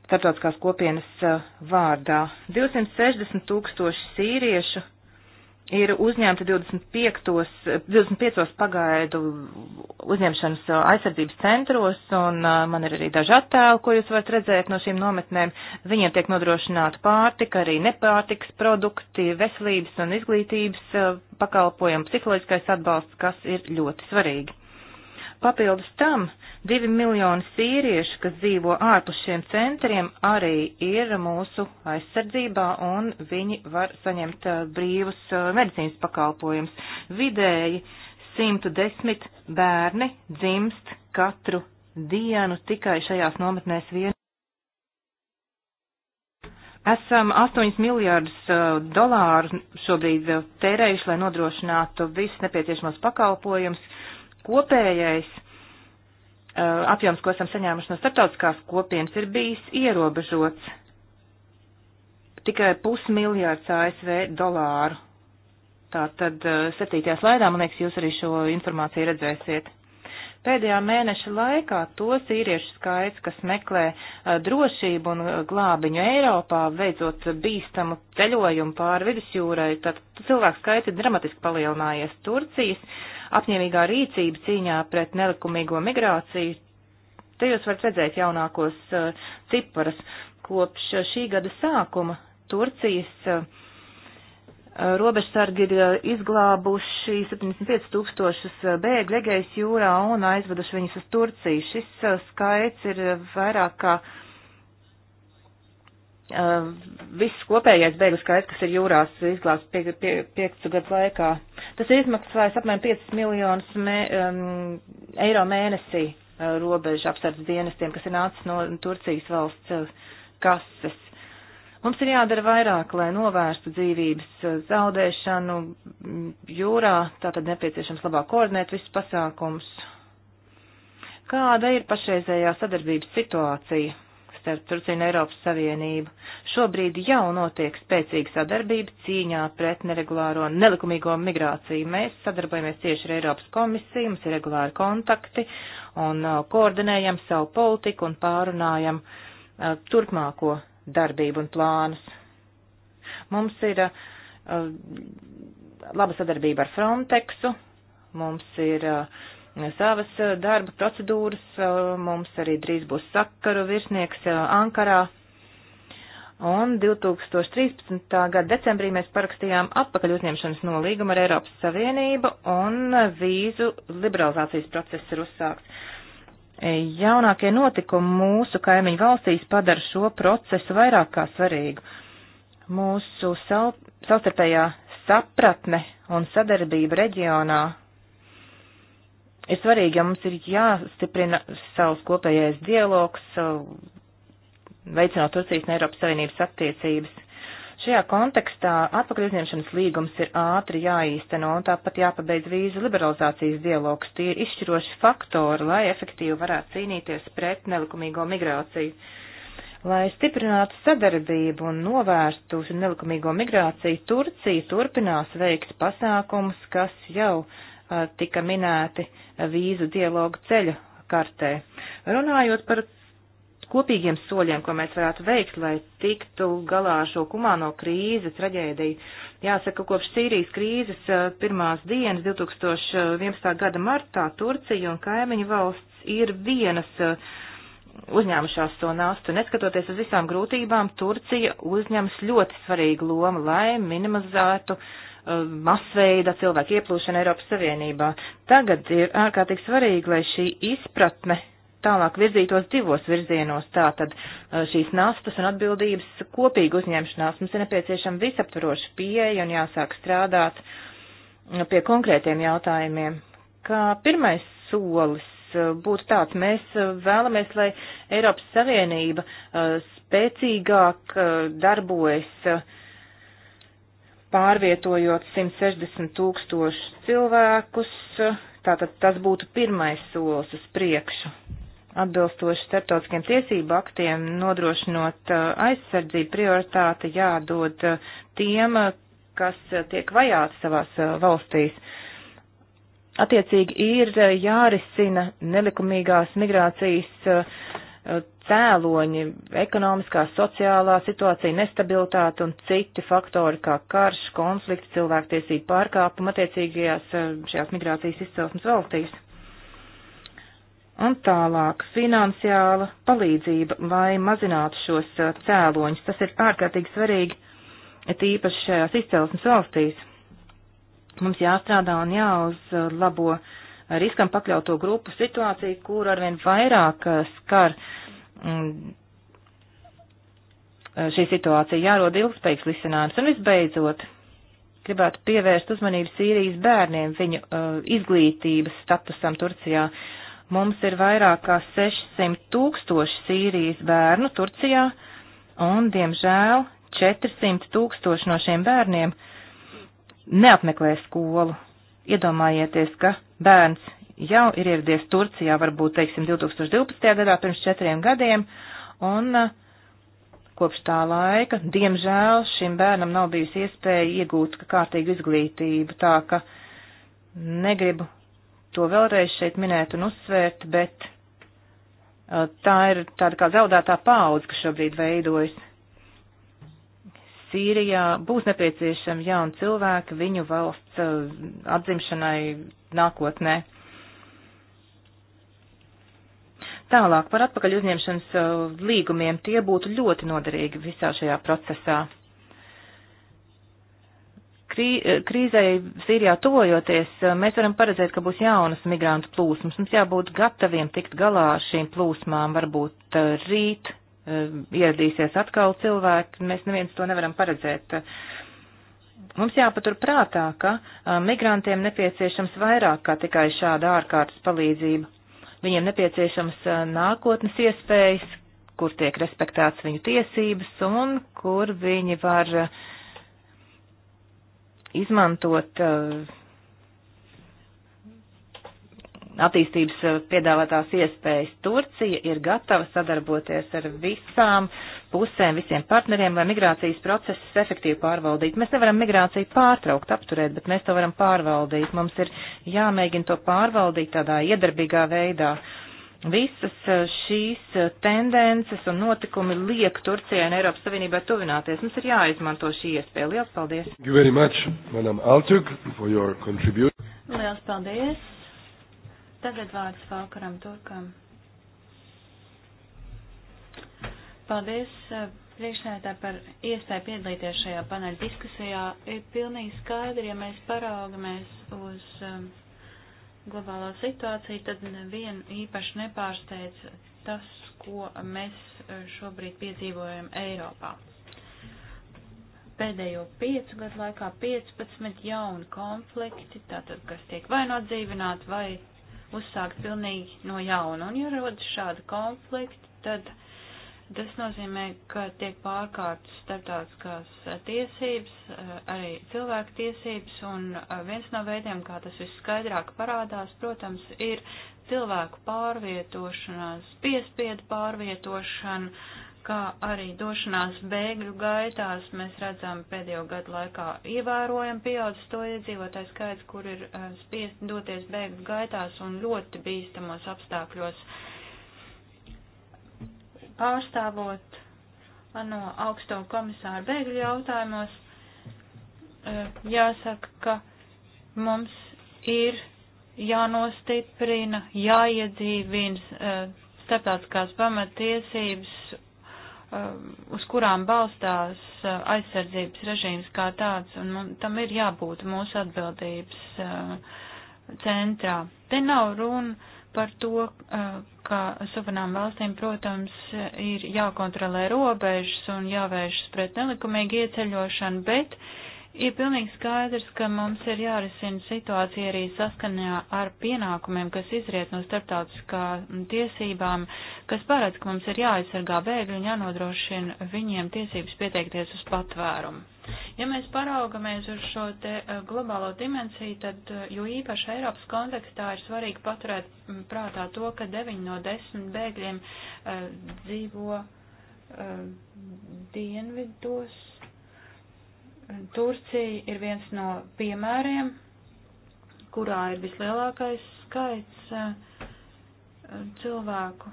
[SPEAKER 3] Startautiskās kopienas uh, vārdā 260 tūkstoši sīriešu ir uzņemti 25, 25 pagaidu uzņemšanas uh, aizsardzības centros, un uh, man ir arī daži attēli, ko jūs varat redzēt no šīm nometnēm. Viņiem tiek nodrošināta pārtika, arī nepārtikas produkti, veselības un izglītības uh, pakalpojumi, psiholoģiskais atbalsts, kas ir ļoti svarīgi. Papildus tam divi miljoni sīriešu, kas dzīvo ārpus šiem centriem, arī ir mūsu aizsardzībā un viņi var saņemt eh, brīvus eh, medicīnas pakalpojumus. Vidēji 110 bērni dzimst katru dienu tikai šajās nometnēs vien. Esam 8 miljārdus eh, dolāru šobrīd tērējuši, lai nodrošinātu visus nepieciešamos pakalpojumus kopējais uh, apjoms, ko esam saņēmuši no starptautiskās kopienas, ir bijis ierobežots tikai pusmiljārds ASV dolāru. Tā tad uh, septītajā slaidā, man liekas, jūs arī šo informāciju redzēsiet. Pēdējā mēneša laikā to sīriešu skaits, kas meklē uh, drošību un glābiņu Eiropā, veicot bīstamu ceļojumu pāri vidusjūrai, tad cilvēku skaits ir dramatiski palielinājies Turcijas apņēmīgā rīcība cīņā pret nelikumīgo migrāciju. Te jūs varat redzēt jaunākos uh, ciparus. Kopš uh, šī gada sākuma Turcijas uh, robežsargi ir izglābuši 75 tūkstošus bēgļu Egejas jūrā un aizveduši viņus uz Turciju. Šis skaits ir vairāk kā uh, viss kopējais bēgļu skaits, kas ir jūrās izglābts pie, pie, piecu gadu laikā, tas ir izmaksājis apmēram 5 miljonus mē, um, eiro mēnesī uh, robežu apsardzes dienestiem, kas ir nācis no Turcijas valsts uh, kases. Mums ir jādara vairāk, lai novērstu dzīvības zaudēšanu jūrā, tātad nepieciešams labāk koordinēt visus pasākumus. Kāda ir pašreizējā sadarbības situācija? starp Turciju un Eiropas Savienību. Šobrīd jau notiek spēcīga sadarbība cīņā pret neregulāro un nelikumīgo migrāciju. Mēs sadarbojamies tieši ar Eiropas komisiju, mums ir regulāri kontakti un uh, koordinējam savu politiku un pārunājam uh, turpmāko darbību un plānus. Mums ir uh, laba sadarbība ar Frontexu, mums ir uh, savas eh, darba procedūras. Eh, mums arī drīz būs sakaru virsnieks eh, Ankarā. Un 2013. gada decembrī mēs parakstījām atpakaļ uzņemšanas nolīgumu ar Eiropas Savienību un vīzu liberalizācijas process ir uzsākts. E, jaunākie notikumi mūsu kaimiņu valstīs padara šo procesu vairāk kā svarīgu. Mūsu savstarpējā sapratne un sadarbība reģionā ir svarīgi, ja mums ir jāstiprina savs kopējais dialogs, veicinot Turcijas un Eiropas Savienības attiecības. Šajā kontekstā atpakaļuzņemšanas līgums ir ātri jāīsteno un tāpat jāpabeidz vīzu liberalizācijas dialogs. Tie ir izšķiroši faktori, lai efektīvi varētu cīnīties pret nelikumīgo migrāciju. Lai stiprinātu sadarbību un novērstu nelikumīgo migrāciju, Turcija turpinās veikt pasākumus, kas jau uh, Eh, tika minēti vīzu dialogu ceļu kartē. Runājot par kopīgiem soļiem, ko mēs varētu veikt, lai tiktu galā ar šo humāno krīzi, traģēdiju. Jāsaka, kopš Sīrijas krīzes eh, pirmās dienas 2011. gada martā Turcija un kaimiņu valsts ir vienas eh, uzņēmušās to nastu. Neskatoties uz visām grūtībām, Turcija uzņems ļoti svarīgu lomu, lai minimizētu uh, Um, masveida cilvēku ieplūšana Eiropas Savienībā. Tagad ir ārkārtīgi svarīgi, lai šī izpratne tālāk virzītos divos virzienos, tātad uh, šīs nastas un atbildības kopīgi uzņemšanās. Mums ir nepieciešama visaptvaroša pieeja un jāsāk strādāt uh, pie konkrētiem jautājumiem. Kā pirmais solis uh, būtu tāds, mēs vēlamies, lai Eiropas Savienība spēcīgāk darbojas pārvietojot 160 tūkstošu cilvēkus, tātad tas būtu pirmais solis uz priekšu. Atbilstoši starptautiskiem tiesību aktiem, nodrošinot uh, aizsardzību, prioritāte jādod uh, tiem, uh, kas tiek vajāti savās valstīs. Attiecīgi ir jārisina nelikumīgās migrācijas cēloņi - ekonomiskā, sociālā situācija, nestabilitāte un citi faktori kā karš, konflikts, cilvēktiesība pārkāpuma attiecīgajās eh, šajās migrācijas izcelsmes valstīs. Un tālāk finansiāla palīdzība, lai mazinātu šos eh, cēloņus, tas ir ārkārtīgi svarīgi, tīpaši šajās izcelsmes valstīs. Mums jāstrādā un jāuzlabo uh, riskam pakļauto grupu situāciju, kur arvien vairāk eh, skar mm, eh, šī situācija. Jārod ilgspējīgs risinājums. Un visbeidzot, gribētu pievērst uzmanību Sīrijas bērniem, viņu uh, izglītības statusam Turcijā. Mums ir vairāk kā 600 tūkstoši Sīrijas bērnu Turcijā, un, diemžēl, 400 tūkstoši no šiem bērniem neapmeklē skolu. Iedomājieties, ka bērns jau ir ieradies Turcijā, varbūt, teiksim, 2012. gadā, pirms četriem gadiem, un eh, kopš tā laika, diemžēl, šim bērnam nav bijusi iespēja iegūt kārtīgu izglītību, tā ka negribu to vēlreiz šeit minēt un uzsvērt, bet eh, tā ir tāda kā zaudētā paudze, kas šobrīd veidojas. Sīrijā būs nepieciešami jauni cilvēki viņu valsts uh, atzimšanai nākotnē. Tālāk par atpakaļ uzņemšanas uh, līgumiem tie būtu ļoti noderīgi visā šajā procesā. Uh, krīzei Sīrijā tuvojoties, mēs varam paredzēt, ka būs jaunas migrantu plūsmas. Mums jābūt gataviem tikt galā ar šīm plūsmām, varbūt rīt, ieradīsies atkal cilvēki, mēs neviens to nevaram paredzēt. Mums jāpatur prātā, ka migrantiem nepieciešams vairāk kā tikai šāda ārkārtas palīdzība. Viņiem nepieciešams nākotnes iespējas, kur tiek respektēts viņu tiesības un kur viņi var izmantot uh, attīstības eh, piedāvātās iespējas. Turcija ir gatava sadarboties ar visām pusēm, visiem partneriem, lai migrācijas procesus efektīvi pārvaldītu. Mēs nevaram migrāciju pārtraukt, apturēt, bet mēs to varam pārvaldīt. Mums ir jāmēģina to pārvaldīt tādā iedarbīgā veidā. Visas eh, šīs eh, tendences un notikumi liek Turcijai un Eiropas Savienībai tuvināties. Mums ir jāizmanto šī iespēja. Lielas paldies!
[SPEAKER 1] Much, Altug, Lielas
[SPEAKER 3] paldies! Tagad vārds Falkaram Turkam.
[SPEAKER 2] Paldies eh, priekšsēdētāji par iespēju piedalīties šajā paneļa diskusijā. Ir pilnīgi skaidri, ja mēs paraugamies uz eh, globālo situāciju, tad nevienu īpaši nepārsteidz tas, ko mēs eh, šobrīd piedzīvojam Eiropā. Pēdējo piecu gadu laikā 15 jauni konflikti, tātad, kas tiek vai nodzīvināti, vai uzsākt pilnīgi no jauna. Un, ja rodas šādi konflikti, tad tas nozīmē, ka tiek pārkārtas starptautiskās tiesības, arī cilvēku tiesības, un eh, viens no veidiem, kā tas visskaidrāk parādās, protams, ir cilvēku pārvietošanās, piespiedu pārvietošana, kā arī došanās bēgļu gaitās mēs redzam pēdējo gadu laikā ievērojam pieaudzis to iedzīvotāju skaits, kur ir eh, spiest doties bēgļu gaitās un ļoti bīstamos apstākļos. Pārstāvot no augsto komisāru bēgļu jautājumos, e, jāsaka, ka mums ir jānostiprina, jāiedzīvina e, starptautiskās pamatiesības Um, uz kurām balstās uh, aizsardzības režīms kā tāds, un tam ir jābūt mūsu atbildības uh, centrā. Te nav runa par to, uh, ka suverēnām valstīm, protams, ir jākontrolē robežas un jāvēršas pret nelikumīgu ieceļošanu, bet uh, Ir pilnīgi skaidrs, ka mums ir jārisina situācija arī saskanā ar pienākumiem, kas izriet no starptautiskā tiesībām, kas paredz, ka mums ir jāaizsargā bēgļi un jānodrošina viņiem tiesības pieteikties uz patvērumu. Ja mēs paraugamies uz šo te eh, globālo dimensiju, tad eh, jo īpaši Eiropas kontekstā ir svarīgi paturēt mm, prātā to, ka 9 no 10 bēgļiem uh, dzīvo uh, dienvidos Turcija ir viens no piemēriem, kurā ir vislielākais skaits eh, cilvēku.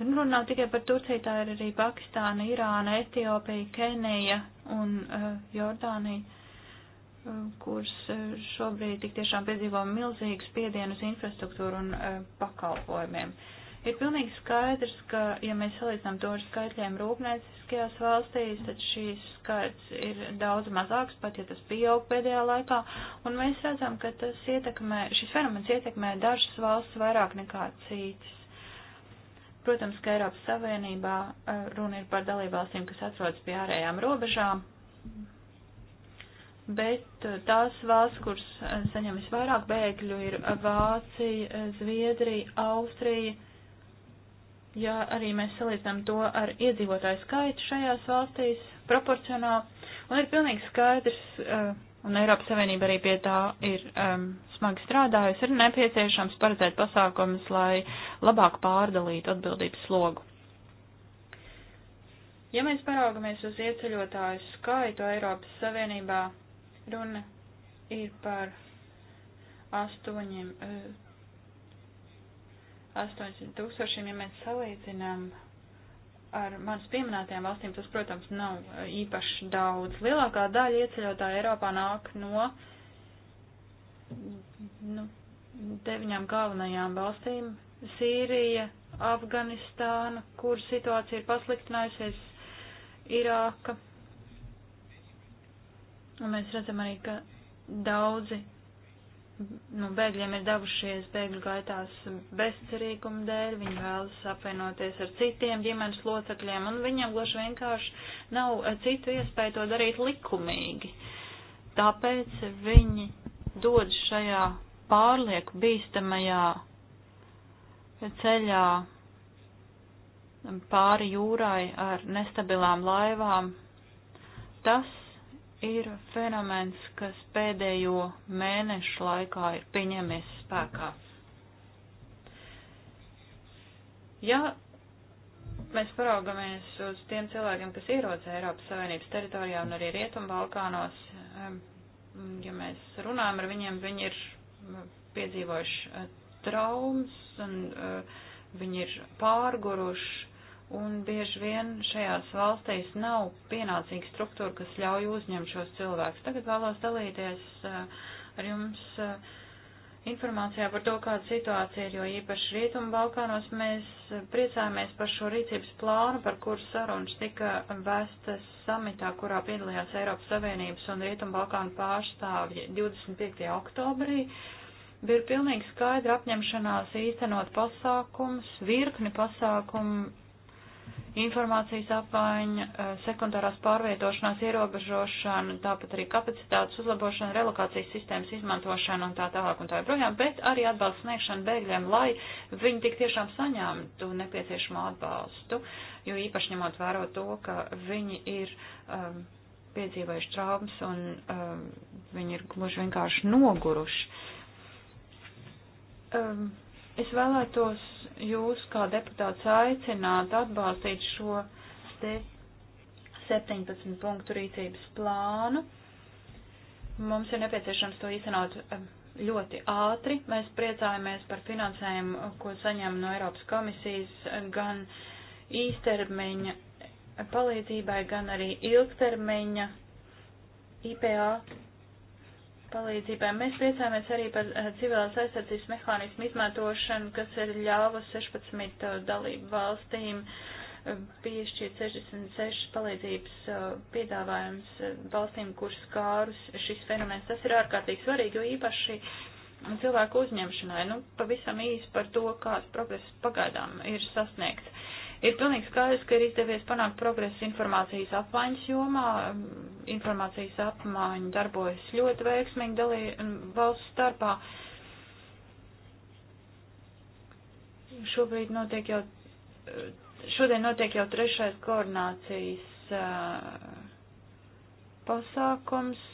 [SPEAKER 2] Runa nav tikai par Turciju, tā ir arī Pakistāna, Irāna, Etiopija, Kenija un uh, Jordānija, uh, kuras uh, šobrīd tik tiešām piedzīvo milzīgu spiedienu uz infrastruktūru un uh, pakalpojumiem. Uh, Ir pilnīgi skaidrs, ka, ja mēs salīdzinām to ar skaitļiem rūpnieciskajās valstīs, tad šīs skaits ir daudz mazāks, pat ja tas pieaug pēdējā laikā, un mēs redzam, ka tas ietekmē, šis fenomens ietekmē dažas valsts vairāk nekā citas. Protams, ka Eiropas Savienībā eh, runa ir par dalībvalstīm, kas atrodas pie ārējām robežām, bet eh, tās valsts, kuras eh, saņem visvairāk bēgļu, ir Vācija, Zviedrija, Austrija, ja arī mēs salīdzinām to ar iedzīvotāju skaitu šajās valstīs proporcionāli, un ir pilnīgi skaidrs, eh, un Eiropas Savienība arī pie tā ir um, smagi strādājusi, ir nepieciešams paredzēt pasākumus, lai labāk pārdalītu atbildības slogu. Ja mēs paraugamies uz ieceļotāju skaitu Eiropas Savienībā, runa ir par astoņiem. Uh, 800 tūkstošiem, ja mēs salīdzinām ar manas pieminētajām valstīm, tas, protams, nav īpaši daudz. Lielākā daļa ieceļotāja Eiropā nāk no nu, deviņām galvenajām valstīm - Sīrija, Afganistāna, kur situācija ir pasliktinājusies, Irāka. Un mēs redzam arī, ka daudzi nu, bēgļiem ir devušies bēgļu gaitās bezcerīguma dēļ, viņi vēlas apvienoties ar citiem ģimenes locekļiem, un viņiem gluži vienkārši nav eh, citu iespēju to darīt likumīgi. Tāpēc viņi dod šajā pārlieku bīstamajā ceļā pāri jūrai ar nestabilām laivām. Tas ir fenomens, kas pēdējo mēnešu laikā ir pieņemies spēkā. Ja mēs paraugamies uz tiem cilvēkiem, kas ierodas Eiropas Savienības teritorijā un arī Rietumbalkānos, ja mēs runājam ar viņiem, viņi ir piedzīvojuši eh, traumas un eh, viņi ir pārguruši un bieži vien šajās valstīs nav pienācīga struktūra, kas ļauj uzņemt šos cilvēkus. Tagad vēlos dalīties eh, ar jums eh, informācijā par to, kāda situācija ir, jo īpaši Rietumu Balkānos mēs eh, priecājamies par šo rīcības plānu, par kuru sarunas tika vestas samitā, kurā piedalījās Eiropas Savienības un Rietumu Balkānu pārstāvji 25. oktobrī bija pilnīgi skaidra apņemšanās īstenot pasākums, virkni pasākumu informācijas apmaiņa, eh, sekundārās pārvietošanās ierobežošana, tāpat arī kapacitātes uzlabošana, relokācijas sistēmas izmantošana un tā tālāk un tā joprojām, bet arī atbalsts sniegšana bēgļiem, lai viņi tik tiešām saņemtu nepieciešamo atbalstu, jo īpaši ņemot vērā to, ka viņi ir um, piedzīvojuši traumas un um, viņi ir gluži vienkārši noguruši. Um, Es vēlētos jūs kā deputāts aicināt atbalstīt šo te 17 punktu rīcības plānu. Mums ir nepieciešams to īstenot um, ļoti ātri. Mēs priecājamies par finansējumu, ko saņem no Eiropas komisijas gan īstermiņa palīdzībai, gan arī ilgtermiņa IPA palīdzībai. Mēs priecājamies arī par eh, civilās aizsardzības mehānismu izmantošanu, kas ir ļāvusi 16 eh, dalību valstīm eh, piešķirt 66 palīdzības piedāvājums valstīm, kuras skārus šis fenomens. Tas ir ārkārtīgi svarīgi, jo īpaši cilvēku uzņemšanai. Nu, pavisam īsi par to, kāds progress pagaidām ir sasniegts. Ir pilnīgi skaidrs, ka ir izdevies panākt progresu informācijas apmaiņas jomā. Mm, informācijas apmaiņa darbojas ļoti veiksmīgi dalī, mm, valsts starpā. Šobrīd notiek jau,
[SPEAKER 4] mm,
[SPEAKER 2] šodien notiek jau trešais koordinācijas pasākums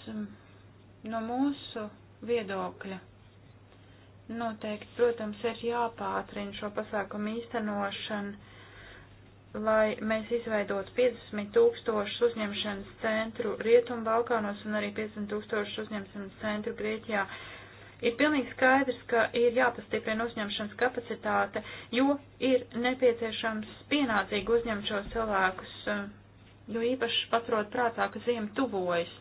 [SPEAKER 2] no mūsu viedokļa. Noteikti, protams, ir jāpātrina šo pasākumu īstenošanu lai mēs izveidotu 50 tūkstošu uzņemšanas centru Rietumu Balkānos un arī 50 tūkstošu uzņemšanas centru Grieķijā. Ir pilnīgi skaidrs, ka ir jāpastiprina uzņemšanas kapacitāte, jo ir nepieciešams pienācīgi uzņemt šos cilvēkus, eh, jo īpaši paturot prātā, ka ziema tuvojas.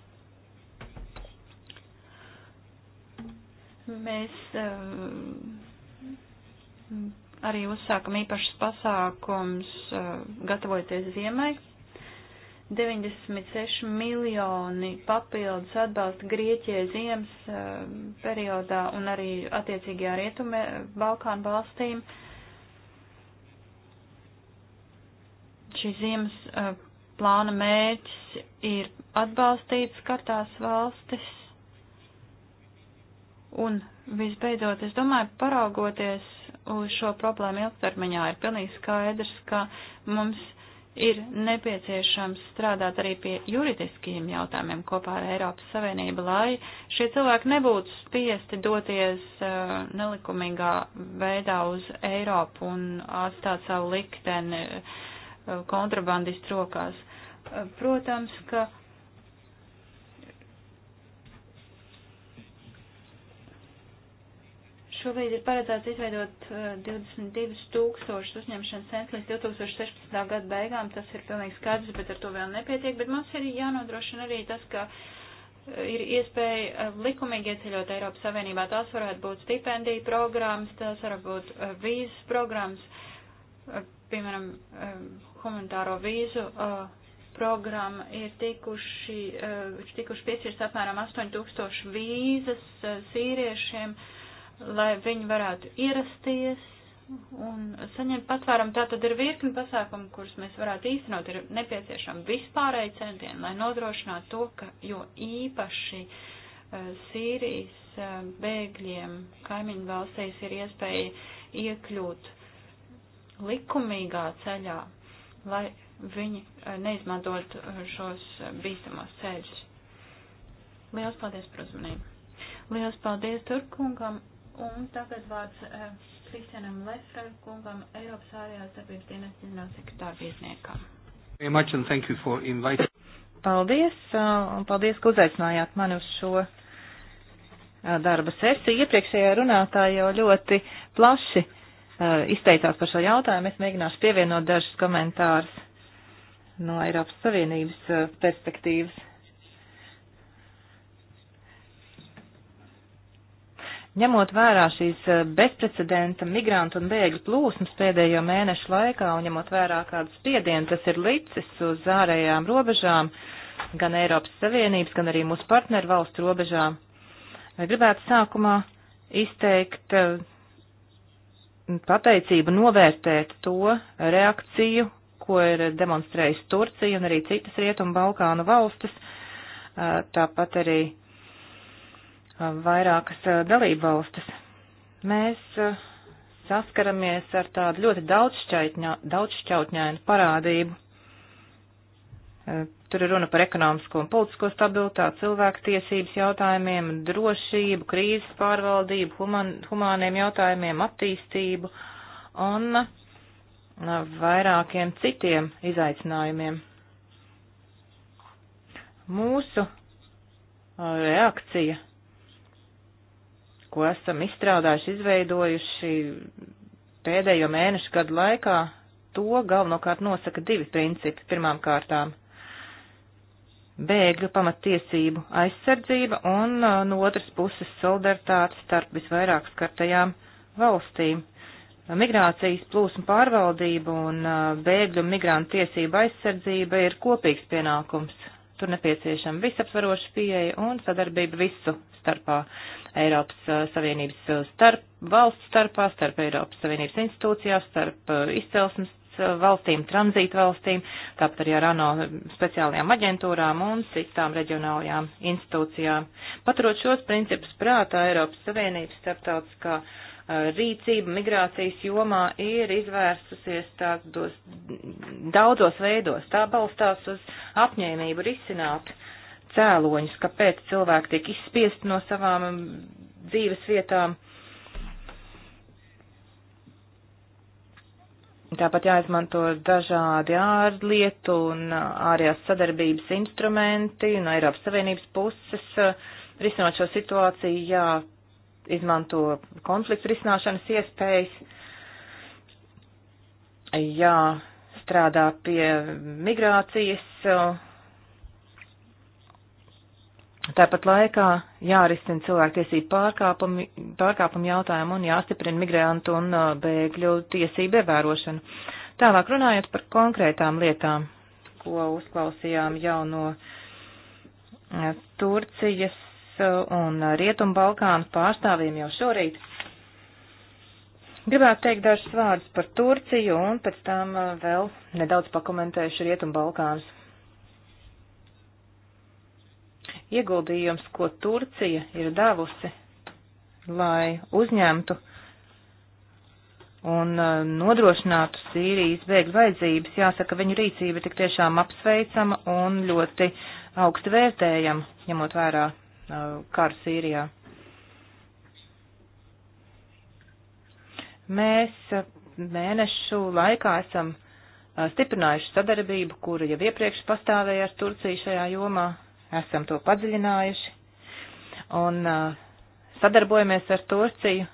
[SPEAKER 2] Mēs um, arī uzsākam īpašas pasākums, uh, gatavojoties ziemai. 96 miljoni papildus atbalsta Grieķijai ziemas uh, periodā un arī attiecīgajā rietume uh, Balkānu valstīm. Šī ziemas plāna mērķis ir atbalstīt skartās valstis. Un visbeidzot, es domāju, paraugoties uz šo problēmu ilgtermiņā, ir pilnīgi skaidrs, ka mums ir nepieciešams strādāt arī pie juridiskajiem jautājumiem kopā ar Eiropas Savienību, lai šie cilvēki nebūtu spiesti doties uh, nelikumīgā veidā uz Eiropu un atstāt savu likteni uh, kontrabandistu rokās. Uh, protams, ka uh, Šobrīd ir paredzēts izveidot 22 uh, tūkstošus uzņemšanas centru līdz 2016. gada beigām. Tas ir pilnīgi skaidrs, bet ar to vēl nepietiek. Bet mums ir jānodrošina arī tas, ka uh, ir iespēja uh, likumīgi ieceļot Eiropas Savienībā. Tās varētu būt stipendiju programmas, tās varētu būt vīzas programmas, piemēram, um, humanitāro vīzu programma ir tikuši, tikuši piešķirts apmēram 8000 vīzas sīriešiem. Uh, lai viņi varētu ierasties un saņemt patvērumu. Tā tad ir virkni pasākumu, kurus mēs varētu īstenot. Ir nepieciešama vispārēja centiena, lai nodrošinātu to, ka jo īpaši eh, Sīrijas eh, bēgļiem kaimiņu valstīs ir iespēja iekļūt likumīgā ceļā, lai viņi eh, neizmantot šos bīstamos ceļus. Lielas paldies par uzmanību! Lielas paldies Turkungam! Un tagad vārds uh, Kristianam Lefra kungam, Eiropas ārējās darbības dienas ģenerālsekretāra vietniekam.
[SPEAKER 3] Paldies, eh, un paldies, ka uzaicinājāt mani uz šo eh, darba sesiju. Iepriekšējā runātāja jau ļoti plaši izteicās par šo jautājumu. Es mēģināšu pievienot dažus komentārus no Eiropas Savienības perspektīvas. Ņemot vērā šīs eh, bezprecedenta migrantu un bēgļu plūsmas pēdējo mēnešu laikā un ņemot vērā kādu spiedienu, tas ir licis uz ārējām robežām, gan Eiropas Savienības, gan arī mūsu partneru valstu robežām, eh, gribētu sākumā izteikt eh, pateicību novērtēt to reakciju, ko ir demonstrējusi Turcija un arī citas Rietumu Balkānu valstis, tāpat arī vairākas dalībvalstis. Mēs saskaramies ar tādu ļoti daudzšķautņainu parādību. Tur ir runa par ekonomisko un politisko stabilitāti, cilvēku tiesības jautājumiem, drošību, krīzes pārvaldību, human, humāniem jautājumiem, attīstību un vairākiem citiem izaicinājumiem. Mūsu reakcija ko esam izstrādājuši, izveidojuši pēdējo mēnešu gadu laikā, to galvenokārt nosaka divi principi. Pirmām kārtām bēgļu pamatiesību aizsardzība un uh, no otras puses solidaritāte starp visvairāk skartajām valstīm. Migrācijas plūsmu pārvaldība un uh, bēgļu un migrantu tiesību aizsardzība ir kopīgs pienākums Tur nepieciešama visaptvaroša pieeja un sadarbība visu starpā Eiropas uh, Savienības uh, starp valsts starpā, starp Eiropas Savienības institūcijās, starp uh, izcelsmes valstīm, tranzītu valstīm, tāpat arī ar ANO speciālajām aģentūrām un citām reģionālajām institūcijām. Paturot šos principus prātā, Eiropas Savienības starptautiskā uh, rīcība migrācijas jomā ir izvērsusies tādos daudzos veidos. Tā balstās uz apņēmību risināt cēloņus, kāpēc cilvēki tiek izspiest no savām dzīves vietām. Tāpat jāizmanto dažādi ārlietu un ārējās sadarbības instrumenti no Eiropas Savienības puses. Risinot šo situāciju, jā, izmanto konfliktu risināšanas iespējas, jāstrādā pie migrācijas, tāpat laikā jārisina cilvēktiesību pārkāpumi, pārkāpumi jautājumu un jāstiprina migrantu un bēgļu tiesību ievērošanu. Tālāk runājot par konkrētām lietām, ko uzklausījām jau no Turcijas un Rietumu Balkānu pārstāvjiem jau šorīt. Gribētu teikt dažus vārdus par Turciju un pēc tam uh, vēl nedaudz pakomentējuši Rietumu Balkānus. Ieguldījums, ko Turcija ir devusi, lai uzņemtu un uh, nodrošinātu Sīrijas bēgļu vajadzības, jāsaka, viņu rīcība tik tiešām apsveicama un ļoti augstu vērtējama, ņemot vērā Uh, karu Sīrijā. Mēs uh, mēnešu laikā esam uh, stiprinājuši sadarbību, kura jau iepriekš pastāvēja ar Turciju šajā jomā, esam to padziļinājuši un sadarbojamies ar Turciju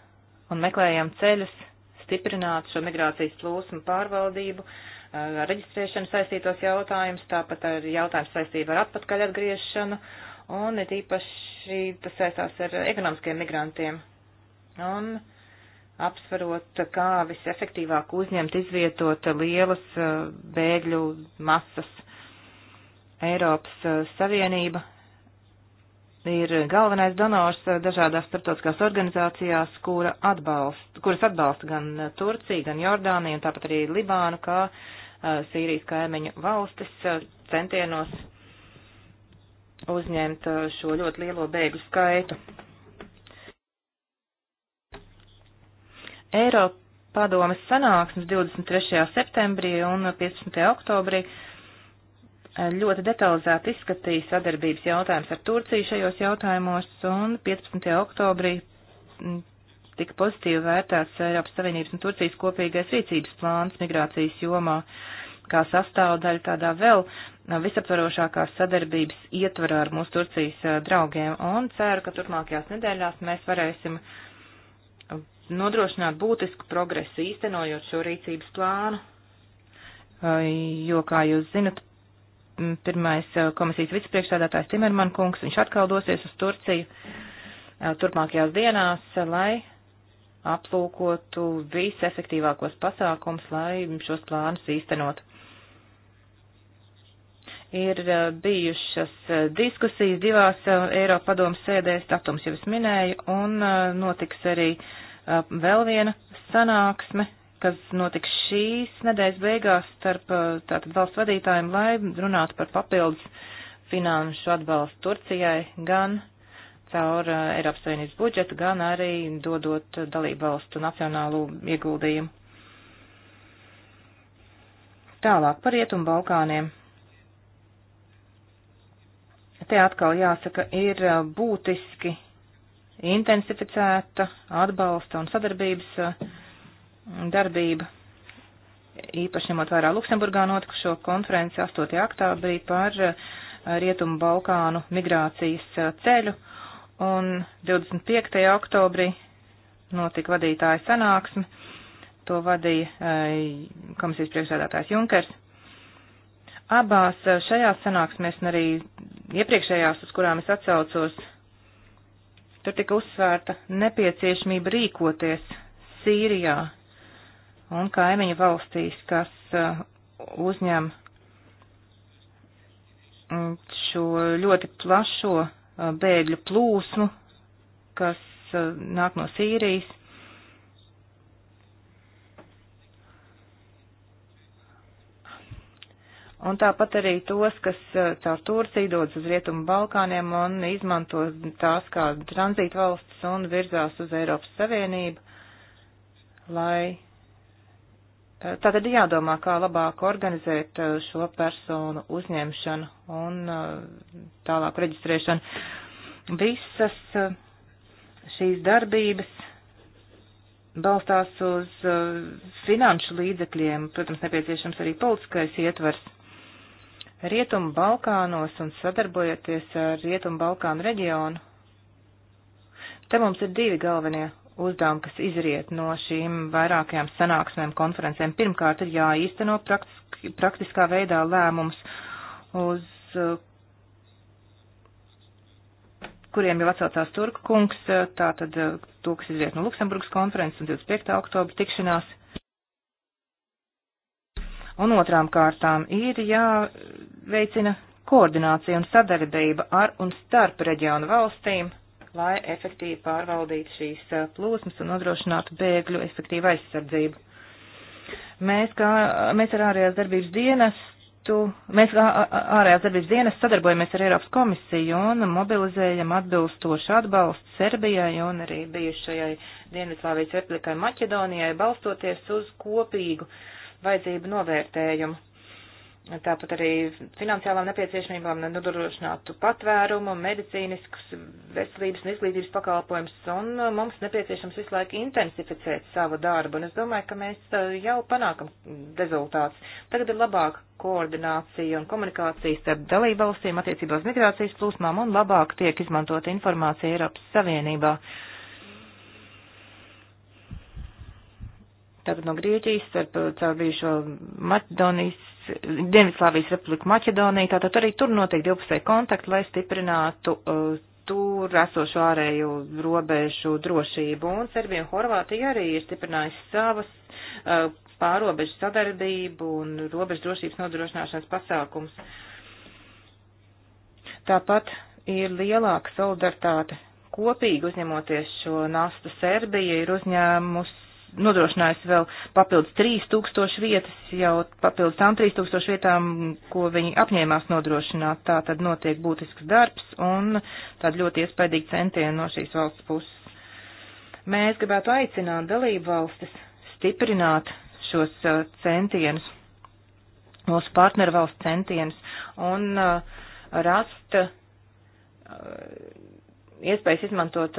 [SPEAKER 3] un meklējam ceļus stiprināt šo migrācijas plūsmu pārvaldību, reģistrēšanu saistītos jautājumus, tāpat ar jautājumu saistību ar atpakaļ atgriešanu un it īpaši tas saistās ar ekonomiskiem migrantiem. Un apsvarot, kā visefektīvāk uzņemt, izvietot lielas eh, bēgļu masas. Eiropas eh, Savienība ir galvenais donors eh, dažādās starptautiskās organizācijās, kura atbalst, kuras atbalsta gan Turcija, gan Jordānija un tāpat arī Libānu, kā Sīrijas kaimiņu valstis centienos uzņemt uh, šo ļoti lielo bēgļu skaitu. Eiropa padomes sanāksmes 23. septembrī un 15. oktobrī uh, ļoti detalizēti izskatīja sadarbības jautājums ar Turciju šajos jautājumos, un 15. oktobrī mm, tika pozitīvi vērtēts Eiropas Savienības un Turcijas kopīgais rīcības plāns migrācijas jomā. Uh, kā sastāvdaļa tādā vēl visaptvarošākās sadarbības ietvarā ar mūsu Turcijas draugiem. Un ceru, ka turpmākajās nedēļās mēs varēsim nodrošināt būtisku progresu īstenojot šo rīcības plānu, jo, kā jūs zinat, pirmais komisijas vicepriekšstādātājs Timerman kungs, viņš atkal dosies uz
[SPEAKER 1] Turciju
[SPEAKER 3] turpmākajās dienās, lai aplūkotu visefektīvākos pasākums, lai šos plānus īstenotu ir eh, bijušas eh, diskusijas divās eh, Eiropa padomas sēdēs, datums jau es minēju, un notiks arī vēl viena sanāksme, kas notiks šīs nedēļas beigās starp tātad valsts vadītājiem, lai runātu par papildus finanšu atbalstu Turcijai gan caur Eiropas Savienības budžetu, gan arī dodot dalību valstu nacionālu ieguldījumu. Tālāk par Rietumu Balkāniem. Te atkal jāsaka, ir uh, būtiski intensificēta atbalsta un sadarbības uh, darbība. Īpaši ņemot vērā Luksemburgā notikušo konferenci 8. oktābrī par uh, Rietumu Balkānu migrācijas ceļu un 25. oktobrī notika vadītāja sanāksme. To vadīja komisijas priekšsēdētājs Junkers. Abās šajās sanāksmēs un arī iepriekšējās, uz kurām es atsaucos, tur tika uzsvērta nepieciešamība rīkoties Sīrijā un kaimiņu valstīs, kas uh, uzņem mm, šo ļoti plašo uh, bēgļu plūsmu, kas uh, nāk no Sīrijas. un tāpat arī tos, kas e, caur Turciju dodas uz Rietumu Balkāniem un izmanto tās kā tranzītu valsts un virzās uz Eiropas Savienību, lai e, tātad jādomā, kā labāk organizēt e, šo personu uzņemšanu un tālāk reģistrēšanu. Visas šīs darbības balstās uz finanšu līdzekļiem, protams, nepieciešams arī politiskais ietvers. Rietumu Balkānos un sadarbojoties ar Rietumu Balkānu reģionu. Te mums ir divi galvenie uzdevumi, kas izriet no šīm vairākajām sanāksmēm, konferencēm. Pirmkārt, ir jāīsteno praktiski, praktiskā veidā lēmums, uz eh, kuriem jau atceltās Turku kungs, eh, tātad eh, to, kas izriet no Luksemburgas konferences un 25. oktobra tikšanās. Un otrām kārtām ir jāveicina koordinācija un sadarbība ar un starp reģionu valstīm, lai efektīvi pārvaldītu šīs eh, plūsmas un nodrošinātu bēgļu efektīvu aizsardzību. Mēs, kā, mēs ar ārējās darbības dienestu, mēs kā ārējās darbības dienestu sadarbojamies ar Eiropas komisiju un mobilizējam atbilstošu atbalstu Serbijai un arī bijušajai Dienvidslāvijas republikai Maķedonijai, balstoties uz kopīgu uh, vajadzību novērtējumu. Tāpat arī finansiālām nepieciešamībām nodrošinātu patvērumu, medicīniskus, veselības un izglītības pakalpojumus, un uh, mums nepieciešams visu laiku intensificēt savu darbu, un es domāju, ka mēs uh, jau panākam rezultāts. Tagad ir labāka koordinācija un komunikācija starp dalībvalstīm attiecībā uz migrācijas plūsmām, un labāk tiek izmantota informācija Eiropas Savienībā. Uh, tātad no Grieķijas, starp, caur bijušo Maķedonijas, Dienvidslāvijas republiku Maķedoniju, tātad arī tur notiek divpusēji kontakti, lai stiprinātu uh, tur esošo ārēju robežu drošību. Un Serbija un Horvātija arī ir stiprinājusi savas uh, pārobežu sadarbību un robežu drošības nodrošināšanas pasākums. Tāpat ir lielāka solidaritāte kopīgi uzņemoties šo nastu. Serbija ir uzņēmusi nodrošinājusi vēl papildus 3000 vietas, jau papildus tām 3000 vietām, ko viņi apņēmās nodrošināt. Tā tad notiek būtisks darbs un tāda ļoti iespaidīga centiena no šīs valsts puses. Mēs gribētu aicināt dalību valstis stiprināt šos uh, centienus, mūsu partneru valsts centienus un uh, rast uh, iespējas izmantot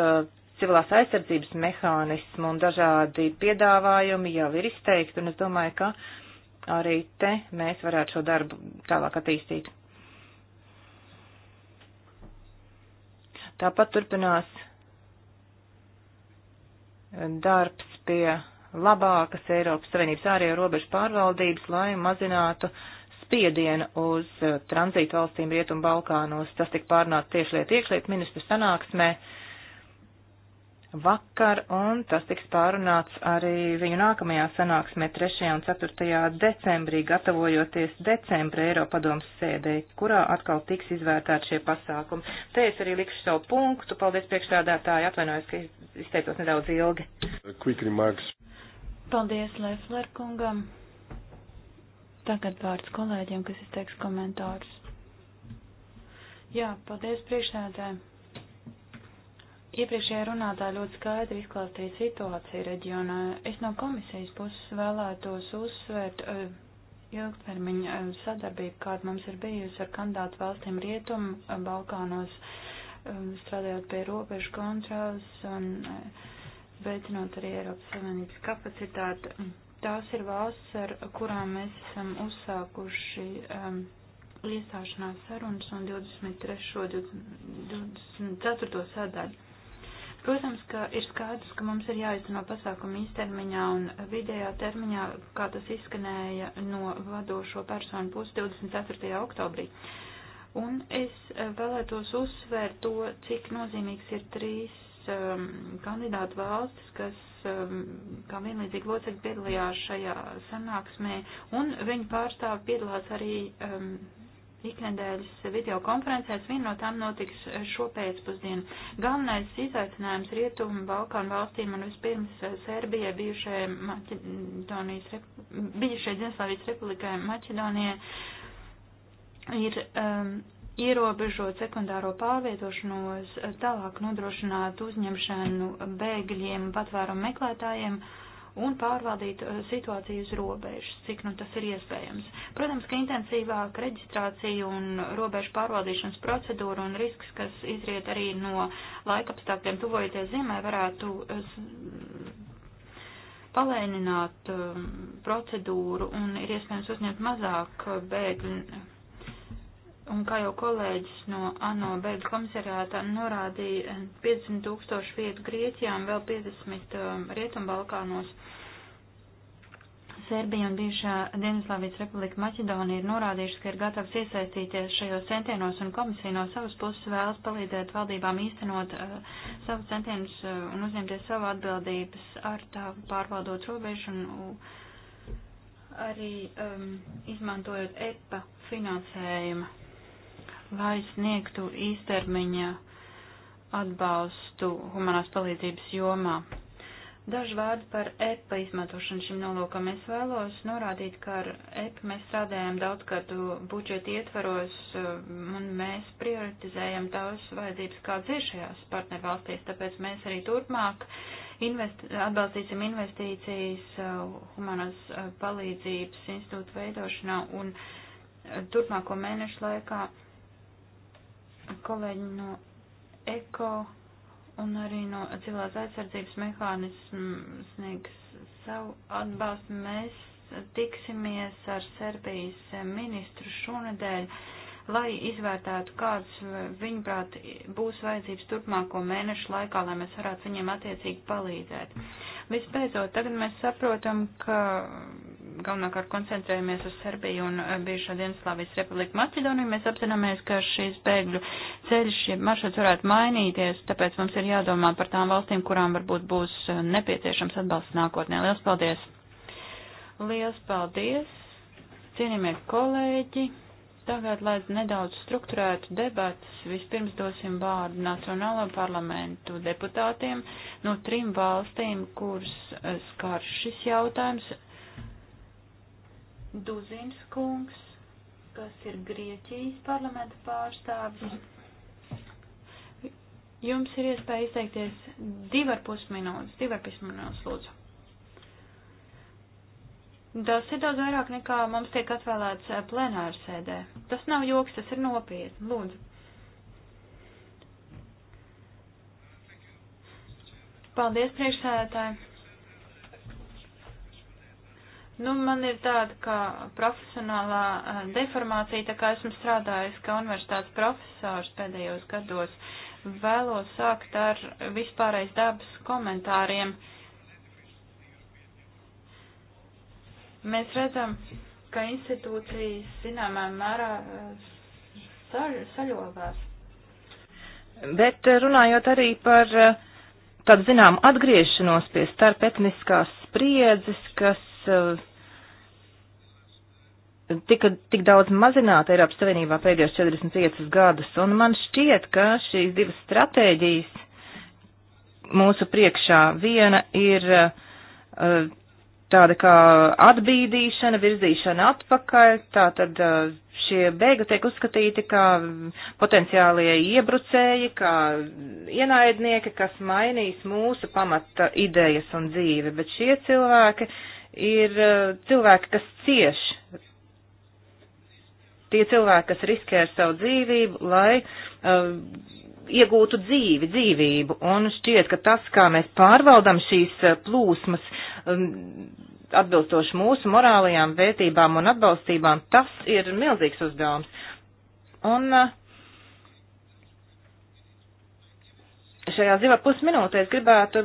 [SPEAKER 3] civilās aizsardzības mehānismu un dažādi piedāvājumi jau ir izteikti, un es domāju, ka arī te mēs varētu šo darbu tālāk attīstīt. Tāpat turpinās darbs pie labākas Eiropas Savienības ārējo robežu pārvaldības, lai mazinātu spiedienu uz eh, tranzītu valstīm Rietumu Balkānos. Tas tika pārnāts tiešlietu iekšlietu ministru sanāksmē. Uh, vakar, un tas tiks pārunāts arī viņu nākamajā sanāksmē 3. un 4. decembrī, gatavojoties decembra Eiropadomas sēdē, kurā atkal tiks izvērtēt šie pasākumi. Te es arī likšu savu punktu. Paldies priekšstādātāji, atvainojos, ka izteicos nedaudz ilgi.
[SPEAKER 1] Quick remarks.
[SPEAKER 3] Paldies
[SPEAKER 2] Lefler kungam. Tagad vārds kolēģiem, kas izteiks komentārus. Jā, paldies priekšsēdētājiem. Iepriekšējā runātā ļoti skaidri izklāstīja situāciju reģionā. Es no komisijas puses vēlētos uzsvērt eh, ilgtermiņa eh, sadarbību, kāda mums ir bijusi ar kandidātu valstīm Rietumu eh, Balkānos, strādājot pie robežu kontrols un veicinot arī Eiropas Savienības kapacitāti. Tās ir valsts, ar kurām mēs esam uzsākuši um, iestāšanās sarunas un 23. 24. sadaļu Protams, ka ir skaidrs, ka mums ir jāizteno pasākumu īstermiņā un vidējā termiņā, kā tas izskanēja no vadošo personu puses 24. oktobrī. Un es eh, vēlētos uzsvērt to, cik nozīmīgs ir trīs um, kandidātu valstis, kas um, kā vienlīdzīgi locekļi piedalījās šajā sanāksmē, un viņi pārstāv piedalās arī um, iknedēļas videokonferencēs, viena no tām notiks šopēcpusdienu. Galvenais izaicinājums Rietumu Balkānu valstīm un vispirms eh, Serbijai, bijušajai Maķedonijas, bijušajai Dienslāvijas republikai Maķedonijai ir um, ierobežot sekundāro pārvietošanos, eh, tālāk nodrošināt uzņemšanu bēgļiem, patvērumu meklētājiem. Uh, un pārvaldīt eh, situāciju uz robežas, cik nu tas ir iespējams. Protams, ka intensīvāk reģistrācija un robežu pārvaldīšanas procedūra un risks, kas izriet arī no laika apstākļiem tuvojoties ziemē, varētu eh, palēnināt eh, procedūru un ir iespējams uzņemt mazāk bēgļu Un kā jau kolēģis no ANO beidu komisariāta norādīja, 50 tūkstoši vietu Grieķijā un vēl 50 um, Rietumbalkānos. Serbija un bijušā Dienvidslāvijas republika Maķedonija ir norādījušas, ka ir gatavs iesaistīties šajos centienos un komisija no savas puses vēlas palīdzēt valdībām īstenot uh, savus centienus uh, un uzņemties savu atbildības ar tā pārvaldot robežu un uh, arī um, izmantojot EPA finansējumu lai sniegtu īstermiņa atbalstu humanās palīdzības jomā. Dažu vārdu par EPA izmantošanu šim nolūkam es vēlos norādīt, ka ar EPA mēs strādājam daudzgadu budžeta ietvaros um, un mēs prioritizējam tās vajadzības, kādas ir šajās partnervalstīs, tāpēc mēs arī turpmāk invest, atbalstīsim investīcijas uh, humanās uh, palīdzības institūtu veidošanā un uh, turpmāko mēnešu laikā kolēģi no ECO un arī no civilās aizsardzības mehānismu sniegs savu atbalstu. Mēs tiksimies ar Serbijas ministru šonedēļ, lai izvērtētu, kāds viņuprāt būs vajadzības turpmāko mēnešu laikā, lai mēs varētu viņiem attiecīgi palīdzēt. Vispēcot, tagad mēs saprotam, ka galvenokārt koncentrējamies uz Serbiju un eh, bijušā Dienaslāvijas republiku Maķedoniju. Mēs apzināmies, ka šīs bēgļu ceļš, ja maršruts varētu mainīties, tāpēc mums ir jādomā par tām valstīm, kurām varbūt būs eh, nepieciešams atbalsts nākotnē. Lielas paldies! Lielas paldies, cienījamie kolēģi! Tagad, lai nedaudz strukturētu debatas, vispirms dosim vārdu Nacionālo parlamentu deputātiem no trim valstīm, kuras eh, skar šis jautājums Duzins kungs, kas ir Grieķijas parlamenta pārstāvis. Jums ir iespēja izteikties divi ar pus minūtes, divi ar pus minūtes, lūdzu. Tas ir daudz vairāk nekā mums tiek atvēlēts eh, plenāra sēdē. Tas nav joks, tas ir nopietni, lūdzu. Paldies, priekšsēdētāji. Nu, man ir tāda kā profesionālā eh, deformācija, tā kā esmu strādājis kā universitātes profesors pēdējos gados. Vēlos sākt ar vispārreiz dabas komentāriem. Mēs redzam, ka institūcijas zināmā mērā eh, saļ, saļovās.
[SPEAKER 3] Bet eh, runājot arī par tādu zināmu atgriešanos pie starpetniskās spriedzes, kas tika tik daudz mazināta Eiropas Savienībā pēdējos 45 gadus, un man šķiet, ka šīs divas stratēģijas mūsu priekšā viena ir uh, tāda kā atbīdīšana, virzīšana atpakaļ, tātad uh, eh, šie bēgļi tiek uzskatīti kā potenciālie iebrucēji, kā ienaidnieki, kas mainīs mūsu pamata idejas un dzīvi, bet šie cilvēki ir eh, cilvēki, kas cieš tie cilvēki, kas riskē ar savu dzīvību, lai uh, iegūtu dzīvi, dzīvību. Un šķiet, ka tas, kā mēs pārvaldam šīs uh, plūsmas, um, atbilstoši mūsu morālajām vērtībām un atbalstībām, tas ir milzīgs uzdevums. Un uh, šajā zivā pusminūtē es gribētu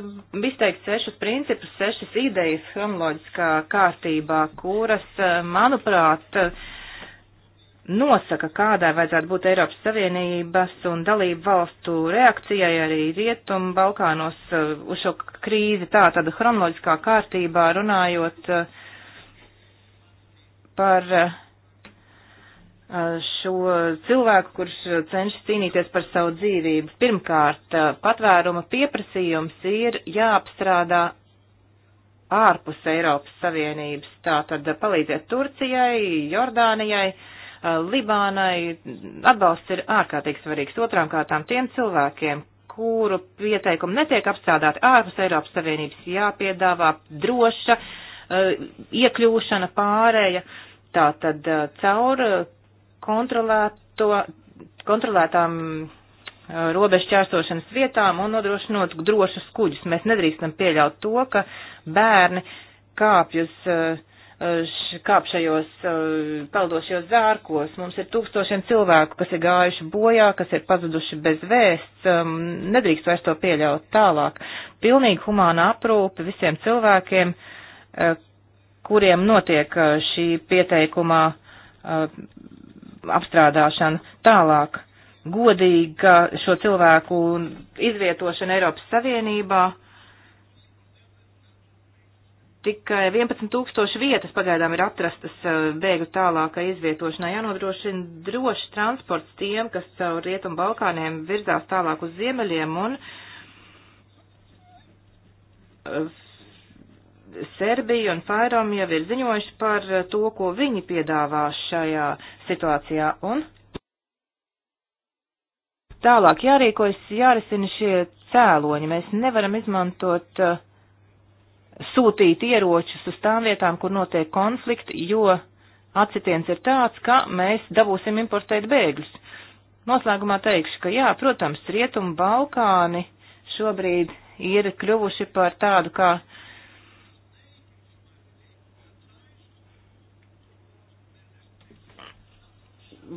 [SPEAKER 3] izteikt sešus principus, sešas idejas chronoloģiskā kārtībā, kuras, uh, manuprāt, uh, nosaka, kādai vajadzētu būt Eiropas Savienības un dalību valstu reakcijai arī Rietumu Balkānos uh, uz šo krīzi tā tad chronoloģiskā kārtībā runājot uh, par uh, šo cilvēku, kurš cenšas cīnīties par savu dzīvību. Pirmkārt, patvēruma pieprasījums ir jāapstrādā ārpus Eiropas Savienības, tātad palīdziet Turcijai, Jordānijai, uh, Libānai atbalsts ir ārkārtīgi svarīgs. Otrām kārtām tiem cilvēkiem, kuru pieteikumi netiek apstrādāti ārpus Eiropas Savienības, jāpiedāvā droša eh, iekļūšana pārēja, tā tad eh, caur eh, kontrolēto, kontrolētām robežu čērsošanas vietām un nodrošinot drošus kuģus. Mēs nedrīkstam pieļaut to, ka bērni kāpj uz uh, Eh, kāpšajos eh, peldošajos zārkos. Mums ir tūkstošiem cilvēku, kas ir gājuši bojā, kas ir pazuduši bez vēsts. Eh, nedrīkst vairs to pieļaut tālāk. Pilnīgi humāna aprūpe visiem cilvēkiem, kuriem notiek šī pieteikumā apstrādāšana tālāk. Godīga šo cilvēku izvietošana Eiropas Savienībā Tikai 11 tūkstoši vietas pagaidām ir atrastas eh, bēgļu tālākai izvietošanai. Jānodrošina drošs transports tiem, kas caur Rietumu Balkāniem virzās tālāk uz ziemeļiem un eh, Serbija un Fairam jau ir ziņojuši par eh, to, ko viņi piedāvā šajā situācijā. Un tālāk jārīkojas, jārisina šie cēloņi. Mēs nevaram izmantot uh, sūtīt ieročus uz tām vietām, kur notiek konflikti, jo atsitiens ir tāds, ka mēs dabūsim importēt bēgļus. Noslēgumā teikšu, ka jā, protams, Rietumu Balkāni šobrīd ir kļuvuši par tādu kā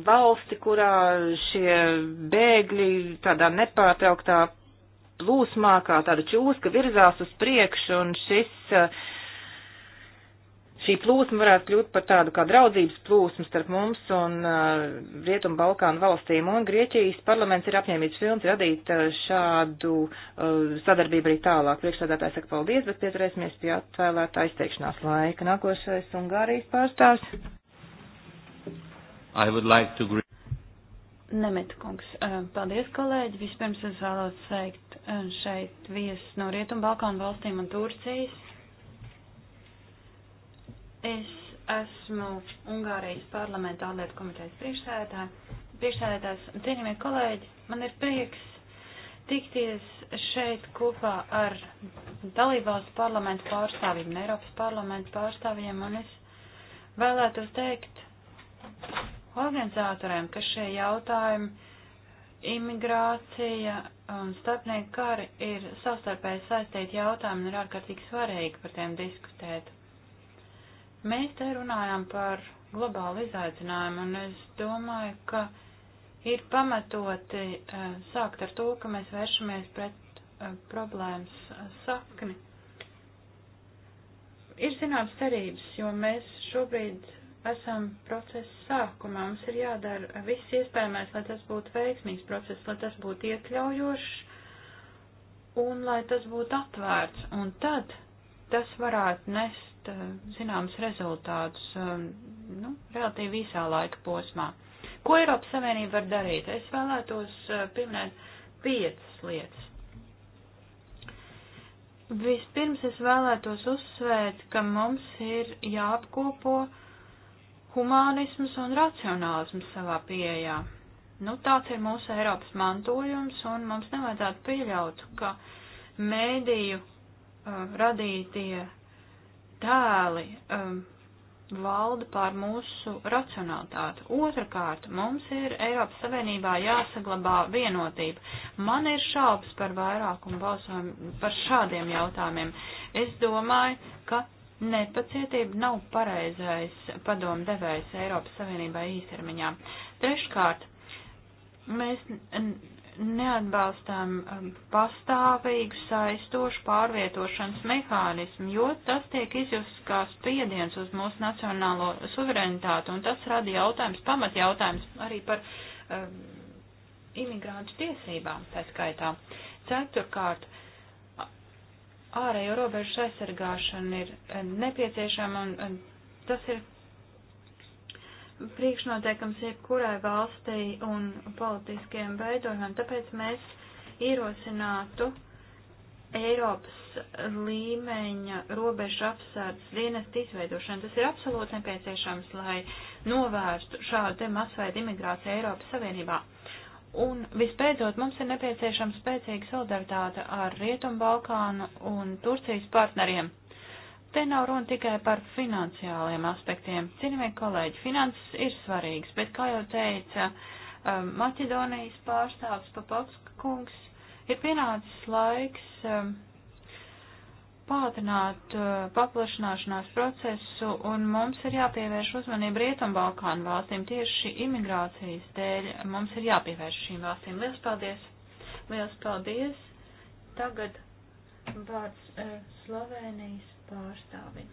[SPEAKER 3] valsti, kurā šie bēgļi tādā nepārtrauktā plūsmā, kā tāda čūska virzās uz priekšu, un šis, eh, šī plūsma varētu kļūt par tādu kā draudzības plūsmu starp mums un eh, Rietumu Balkānu valstīm, un Grieķijas parlaments ir apņēmīts films radīt eh, šādu sadarbību arī tālāk. Priekšsādātājs saka paldies, bet pieturēsimies pie atvēlētā izteikšanās laika. Nākošais Ungārijas pārstāvs.
[SPEAKER 1] I would like to
[SPEAKER 2] Nemet kungs, paldies kolēģi. Vispirms es vēlos sveikt šeit viesis no Rietumbalkānu valstīm un Turcijas. Es esmu Ungārijas parlamenta ārlietu komitejas priekšsēdētāja. Priekšsēdētājs, cienījamie kolēģi, man ir prieks tikties šeit kopā ar dalībvalstu parlamentu pārstāvjiem un Eiropas parlamentu pārstāvjiem, un es vēlētos teikt organizatoriem, ka šie jautājumi imigrācija un starpnieku kari ir savstarpēji saistīti jautājumi un ir ārkārtīgi svarīgi par tiem diskutēt. Mēs te runājām par globālu izaicinājumu un es domāju, ka ir pamatoti eh, sākt ar to, ka mēs vēršamies pret eh, problēmas sakni. Ir zināms cerības, jo mēs šobrīd esam procesa sākumā. Mums ir jādara viss iespējamais, lai tas būtu veiksmīgs process, lai tas būtu iekļaujošs un lai tas būtu atvērts. Un tad tas varētu nest eh, zināmas rezultātus um, nu, relatīvi īsā laika posmā. Ko Eiropas Savienība var darīt? Es vēlētos eh, pieminēt piecas lietas. Vispirms es vēlētos uzsvērt, ka mums ir jāapkopo uh, humānisms un racionālisms savā pieejā. Nu, tāds ir mūsu Eiropas mantojums, un mums nevajadzētu pieļaut, ka mēdīju uh, radītie tēli um, valda pār mūsu racionalitāti. Otrakārt, mums ir Eiropas Savienībā jāsaglabā vienotība. Man ir šaubas par vairākumu balsojumu par šādiem jautājumiem. Es domāju, ka Nepacietība nav pareizais padomu devējs Eiropas Savienībai īstermiņā. Treškārt, mēs neatbalstām um, pastāvīgu saistošu pārvietošanas mehānismu, jo tas tiek izjusts kā spiediens uz mūsu nacionālo suverenitāti, un tas rada jautājums, pamat jautājums arī par um, imigrāntu tiesībām, tā skaitā. Ceturkārt, ārējo robežu aizsargāšana ir eh, nepieciešama un, un tas ir priekšnoteikums jebkurai valstī un politiskiem veidojumiem. Tāpēc mēs ierosinātu Eiropas līmeņa robežu apsardzes dienestu izveidošanu. Tas ir absolūti nepieciešams, lai novērstu šādu masveidu imigrāciju Eiropas Savienībā. Un vispēcot mums ir nepieciešama spēcīga solidaritāte ar Rietumbalkānu un Turcijas partneriem. Te nav runa tikai par finansiāliem aspektiem. Cienījamie kolēģi, finanses ir svarīgas, bet, kā jau teica um, Maķedonijas pārstāvs Papovska kungs, ir pienācis laiks um, pātrināt uh, paplašanāšanās procesu, un mums ir jāpievērš uzmanība Rietumbalkānu valstīm tieši imigrācijas dēļ. Mums ir jāpievērš šīm valstīm. Lielas paldies! Lielas paldies! Tagad vārds eh, Slovenijas pārstāvim.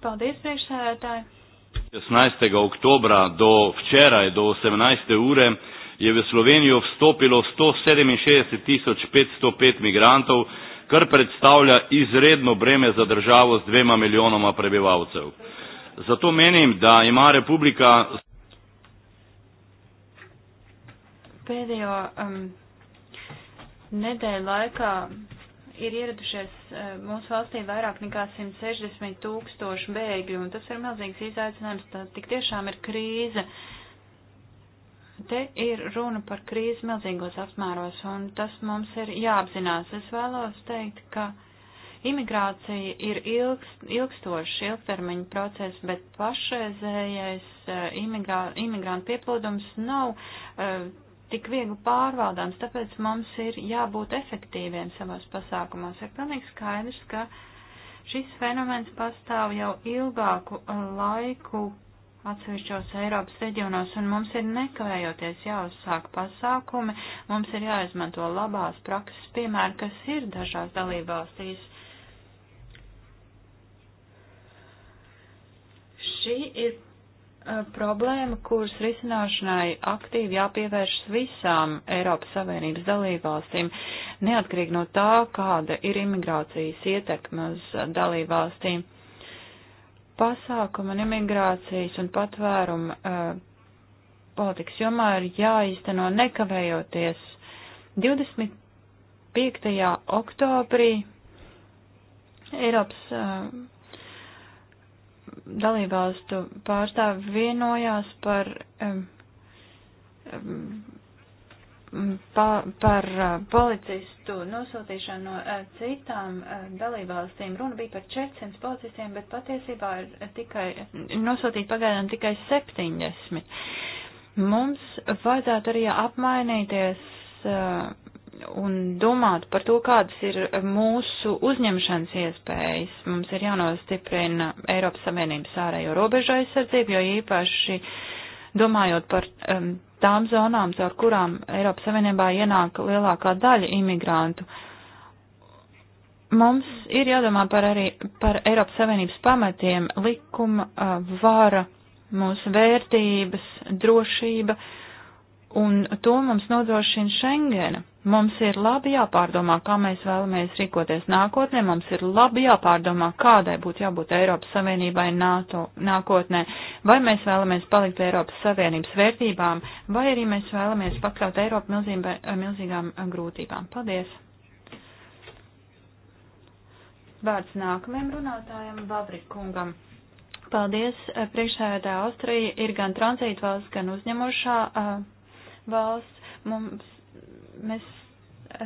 [SPEAKER 2] Paldies, priekšsēdētāji!
[SPEAKER 1] 16. oktobra do včeraj do 18. ure je v Slovenijo vstopilo 167 tisoč 505 migrantov, kar predstavlja izredno breme za državo z dvema milijonoma prebivalcev. Zato menim, da ima Republika.
[SPEAKER 2] Pēdējo um, nedēļu laikā ir ieradušies e, mūsu valstī vairāk nekā 160 tūkstoši bēgļu, un tas ir milzīgs izaicinājums, tā tik tiešām ir krīze. Uh, Te ir runa par krīzi milzīgos apmēros, un tas mums ir jāapzinās. Es vēlos teikt, ka imigrācija ir ilgst, ilgstošs ilgtermiņa process, bet pašreizējais eh, imigrā, imigrantu pieplūdums nav uh, tik viegli pārvaldāms, tāpēc mums ir jābūt efektīviem savos pasākumos. Ir pilnīgi skaidrs, ka šis fenomens pastāv jau ilgāku eh, laiku atsevišķos Eiropas reģionos, un mums ir nekavējoties jāuzsāk pasākumi, mums ir jāizmanto labās prakses piemēri, kas ir dažās dalībvalstīs. Šī ir uh, problēma, kuras risināšanai aktīvi jāpievēršas visām Eiropas Savienības dalībvalstīm, neatkarīgi no tā, kāda ir imigrācijas ietekme uz dalībvalstīm. Uh, pasākumi un imigrācijas un patvērumu uh, politikas jomā ir jāizteno nekavējoties. 25. oktobrī Eiropas uh, dalībvalstu pārstāvi vienojās par um, um, pa, par uh, policistu nosūtīšanu no uh, citām uh, dalībvalstīm. Runa bija par 400 policistiem, bet patiesībā ir tikai nosūtīt pagaidām tikai 70. Mums vajadzētu arī apmainīties un domāt par to, kādas ir mūsu uzņemšanas iespējas. Mums ir jānostiprina Eiropas Savienības ārējo robežu aizsardzību, jo īpaši domājot par um, tām zonām, caur kurām Eiropas Savienībā ienāk lielākā daļa imigrantu. Mums ir jādomā par arī par Eiropas Savienības pamatiem - likuma, eh, vara, mūsu vērtības, drošība, un to mums nodrošina Schengena. Mums ir labi jāpārdomā, kā mēs vēlamies rīkoties nākotnē, mums ir labi jāpārdomā, kādai būtu jābūt Eiropas Savienībai NATO nākotnē, vai mēs vēlamies palikt Eiropas Savienības vērtībām, vai arī mēs vēlamies pakļaut Eiropu milzība, milzīgām grūtībām. Paldies! Vārds nākamajam runātājam, Vabrikungam. Paldies, eh, priekšsēdētāja Austrija ir gan tranzītvalsts, gan uzņemošā uh, valsts. Mums mēs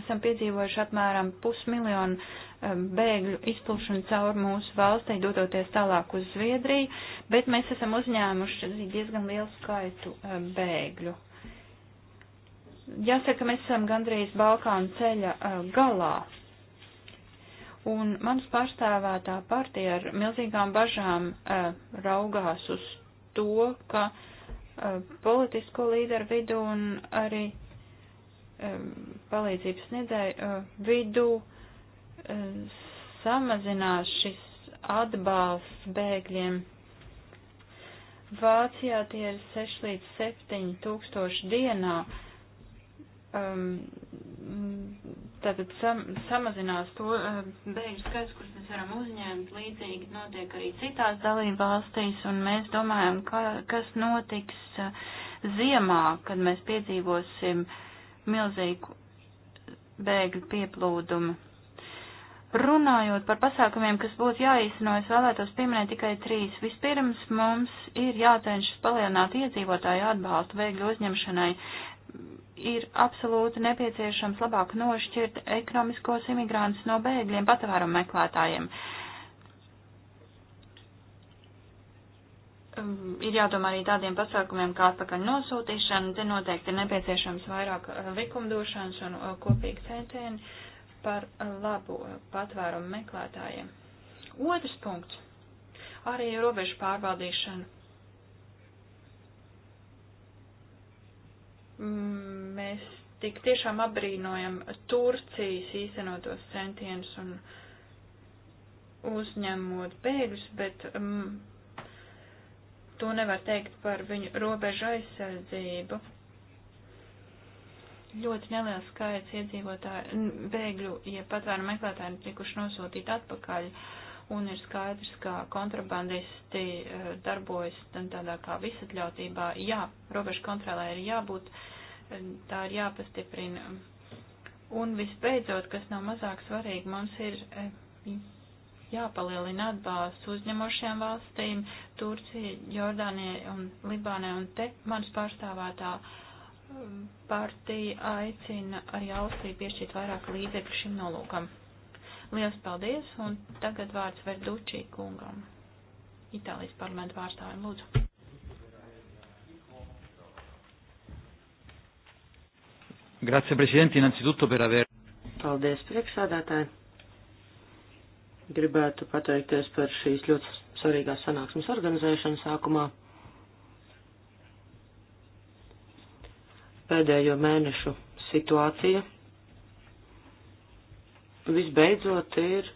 [SPEAKER 2] esam piedzīvojuši apmēram pusmiljonu um, bēgļu izplūšanu caur mūsu valstī, dodoties tālāk uz Zviedriju, bet mēs esam uzņēmuši diezgan lielu skaitu um, bēgļu. Jāsaka, mēs esam gandrīz Balkānu ceļa uh, galā. Un manas pārstāvētā partija ar milzīgām bažām uh, raugās uz to, ka uh, politisko līderu vidu un arī Um, palīdzības nedēļu uh, vidū uh, samazinās šis atbalsts bēgļiem. Vācijā tie ir 6 līdz 7 tūkstoši dienā. Um, tātad sam, samazinās to uh, bēgļu skaits, kurus mēs varam uzņemt. Līdzīgi notiek arī citās dalību valstīs, un mēs domājam, ka, kas notiks uh, ziemā, kad mēs piedzīvosim uh, milzīgu bēgļu pieplūdumu. Runājot par pasākumiem, kas būtu jāīsteno, es vēlētos pieminēt tikai trīs. Vispirms mums ir jācenšas palielināt iedzīvotāju atbalstu bēgļu uzņemšanai. Ir absolūti nepieciešams labāk nošķirt ekonomiskos imigrantus no bēgļiem patvērumu meklētājiem. Uh, Um, ir jādomā arī tādiem pasākumiem kā atpakaļ nosūtīšana. Te noteikti ir nepieciešams vairāk uh, likumdošanas un uh, kopīgi centieni par uh, labu patvērumu meklētājiem. Otrs punkts - arī robežu pārbaudīšana. Mm, mēs tik tiešām apbrīnojam Turcijas īstenotos centienus un uzņemot bēgļus, bet mm, to nevar teikt par viņu robežu aizsardzību. Ļoti neliels skaits iedzīvotāju, bēgļu, ja patvēru meklētāji ir tikuši nosūtīti atpakaļ, un ir skaidrs, ka kontrabandisti e, darbojas tādā kā visatļautībā. Jā, robežu kontrolē ir jābūt, e, tā ir jāpastiprina. Un visbeidzot, kas nav mazāk svarīgi, mums ir e, jāpalielina atbalsts uzņemošajām valstīm, Turcija, Jordānija un Libānai, un te manas pārstāvētā
[SPEAKER 1] um,
[SPEAKER 2] partija aicina arī Austriju piešķirt vairāk līdzekļu šim nolūkam. Lielas paldies, un tagad vārds Verdučī kungam. Itālijas parlamentu pārstāvim lūdzu.
[SPEAKER 1] Grazie Presidente innanzitutto per aver.
[SPEAKER 4] Paldies priekšsādātāji. Gribētu pateikties par šīs ļoti svarīgās sanāksmes organizēšanu sākumā. Pēdējo mēnešu situācija visbeidzot ir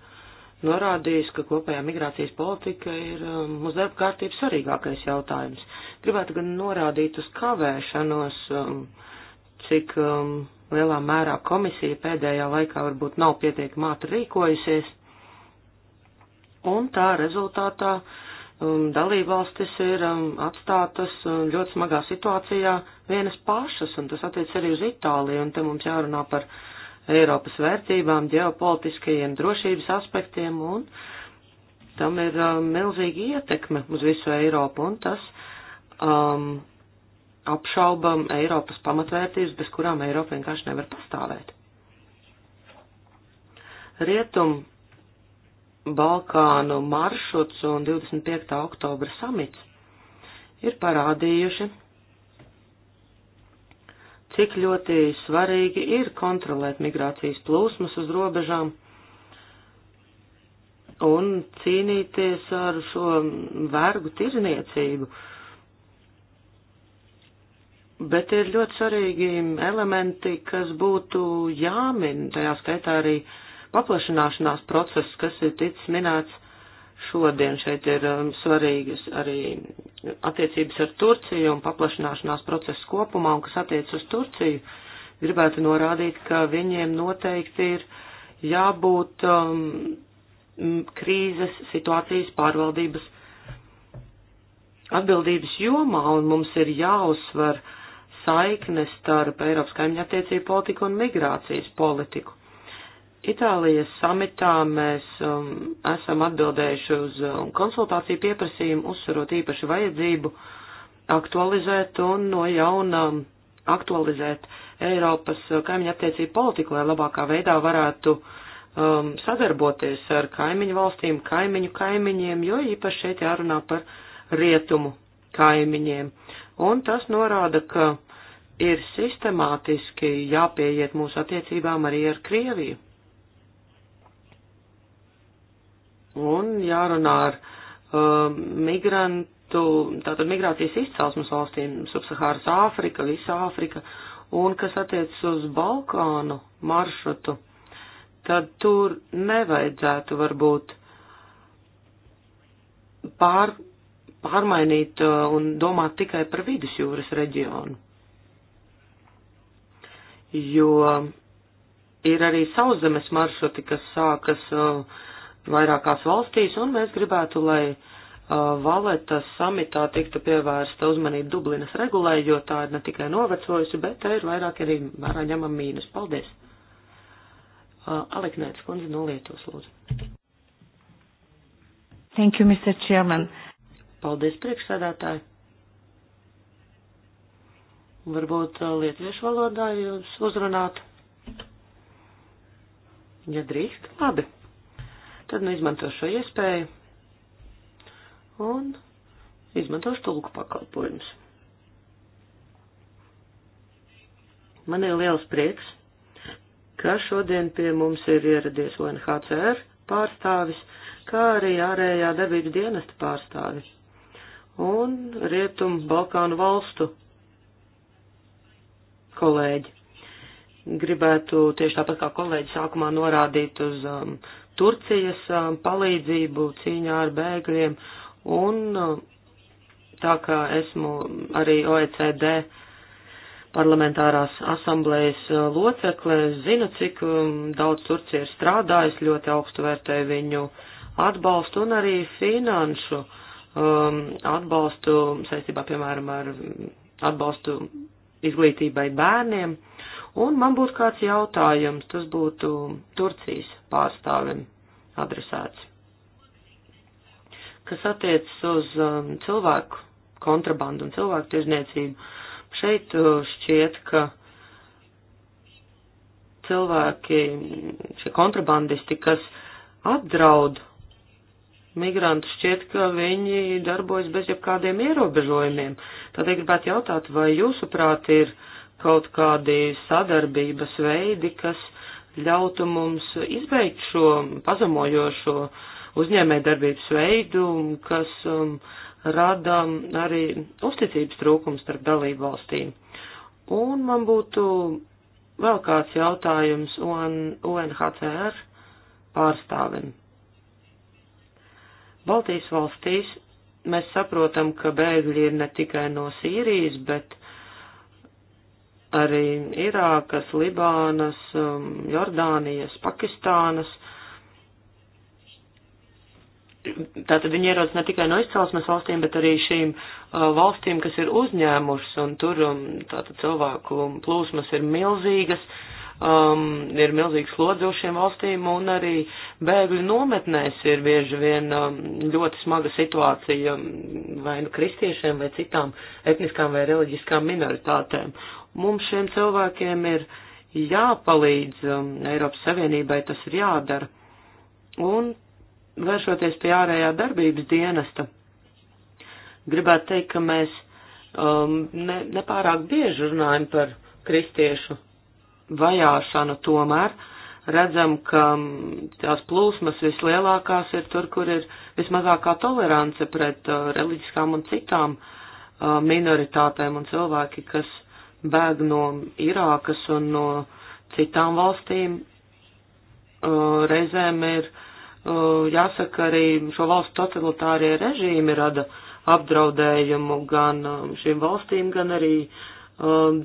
[SPEAKER 4] norādījis, ka kopējā migrācijas politika ir mūsu um, darba kārtības svarīgākais jautājums. Gribētu gan norādīt uz kavēšanos, um, cik um, lielā mērā komisija pēdējā laikā varbūt nav pietiekami ātri rīkojusies un tā rezultātā um, dalībvalstis ir um, atstātas um, ļoti smagā situācijā vienas pašas, un tas attiec arī uz Itāliju, un te mums jārunā par Eiropas vērtībām, ģeopolitiskajiem drošības aspektiem, un tam ir um, milzīga ietekme uz visu Eiropu, un tas um, apšaubam Eiropas pamatvērtības, bez kurām Eiropa vienkārši nevar pastāvēt. Rietum Balkānu maršruts un 25. oktobra samits ir parādījuši, cik ļoti svarīgi ir kontrolēt migrācijas plūsmas uz robežām un cīnīties ar šo vergu tirzniecību. Bet ir ļoti svarīgi elementi, kas būtu jāmin, tajā skaitā arī uh, paplašanāšanās process, kas ir ticis minēts šodien. Šeit ir um, svarīgas arī attiecības ar Turciju un paplašanāšanās process kopumā, un kas attiec uz Turciju, gribētu norādīt, ka viņiem noteikti ir jābūt um, krīzes situācijas pārvaldības atbildības jomā, un mums ir jāuzsver saikne starp Eiropas kaimiņu attiecību politiku un migrācijas politiku. Itālijas samitā mēs um, esam atbildējuši uz um, konsultāciju pieprasījumu, uzsverot īpaši vajadzību aktualizēt un no jauna um, aktualizēt Eiropas kaimiņu attiecību politiku, lai labākā veidā varētu um, sadarboties ar kaimiņu valstīm, kaimiņu kaimiņiem, jo īpaši šeit jārunā par rietumu kaimiņiem. Un tas norāda, ka ir sistemātiski jāpieiet mūsu attiecībām arī ar Krieviju. un jārunā ar uh, migrantu, tātad migrācijas izcelsmes valstīm, subsahāras Āfrika, visa Āfrika, un kas attiecas uz Balkānu maršrutu, tad tur nevajadzētu varbūt pār, pārmainīt uh, un domāt tikai par vidusjūras reģionu. Jo ir arī sauszemes maršruti, kas sākas uh, vairākās valstīs, un mēs gribētu, lai uh, Valetas samitā tiktu pievērsta uzmanība Dublinas regulē, jo tā ir ne tikai novecojusi, bet tā ir vairāk arī vērā ņemam mīnus. Paldies! Uh, Aleknēts kundze no Lietuvas, lūdzu.
[SPEAKER 2] Thank you, Mr. Chairman.
[SPEAKER 4] Paldies, priekšsēdētāji. Varbūt uh, lietuviešu valodā jūs uzrunāt. Ja drīkst, labi tad nu izmantošu šo iespēju un izmantošu tulku pakalpojumus. Man ir liels prieks, ka šodien pie mums ir ieradies UNHCR pārstāvis, kā arī ārējā darbības dienesta pārstāvis un Rietumu Balkānu valstu kolēģi. Gribētu tieši tāpat kā kolēģi sākumā norādīt uz um, Turcijas palīdzību cīņā ar bēgļiem, un tā kā esmu arī OECD parlamentārās asamblējas locekle, zinu, cik daudz Turcija ir strādājis, ļoti augstu vērtēju viņu atbalstu un arī finanšu um, atbalstu saistībā, piemēram, ar atbalstu izglītībai bērniem. Un man būtu kāds jautājums, tas būtu Turcijas pārstāvim adresēts, kas attiecas uz um, cilvēku kontrabandu un cilvēku tirzniecību. Šeit uh, šķiet, ka cilvēki, šie kontrabandisti, kas apdraud migrantus, šķiet, ka viņi darbojas bez jebkādiem ierobežojumiem. Tādēļ gribētu jautāt, vai jūsuprāt ir uh, kaut kādi sadarbības veidi, kas ļautu mums izbeigt šo pazemojošo uzņēmē darbības veidu, kas um, rada arī uzticības trūkums starp dalību valstīm. Un man būtu vēl kāds jautājums UNHCR pārstāvim. Baltijas valstīs mēs saprotam, ka bēgļi ir ne tikai no Sīrijas, bet arī Irākas, Libānas, um, Jordānijas, Pakistānas. Tātad viņi ierodas ne tikai no izcelsmes valstīm, bet arī šīm uh, valstīm, kas ir uzņēmušas, un tur um, tātad cilvēku plūsmas ir milzīgas, um, ir milzīgs slodzi uz šiem valstīm, un arī bēgļu nometnēs ir bieži vien um, ļoti smaga situācija um, vai nu kristiešiem vai citām etniskām vai reliģiskām minoritātēm. Mums šiem cilvēkiem ir jāpalīdz um, Eiropas Savienībai, tas ir jādara. Un vēršoties pie ārējā darbības dienesta, gribētu teikt, ka mēs um, ne, nepārāk bieži runājam par kristiešu vajāšanu tomēr. Redzam, ka um, tās plūsmas vislielākās ir tur, kur ir vismazākā tolerance pret uh, reliģiskām un citām uh, minoritātēm un cilvēki, kas uh, bēg no Irākas un no citām valstīm, reizēm ir jāsaka arī šo valstu totalitārie režīmi rada apdraudējumu gan šīm valstīm, gan arī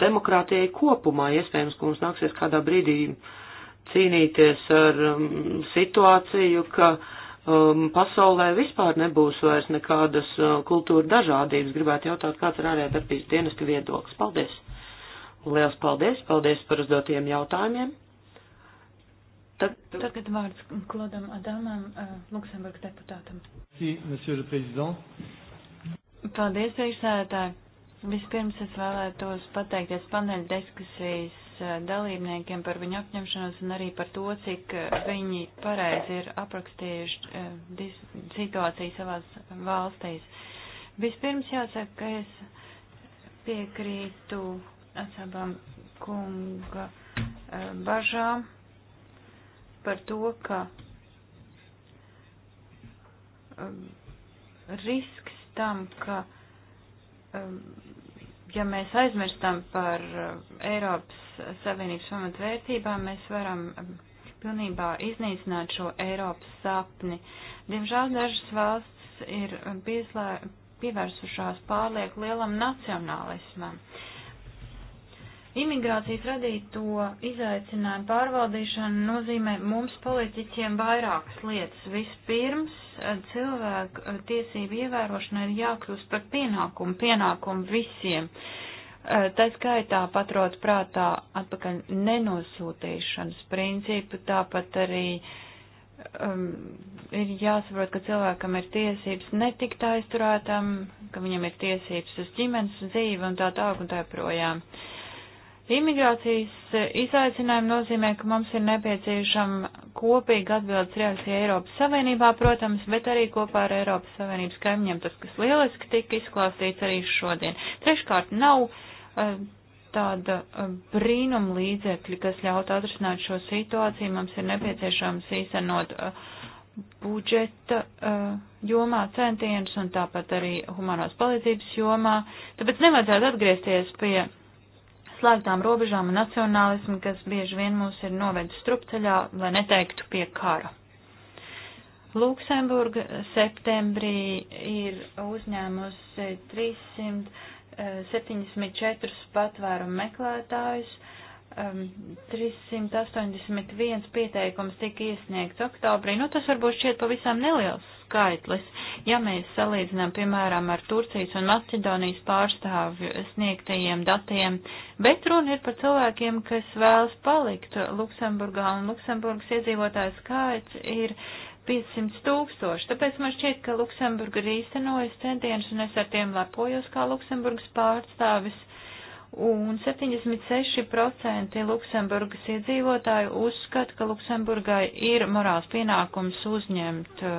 [SPEAKER 4] demokrātijai kopumā. Iespējams, ka mums nāksies kādā brīdī cīnīties ar situāciju, ka pasaulē vispār nebūs vairs nekādas kultūra dažādības. Gribētu jautāt, kāds ir ārējā darbības dienesta viedoklis. Paldies! Liels paldies, paldies par uzdotiem jautājumiem. Tad,
[SPEAKER 2] Tagad vārds Klodam Adamam, eh, Luksemburgas deputātam.
[SPEAKER 4] Si, monsieur le président.
[SPEAKER 2] Paldies, priekšsēdētāji. Vispirms es vēlētos pateikties paneļa diskusijas eh, dalībniekiem par viņu apņemšanos un arī par to, cik eh, viņi pareizi ir aprakstījuši situāciju savās valstīs. Vispirms jāsaka, ka es piekrītu Asabam kunga eh, bažām par to, ka eh, risks tam, ka eh, ja mēs aizmirstam par Eiropas Savienības pamatvērtībām, mēs varam pilnībā iznīcināt šo Eiropas sapni. Diemžēl dažas valsts ir pieslē, pievērsušās pārlieku lielam nacionālismam. Uh, Imigrācijas radīto izaicinājumu pārvaldīšana nozīmē mums politiķiem vairākas lietas. Vispirms eh, cilvēku eh, tiesību ievērošana ir jākļūst par pienākumu, pienākumu visiem. Eh, tā skaitā patrot prātā atpakaļ nenosūtīšanas principu, tāpat arī um, ir jāsaprot, ka cilvēkam ir tiesības netikt aizturētam, ka viņam ir tiesības uz ģimenes dzīvi un tā tālāk un tā projām. Uh, Imigrācijas e, izaicinājumi nozīmē, ka mums ir nepieciešama kopīga atbildes reakcija Eiropas Savienībā, protams, bet arī kopā ar Eiropas Savienības kaimiņiem, tas, kas lieliski tika izklāstīts arī šodien. Treškārt, nav uh, tāda uh, brīnuma līdzekļa, kas ļautu atrisināt šo situāciju. Mums ir nepieciešams īstenot uh, budžeta jomā centienus un tāpat arī humanās palīdzības jomā. Tāpēc nevajadzētu atgriezties pie slēgtām robežām un nacionālismu, kas bieži vien mūs ir novedis strupceļā, lai neteiktu pie kara. Luksemburga septembrī ir uzņēmusi 374 patvērumu meklētājus, 381 um, pieteikums tika iesniegts oktobrī. Nu, tas varbūt šķiet pavisam neliels skaitlis. Ja mēs salīdzinām, piemēram, ar Turcijas un Maķedonijas pārstāvju sniegtajiem datiem, bet runa ir par cilvēkiem, kas vēlas palikt Luksemburgā, un Luksemburgas iedzīvotāju skaits ir 500 tūkstoši. Tāpēc man šķiet, ka Luksemburga ir īstenojas centienus, un es ar tiem lepojos kā Luksemburgas pārstāvis un 76% Luksemburgas iedzīvotāju uzskata, ka Luksemburgai ir morāls pienākums uzņemt uh,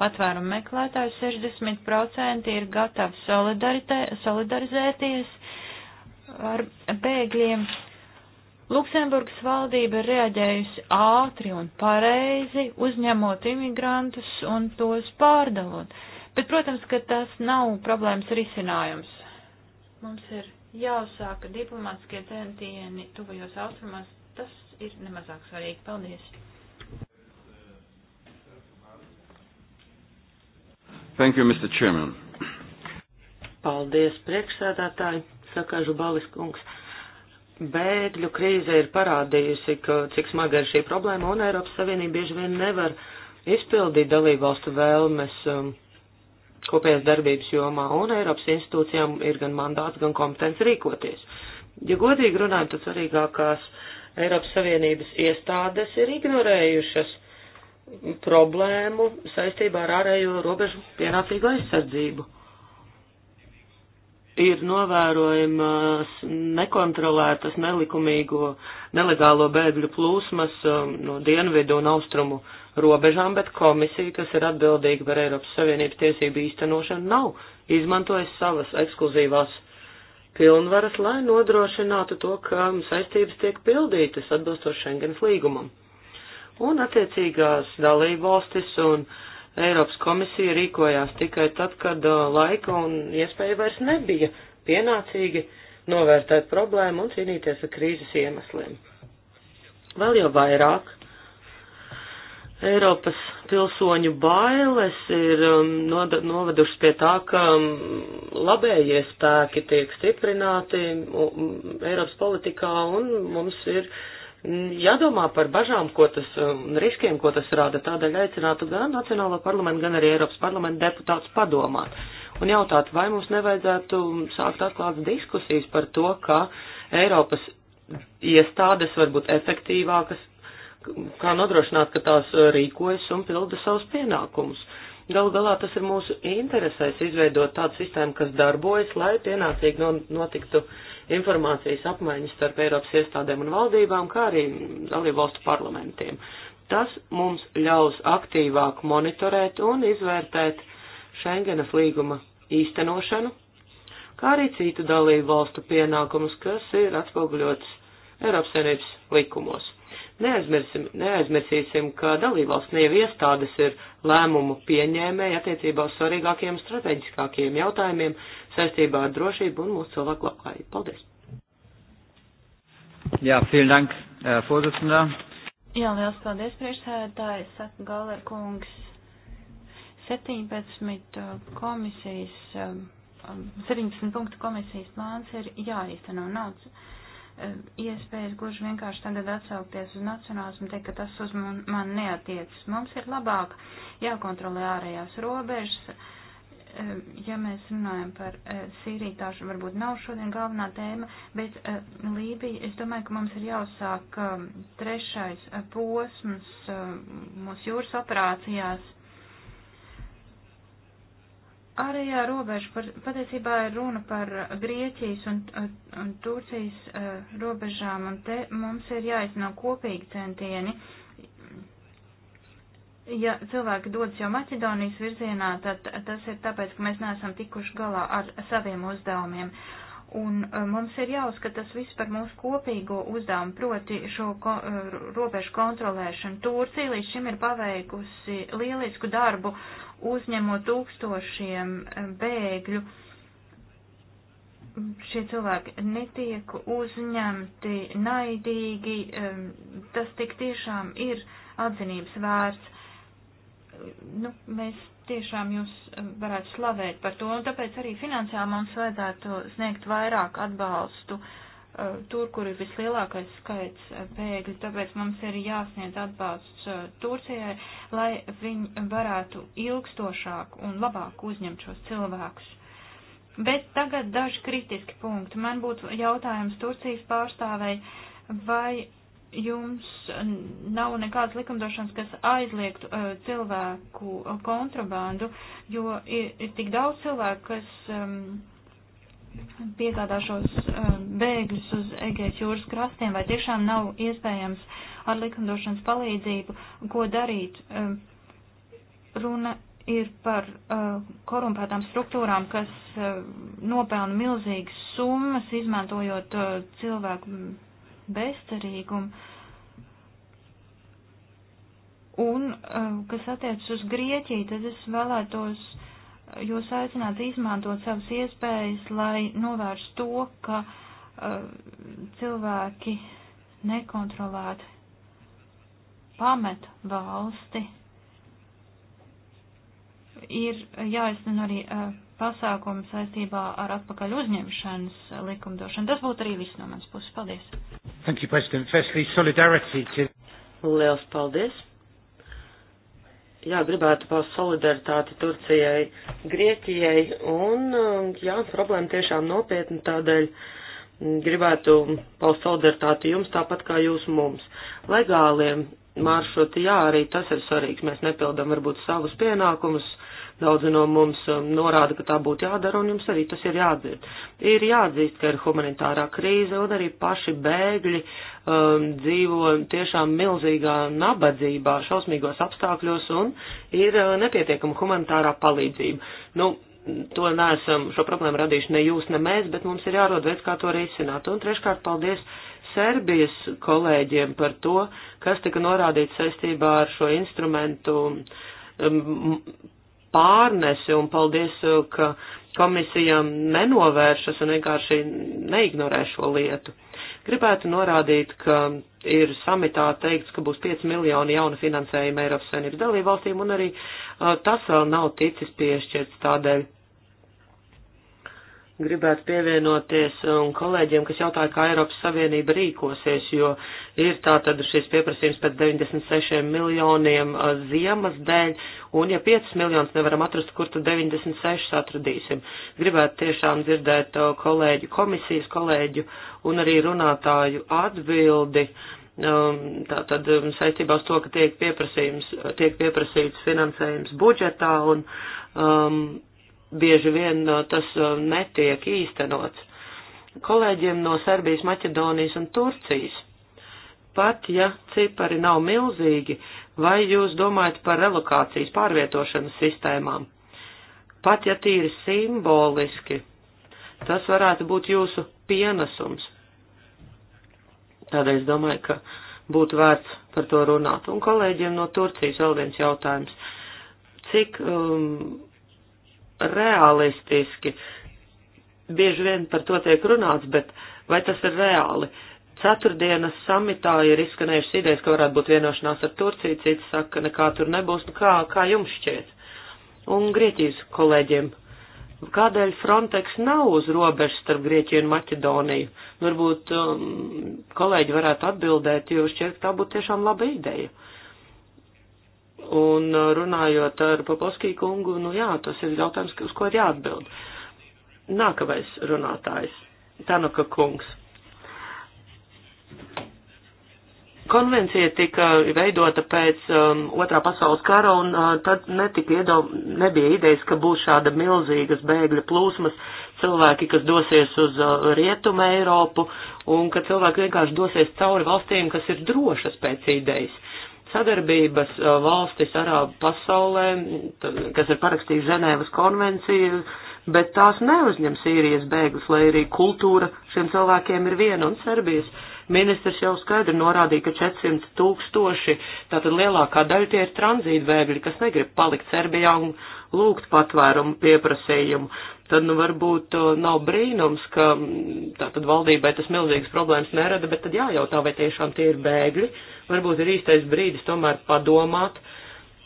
[SPEAKER 2] patvērumu meklētāju, 60% ir gatavi solidarizēties ar bēgļiem. Luksemburgas valdība ir reaģējusi ātri un pareizi, uzņemot imigrantus un tos pārdalot. Bet, protams, ka tas nav problēmas risinājums. Mums ir jāsāka diplomātskie centieni tuvajos austrumos, tas ir nemazāk svarīgi. Paldies!
[SPEAKER 1] Thank you, Mr. Chairman.
[SPEAKER 4] Paldies, priekšsēdētāji, saka Žubalis kungs. Bēgļu krīze ir parādījusi, ka, cik smaga ir šī problēma, un Eiropas Savienība bieži vien nevar izpildīt dalībvalstu vēlmes. Um, kopējās darbības jomā, un Eiropas institūcijām ir gan mandāts, gan kompetence rīkoties. Ja godīgi runājam, tad svarīgākās Eiropas Savienības iestādes ir ignorējušas problēmu saistībā ar ārējo robežu pienācīgu aizsardzību. Ir novērojamas nekontrolētas nelikumīgo, nelegālo bēgļu plūsmas um, no dienvidu un austrumu uh, robežām, bet komisija, kas ir atbildīga par Eiropas Savienības tiesību īstenošanu, nav izmantojusi savas ekskluzīvās pilnvaras, lai nodrošinātu to, ka saistības tiek pildītas atbilstoši Schengens līgumam. Un attiecīgās dalību valstis un Eiropas komisija rīkojās tikai tad, kad uh, laika un iespēja vairs nebija pienācīgi novērtēt problēmu un cīnīties ar krīzes iemesliem. Vēl jau vairāk Eiropas pilsoņu bailes ir um, novedušas pie tā, ka um, labējie spēki tiek stiprināti Eiropas politikā un mums ir jādomā par bažām ko tas, um, un riskiem, ko tas rada. Tādēļ aicinātu gan Nacionālo parlamentu, gan arī Eiropas parlamentu deputātus padomāt un jautāt, vai mums nevajadzētu sākt atklātas diskusijas par to, ka Eiropas iestādes var būt efektīvākas, kā nodrošināt, ka tās uh, rīkojas un pilda savus pienākumus. Galu galā tas ir mūsu interesēs izveidot tādu sistēmu, kas darbojas, lai pienācīgi notiktu informācijas apmaiņas starp Eiropas iestādēm un valdībām, kā arī dalību valstu parlamentiem. Tas mums ļaus aktīvāk monitorēt un izvērtēt Schengenas līguma īstenošanu, kā arī citu dalību valstu pienākumus, kas ir atspoguļots Eiropas Savienības likumos. Neaizmirsim, neaizmirsīsim, ka dalībvalsts nevi iestādes ir lēmumu pieņēmēji attiecībā uz svarīgākiem strateģiskākiem jautājumiem saistībā ar drošību un mūsu cilvēku labklājību. Paldies!
[SPEAKER 1] Jā, vielen dank, Fodusnā. Eh,
[SPEAKER 2] Jā, liels paldies, priekšsēdētāji, saka Galer kungs. 17 eh, komisijas, 17 eh, punktu komisijas plāns ir jāīsteno naudas. Eh, iespējas gluži vienkārši tagad atsaukties uz nacionālismu, teikt, ka tas uz man, man neatiecas. Mums ir labāk jākontrolē ārējās robežas. Eh, ja mēs runājam par eh, Sīriju, tā varbūt nav šodien galvenā tēma, bet Lībija, es domāju, ka mums ir jāuzsāk trešais posms mūsu jūras operācijās Ārējā robeža par, patiesībā ir runa par uh, Grieķijas un, uh, un Turcijas uh, robežām, un te mums ir jāizno kopīgi centieni. Ja cilvēki dodas jau Maķedonijas virzienā, tad tas ir tāpēc, ka mēs neesam tikuši galā ar saviem uzdevumiem. Un uh, mums ir jāuzskata tas viss par mūsu kopīgo uzdevumu, proti šo ko, uh, robežu kontrolēšanu. Turcija līdz šim ir paveikusi lielisku darbu uzņemot tūkstošiem eh, bēgļu, šie cilvēki netiek uzņemti naidīgi, eh, tas tik tiešām ir atzinības vērts. Nu, mēs tiešām jūs varētu slavēt par to, un tāpēc arī finansiāli mums vajadzētu sniegt vairāk atbalstu uh, Uh, tur, kur ir vislielākais skaits uh, bēgļu, tāpēc mums ir jāsniedz atbalsts uh, Turcijai, lai viņi varētu ilgstošāk un labāk uzņemt šos cilvēkus. Bet tagad daži kritiski punkti. Man būtu jautājums Turcijas pārstāvei, vai jums nav nekādas likumdošanas, kas aizliegtu uh, cilvēku kontrabandu, jo ir, ir tik daudz cilvēku, kas um, piegādā šos eh, bēgļus uz Egejas jūras krastiem, vai tiešām nav iespējams ar likumdošanas palīdzību, ko darīt. Eh, runa ir par eh, korumpētām struktūrām, kas nopelna milzīgas summas, izmantojot cilvēku bezcerīgumu. Un, kas attiec uz Grieķiju, tad es vēlētos uh, jūs aicināt izmantot savas iespējas, lai novērš to, ka uh, cilvēki nekontrolēti pamet valsti. Ir jāizsnin arī uh, pasākumi saistībā ar atpakaļ uzņemšanas likumdošanu. Tas būtu arī viss no manas puses. Paldies!
[SPEAKER 1] Thank you, President. Firstly, solidarity to...
[SPEAKER 4] Liels paldies! jā, gribētu paust solidaritāti Turcijai, Grieķijai, un, um, jā, problēma tiešām nopietna, tādēļ gribētu paust solidaritāti jums tāpat kā jūs mums. Legāliem maršruti, jā, arī tas ir svarīgs, mēs nepildam varbūt savus pienākumus, Daudzi no mums um, norāda, ka tā būtu jādara, un jums arī tas ir jāatzīst. Ir jāatzīst, ka ir humanitārā krīze, un arī paši bēgļi um, dzīvo tiešām milzīgā nabadzībā, šausmīgos apstākļos, un ir uh, nepietiekama humanitārā palīdzība. Nu, to neesam šo problēmu radījuši ne jūs, ne mēs, bet mums ir jārod veids, kā to risināt. Un treškārt, paldies Serbijas kolēģiem par to, kas tika norādīts saistībā ar šo instrumentu um, pārnesi un paldies, uh, ka komisija nenovēršas un vienkārši neignorē šo lietu. Gribētu norādīt, ka ir samitā teikts, ka būs 5 miljoni jauna finansējuma Eiropas Savienības dalībvalstīm un arī uh, tas vēl nav ticis piešķirts tādēļ gribētu pievienoties un kolēģiem, kas jautāja, kā Eiropas Savienība rīkosies, jo ir tātad šis pieprasījums pēc 96 miljoniem uh, ziemas dēļ, un ja 5 miljonus nevaram atrast, kur tad 96 atradīsim. Gribētu tiešām dzirdēt uh, kolēģu komisijas, kolēģu un arī runātāju atbildi. Um, tātad um, saistībā uz to, ka tiek, tiek pieprasīts finansējums budžetā un um, bieži vien uh, tas uh, netiek īstenots. Kolēģiem no Serbijas, Maķedonijas un Turcijas. Pat ja cipari nav milzīgi, vai jūs domājat par relokācijas pārvietošanas sistēmām? Pat ja tīri simboliski, tas varētu būt jūsu pienesums. Tādēļ es domāju, ka būtu vērts par to runāt. Un kolēģiem no Turcijas vēl viens jautājums. Cik um, realistiski. Bieži vien par to tiek runāts, bet vai tas ir reāli? Ceturtdienas samitā ir izskanējušas idejas, ka varētu būt vienošanās ar Turciju, cits saka, ka nekā tur nebūs, nu kā, kā jums šķiet? Un Grieķijas kolēģiem, kādēļ Frontex nav uz robežas starp Grieķiju un Maķedoniju? Varbūt um, kolēģi varētu atbildēt, jo šķiet, ka tā būtu tiešām laba ideja. Uh, Un uh, runājot ar Papalskiju kungu, nu jā, tas ir jautājums, uz ko ir jāatbild. Nākamais runātājs - Tanuka kungs. Konvencija tika veidota pēc um, otrā pasaules kara, un uh, tad netika iedau, nebija idejas, ka būs šāda milzīgas bēgļa plūsmas, cilvēki, kas dosies uz uh, rietumu Eiropu, un ka cilvēki vienkārši dosies cauri valstīm, kas ir drošas pēc idejas. Uh, Sadarbības uh, valstis Arābu pasaulē, kas ir parakstījuši Ženēvas konvenciju, bet tās neuzņem Sīrijas bēgļus, lai arī kultūra šiem cilvēkiem ir viena un Serbijas. Ministrs jau skaidri norādīja, ka 400 tūkstoši, tātad lielākā daļa tie ir tranzītbēgļi, kas negrib palikt Serbijā un lūgt patvērumu pieprasījumu tad nu varbūt uh, nav brīnums, ka mm, tātad valdībai tas milzīgas problēmas nerada, bet tad jājautā, vai tiešām tie ir bēgļi. Varbūt ir īstais brīdis tomēr padomāt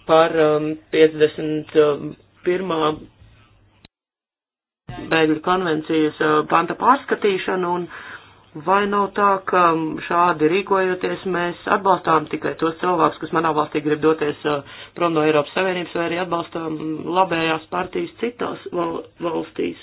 [SPEAKER 4] par um, 51. Um, bēgļu konvencijas uh, panta pārskatīšanu un uh, Vai nav tā, ka šādi rīkojoties mēs atbalstām tikai tos cilvēkus, kas manā valstī grib doties uh, prom no Eiropas Savienības, vai arī atbalstām labējās partijas citās val valstīs?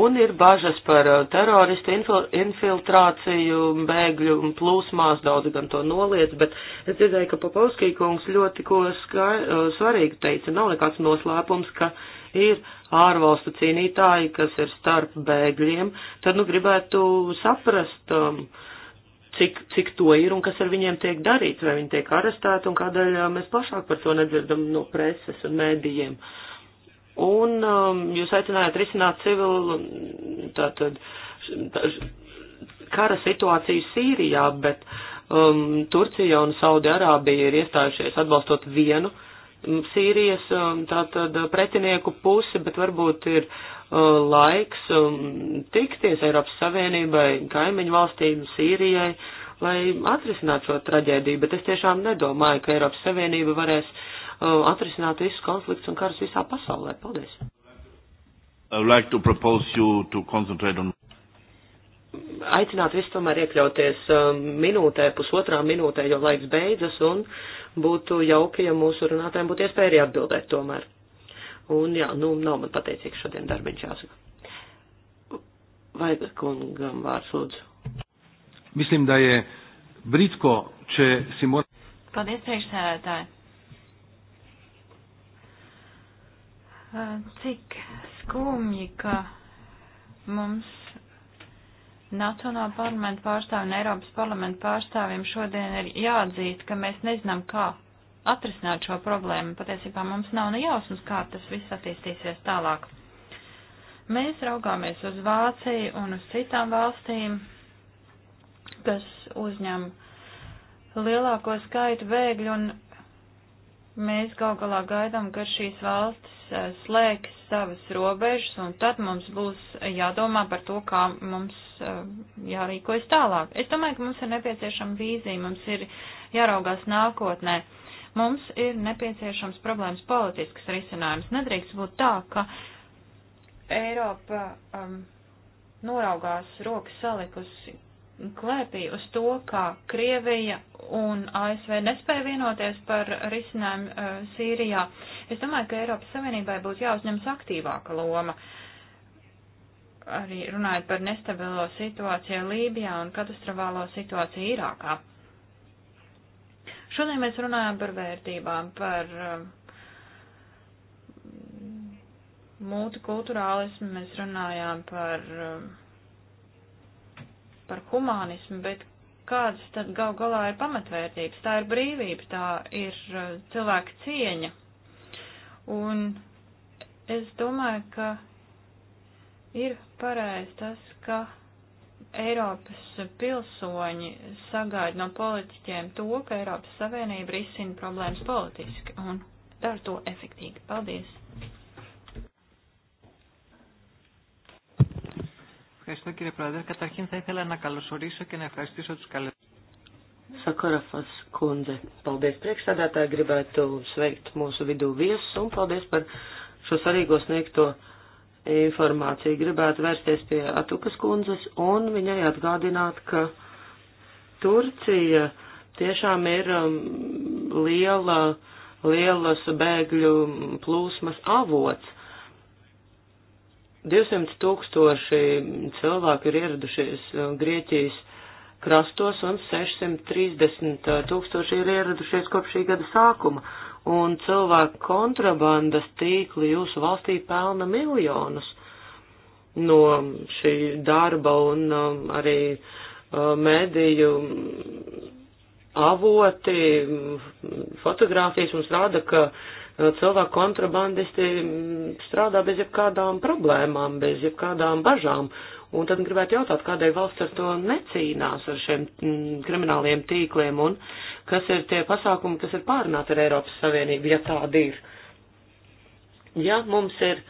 [SPEAKER 4] Un ir bažas par uh, teroristu infiltrāciju, bēgļu plūsmās, daudz gan to noliedz, bet es dzirdēju, ka Papovskī kungs ļoti ko skai, uh, svarīgu teica, nav nekāds noslēpums, ka ir uh, ārvalstu cīnītāji, kas ir starp bēgļiem, tad nu gribētu saprast, um, cik, cik to ir un kas ar viņiem tiek darīts, vai viņi tiek arestēti un kādēļ uh, mēs plašāk par to nedzirdam no preses un mēdījiem. Un um, jūs aicinājāt risināt civilu, um, tātad, tā, kara situāciju Sīrijā, bet um, Turcija un Saudi Arābija ir iestājušies atbalstot vienu Mm, Sīrijas um, tātad uh, pretinieku pusi, bet varbūt ir uh, laiks um, tikties Eiropas Savienībai, kaimiņu valstīm, Sīrijai, lai atrisinātu šo traģēdiju, bet es tiešām nedomāju, ka Eiropas Savienība varēs uh, atrisināt visus konfliktus un karus visā pasaulē. Paldies!
[SPEAKER 1] I would like to propose you to concentrate on
[SPEAKER 4] aicinātu visu tomēr iekļauties um, minūtē, pusotrā minūtē, jo laiks beidzas, un būtu jauki, ja mūsu runātājiem būtu iespēja arī atbildēt tomēr. Un jā, nu, nav man pateicīgs šodien darbiņš jāsaka. Vai kungam vārds lūdzu?
[SPEAKER 1] Mislim, da je britko, če si mora.
[SPEAKER 4] Paldies,
[SPEAKER 2] priekšsēdētāji. Cik skumji, ka mums Nacionālā parlamenta pārstāvja un Eiropas parlamenta pārstāvjiem šodien ir jāatzīst, ka mēs nezinām, kā atrisināt šo problēmu. Patiesībā mums nav ne jausmas, kā tas viss attīstīsies tālāk. Mēs raugāmies uz Vāciju un uz citām valstīm, kas uzņem lielāko skaitu bēgļu, un mēs gal galā gaidām, ka šīs valstis eh, slēgs savas robežas, un tad mums būs jādomā par to, kā mums Eh, jārīkojas tālāk. Es domāju, ka mums ir nepieciešama vīzija, mums ir jāraugās nākotnē. Mums ir nepieciešams problēmas politisks risinājums. Nedrīkst būt tā, ka Eiropa um, noraugās rokas salikusi klēpī uz to, kā Krievija un ASV nespēja vienoties par risinājumu uh, Sīrijā. Es domāju, ka Eiropas Savienībai būtu jāuzņemas aktīvāka loma. Uh, arī runājot par nestabilo situāciju Lībijā un katastrofālo situāciju Irākā. Šodien mēs runājam par vērtībām, par um, multikulturālismu, mēs runājām par, um, par humanismu, bet kādas tad gal galā ir pamatvērtības? Tā ir brīvība, tā ir uh, cilvēka cieņa. Un es domāju, ka Ir pareizi tas, ka Eiropas pilsoņi sagaida no politiķiem to, ka Eiropas Savienība risina problēmas politiski un dara to efektīgi. Paldies!
[SPEAKER 1] Ευχαριστώ κύριε Πρόεδρε. Καταρχήν θα ήθελα να καλωσορίσω και να ευχαριστήσω τους καλεσμένους.
[SPEAKER 4] Sakarafas kundze, paldies priekšsādātāji, gribētu sveikt mūsu vidū viesus un paldies par šo svarīgo sniegto informāciju. Gribētu vērsties pie Atukas kundzes un viņai atgādināt, ka Turcija tiešām ir um, liela, lielas bēgļu plūsmas avots. 200 tūkstoši cilvēku ir ieradušies um, Grieķijas krastos un 630 uh, tūkstoši ir ieradušies kopš šī gada sākuma un cilvēku kontrabandas tīkli jūsu valstī pelna miljonus no šī darba un um, arī uh, mediju avoti, fotogrāfijas mums rāda, ka uh, cilvēku kontrabandisti strādā bez jebkādām problēmām, bez jebkādām bažām. Uh, Un tad gribētu jautāt, kādēļ valsts ar to necīnās ar šiem mm, krimināliem tīkliem un kas ir tie pasākumi, kas ir pārunāti ar Eiropas Savienību, ja tādi ir. Ja mums ir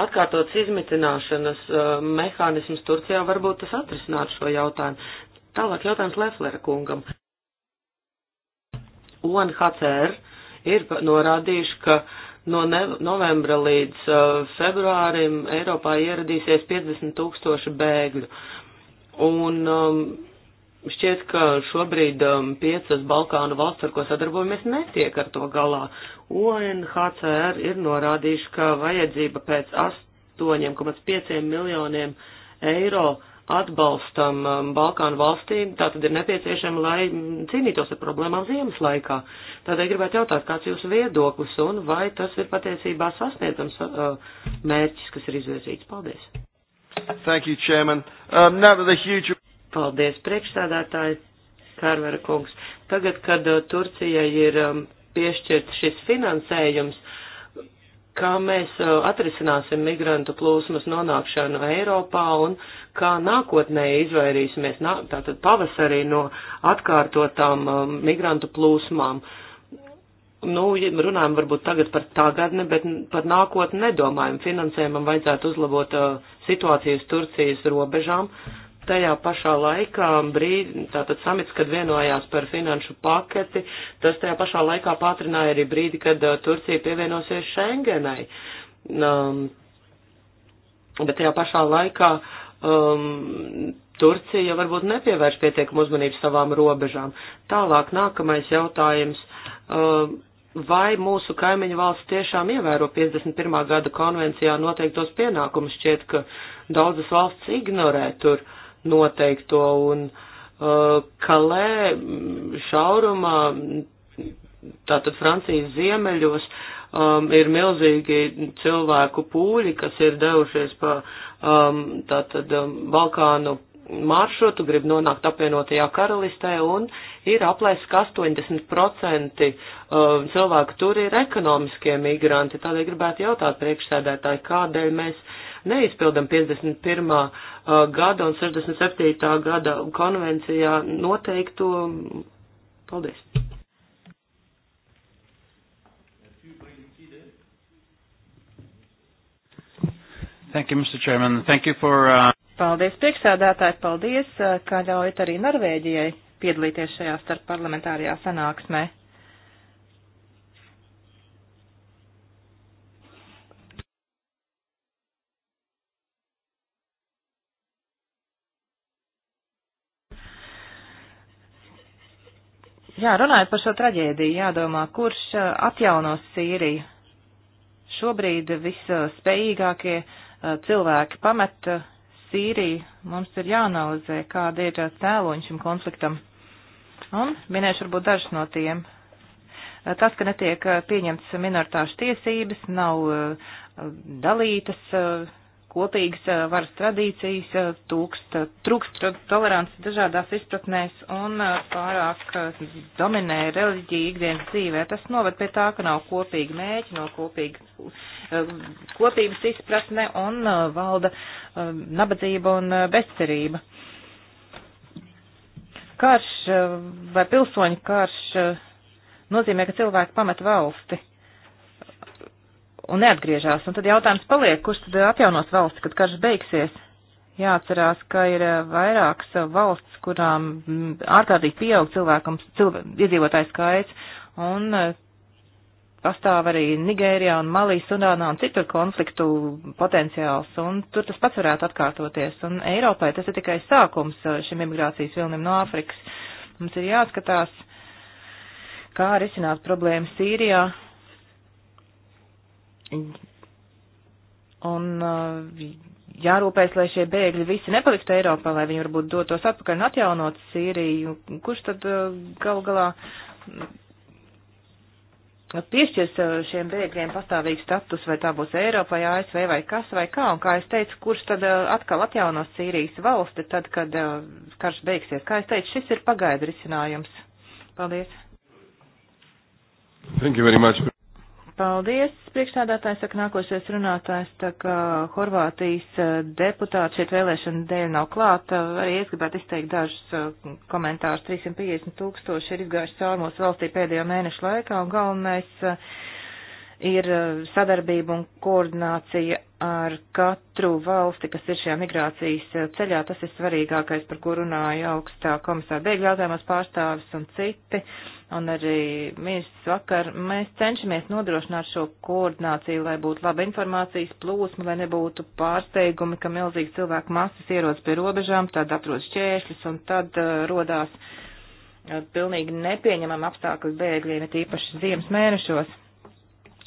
[SPEAKER 4] atkārtots izmitināšanas uh, mehānisms Turcijā, varbūt tas atrisinātu šo jautājumu. Tālāk jautājums Leflera kungam. UNHCR ir norādījuši, ka uh, No novembra līdz uh, februārim Eiropā ieradīsies 50 tūkstoši bēgļu. Un um, šķiet, ka šobrīd um, piecas Balkānu valsts, ar ko sadarbojamies, netiek ar to galā. UNHCR ir norādījuši, ka vajadzība pēc 8,5 miljoniem eiro uh, atbalstam um, Balkānu valstīm, tātad ir nepieciešama, lai mm, cīnītos ar problēmām ziemas laikā. Tādēļ gribētu jautāt, kāds jūsu viedoklis un vai tas ir patiesībā sasniedzams uh, mērķis, kas ir izvirzīts. Paldies! Thank you, Chairman. Um, now that the huge... Paldies, priekšsēdētāji, Kārvera kungs. Tagad, kad uh, Turcijai ir um, piešķirt šis finansējums, kā mēs atrisināsim migrantu plūsmas nonākšanu Eiropā un kā nākotnē izvairīsimies tātad pavasarī no atkārtotām migrantu plūsmām. Nu, runājam varbūt tagad par tagadni, bet par nākotni nedomājam. Finansējumam vajadzētu uzlabot situācijas Turcijas robežām. Uh, tajā pašā laikā brīdi, tātad samits, kad vienojās par finanšu paketi, tas tajā pašā laikā pātrināja arī brīdi, kad uh, Turcija pievienosies Schengenai. Um, bet tajā pašā laikā um, Turcija varbūt nepievērš pietiekumu uzmanību savām robežām. Tālāk nākamais jautājums. Um, vai mūsu kaimiņu valsts tiešām ievēro 51. gada konvencijā noteiktos pienākumus, šķiet, ka daudzas valsts ignorē tur noteikto un uh, Kalē mm, šaurumā, tātad Francijas ziemeļos, um, ir milzīgi cilvēku pūļi, kas ir devušies pa um, tātad um, Balkānu maršrutu, grib nonākt apvienotajā karalistē un ir aplēsts, ka 80% um, cilvēku tur ir ekonomiskie migranti. Tādēļ gribētu jautāt priekšsēdētāji, kādēļ mēs neizpildam 51. Uh, gada un 67. gada konvencijā noteikto. Paldies!
[SPEAKER 1] Thank you, Mr. Chairman. Thank you for. Uh...
[SPEAKER 3] Paldies, priekšsēdētāji. Paldies, uh, ka ļaujat arī Norvēģijai piedalīties šajā starpparlamentārajā sanāksmē. Jā, runājot par šo traģēdiju, jādomā, kurš eh, atjaunos Sīriju. Šobrīd visspējīgākie eh, cilvēki pamet eh, Sīriju. Mums ir jāanalizē, kāda ir cēloņa šim konfliktam. Un minēšu varbūt dažus no tiem. Tas, ka netiek pieņemts minoritāšu tiesības, nav dalītas kopīgas eh, varas tradīcijas, tūkst, eh, trūkst eh, tolerants dažādās izpratnēs un pārāk dominē reliģija ikdienas dzīvē. Tas noved pie tā, ka nav kopīga mēķi, nav kopīga kopības izpratne un valda nabadzība un bezcerība. Karš vai pilsoņu karš nozīmē, ka cilvēki pamet valsti un neatgriežās. Un tad jautājums paliek, kurš tad atjaunos valsts, kad karš beigsies? Jāatcerās, ka ir eh, vairākas eh, valsts, kurām mm, ārkārtīgi pieaug cilvēkums, cilvē, iedzīvotājs skaits, un eh, pastāv arī Nigērijā un Malī, Sudānā un citur konfliktu potenciāls, un tur tas pats varētu atkārtoties. Un Eiropai tas ir tikai sākums šim imigrācijas vilnim no Āfrikas. Mums ir jāskatās, kā risināt problēmas Sīrijā, Un uh, jārūpēs, lai šie bēgļi visi nepaliktu Eiropā, lai viņi varbūt dotos atpakaļ un atjaunot Sīriju. Kurš tad uh, gal galā mm, piešķirs uh, šiem bēgļiem pastāvīgu status, vai tā būs Eiropa, vai ASV, vai kas, vai kā, un kā es teicu, kurš tad atkal atjaunos Sīrijas valsti, tad, kad karš beigsies. Kā es teicu, šis ir pagaidu risinājums. Paldies. Thank you very much. Paldies, priekšsādātājs, saka nākošais runātājs, tā kā Horvātijas eh, deputāti šeit vēlēšana dēļ nav klāt, eh, arī es gribētu izteikt dažus eh, komentārus. 350 tūkstoši ir izgājuši caur mūsu valstī pēdējo mēnešu laikā, un galvenais ir eh, sadarbība un koordinācija ar katru valsti, kas ir šajā migrācijas eh, ceļā. Tas ir svarīgākais, par ko runāja augstā komisāra bēgļu jautājumos pārstāvis un citi, un arī ministrs vakar. Mēs cenšamies nodrošināt šo koordināciju, lai būtu laba informācijas plūsma, lai nebūtu pārsteigumi, ka milzīgi cilvēku masas ierodas pie robežām, tad atrodas šķēršļus un tad uh, rodās uh, pilnīgi nepieņemam apstākļus bēgļiem, ir tīpaši ziemas mēnešos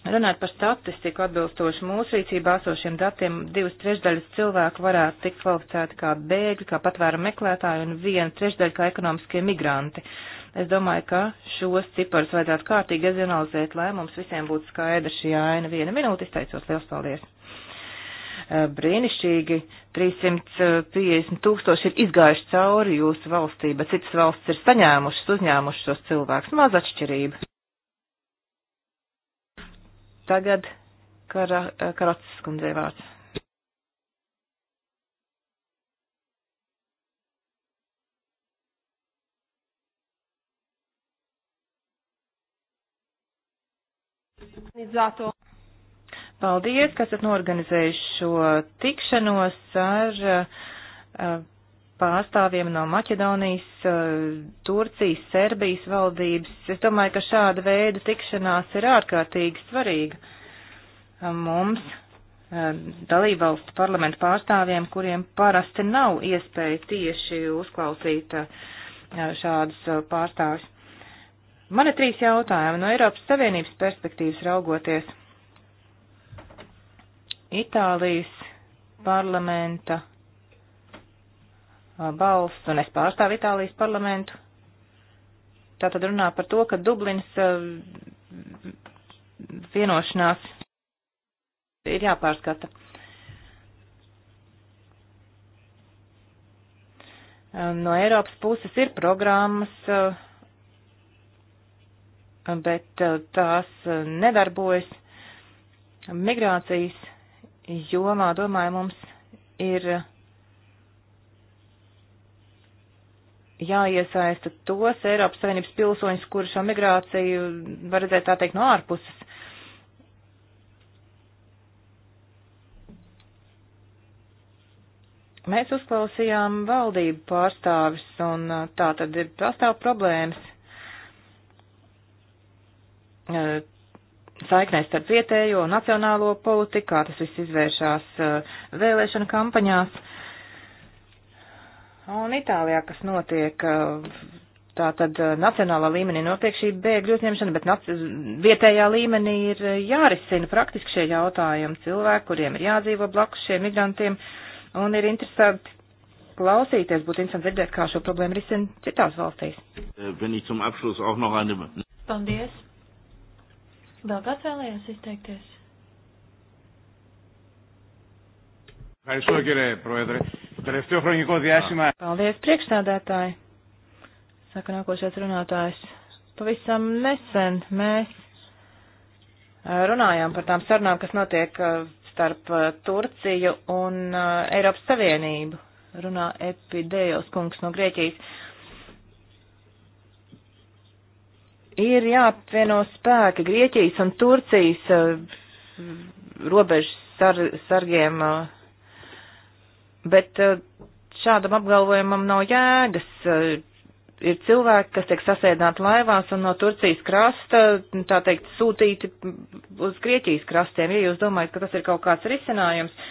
[SPEAKER 3] Runāt par statistiku atbilstoši mūsu rīcībā esošiem datiem, divas trešdaļas cilvēku varētu tikt kvalificēti kā bēgļi, kā patvēru meklētāji un viena trešdaļa kā ekonomiskie migranti. Es domāju, ka šos ciparus vajadzētu kārtīgi izanalizēt, lai mums visiem būtu skaidra šī aina. Viena minūte izteicos, liels paldies! Eh, brīnišķīgi, 350 eh, tūkstoši ir izgājuši cauri jūsu valstī, bet citas valsts ir saņēmušas, uzņēmušas šos cilvēkus. Maz atšķirība.
[SPEAKER 4] Tagad kara, eh, Karotas kundzei vārds.
[SPEAKER 3] organizēto. Paldies, ka esat norganizējuši šo tikšanos ar uh, pārstāvjiem no Maķedonijas, eh, Turcijas, Serbijas valdības. Es domāju, ka šāda veida tikšanās ir ārkārtīgi svarīga eh, mums, eh, dalībvalstu parlamentu pārstāvjiem, kuriem parasti nav iespēja tieši uzklausīt šādus pārstāvjus. Man ir trīs jautājumi no Eiropas Savienības perspektīvas raugoties. Itālijas parlamenta balsts, uh, un es pārstāvu Itālijas parlamentu. Tā tad runā par to, ka Dublinas uh, vienošanās ir jāpārskata. Uh, no Eiropas puses ir programmas, bet tās nedarbojas. Migrācijas jomā, domāju, mums ir jāiesaista tos Eiropas Savienības pilsoņus, kuri šo migrāciju var redzēt tā teikt no ārpuses. Mēs uzklausījām valdību pārstāvis un uh, tā tad ir pastāv problēmas uh, saiknēs starp vietējo nacionālo politiku, kā tas viss izvēršās uh, vēlēšana kampaņās. Un Itālijā, kas notiek eh, tā tad eh, nacionālā līmenī notiek šī bēgļu uzņemšana, bet vietējā līmenī ir eh, jārisina praktiski šie jautājumi cilvēki, kuriem ir jādzīvo blakus šiem migrantiem, un ir interesanti klausīties, būtu interesanti dzirdēt, kā šo problēmu risina citās valstīs.
[SPEAKER 1] Äh,
[SPEAKER 2] Paldies! Vēl kāds vēlējās
[SPEAKER 3] izteikties?
[SPEAKER 1] Ευχαριστώ κύριε Πρόεδρε. Τελευταίο χρονικό διάστημα.
[SPEAKER 3] Paldies, priekšstādātāji. Saka nākošais runātājs. Pavisam nesen mēs runājām par tām sarunām, kas notiek starp Turciju un Eiropas Savienību. Runā Epidējos kungs no Grieķijas. Ir jāapvieno spēki Grieķijas un Turcijas robežas sar, sargiem uh, Bet eh, šādam apgalvojumam nav jēgas. Eh, ir cilvēki, kas tiek sasēdināti laivās un no Turcijas krasta, tā teikt, sūtīti uz Grieķijas krastiem. Ja jūs domājat, ka tas ir kaut kāds risinājums,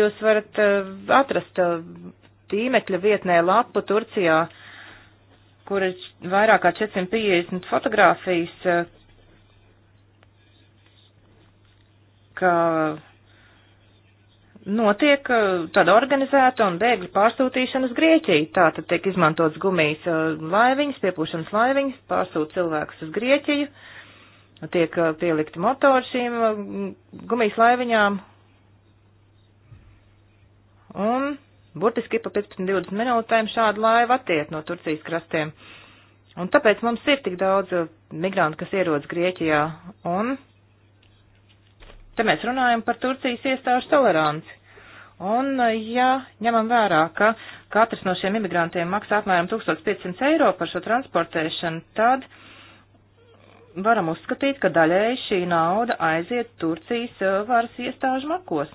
[SPEAKER 3] jūs varat eh, atrast tīmekļa vietnē lapu Turcijā, kur ir vairāk kā 450 fotogrāfijas, ka notiek eh, tāda organizēta un bēgļu pārsūtīšana uz Grieķiju. Tā tad tiek izmantots gumijas eh, laiviņas, piepūšanas laiviņas, pārsūt cilvēkus uz Grieķiju, tiek eh, pielikti motori šīm gumijas laiviņām. Un burtiski pa 15-20 minūtēm šādu laivu attiet no Turcijas krastiem. Un tāpēc mums ir tik daudz migrantu, kas ierodas Grieķijā. Un Te mēs runājam par Turcijas iestāžu toleranci. Un, eh, ja ņemam vērā, ka katrs no šiem imigrantiem maksā apmēram 1500 eiro par šo transportēšanu, tad varam uzskatīt, ka daļēji šī nauda aiziet Turcijas eh, varas iestāžu makos.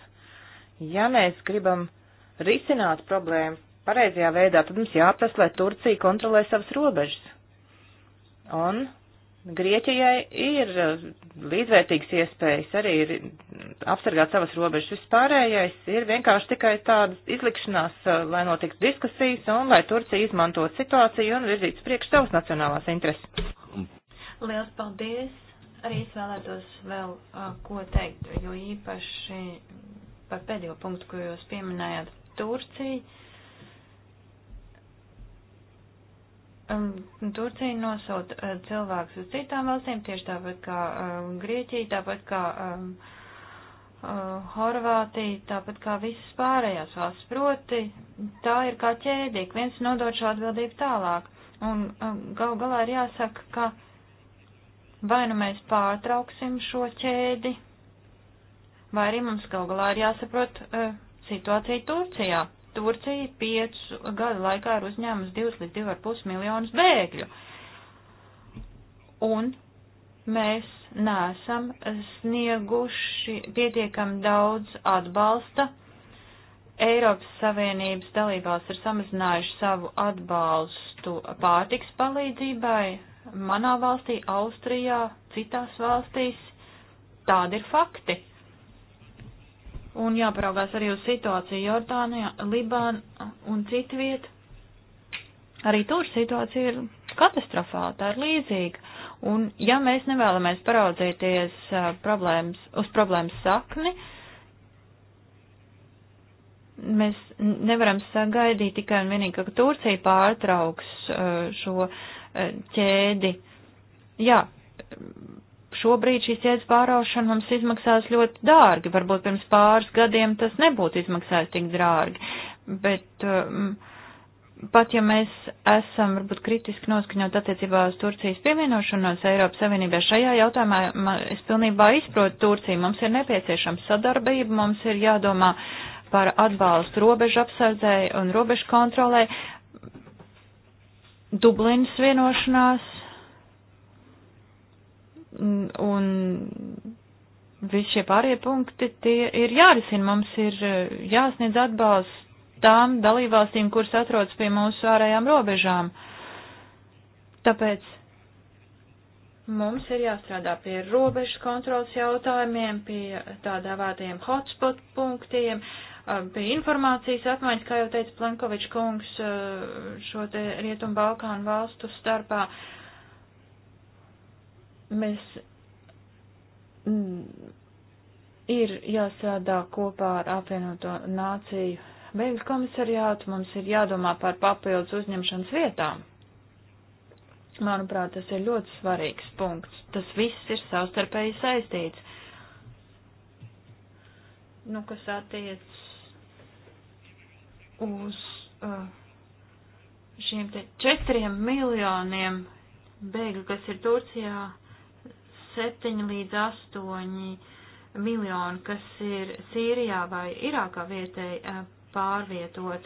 [SPEAKER 3] Ja mēs gribam risināt problēmu pareizajā veidā, tad mums jāprasa, lai Turcija kontrolē savas robežas. Un Grieķijai ir eh, līdzvērtīgas iespējas arī ir apsargāt savas robežas. Vispārējais ir vienkārši tikai tādas izlikšanās, eh, lai notiks diskusijas un lai Turcija izmantot situāciju un virzītu priekš savas nacionālās intereses.
[SPEAKER 2] Liels paldies! Arī es vēlētos vēl uh, ko teikt, jo īpaši par pēdējo punktu, ko jūs pieminējāt, Turcija Um, Turcija nosūta uh, cilvēkus uz citām valstīm, tieši tāpat kā um, Grieķija, tāpat kā um, uh, Horvātija, tāpat kā visas pārējās valsts. Proti, tā ir kā ķēdīga, viens nodot šo atbildību tālāk. Un um, gal galā ir jāsaka, ka vai nu mēs pārtrauksim šo ķēdi, vai arī mums gal galā ir jāsaprot uh, situācija Turcijā. Turcija piecu gadu laikā ir uzņēmusi 2 līdz 2,5 miljonus bēgļu. Un mēs nesam snieguši pietiekam daudz atbalsta. Eiropas Savienības dalībās ir samazinājuši savu atbalstu pārtiks palīdzībai manā valstī, Austrijā, citās valstīs. Tādi ir fakti un jāparaugās arī uz situāciju Jordānijā, Libāna un citu vietu. Arī tur situācija ir katastrofāla, tā ir līdzīga. Un ja mēs nevēlamies paraudzīties problēmas, uz problēmas sakni, mēs nevaram sagaidīt tikai un vienīgi, ka Turcija pārtrauks šo ķēdi. Jā, šobrīd šīs jēdzas pāraušana mums izmaksās ļoti dārgi. Varbūt pirms pāris gadiem tas nebūtu izmaksājis tik dārgi. Bet um, pat ja mēs esam varbūt kritiski noskaņot attiecībā uz Turcijas pievienošanos Eiropas Savienībā, šajā jautājumā man, es pilnībā izprotu Turciju. Mums ir nepieciešama sadarbība, mums ir jādomā par atbalstu robežu apsardzēju un robežu kontrolē. Dublinas vienošanās un visi šie pārējie punkti tie ir jārisina. Mums ir e, jāsniedz atbalsts tām dalībvalstīm, kuras atrodas pie mūsu ārējām robežām. Tāpēc mums ir jāstrādā pie robežu kontrols jautājumiem, pie tādā vārtajiem hotspot punktiem, e, pie informācijas apmaiņas, kā jau teica Plenkovičs kungs, e, šo te Rietumu Balkānu valstu starpā. Uh, Mēs mm, ir jāsādā kopā ar apvienoto nāciju beigas komisariātu, mums ir jādomā par papildus uzņemšanas vietām. Manuprāt, tas ir ļoti svarīgs punkts. Tas viss ir savstarpēji saistīts. Nu, kas attiec uz uh, šiem te četriem miljoniem bēgļu, kas ir Turcijā, 7 līdz 8 miljoni, kas ir Sīrijā vai Irākā vietēji eh, pārvietot.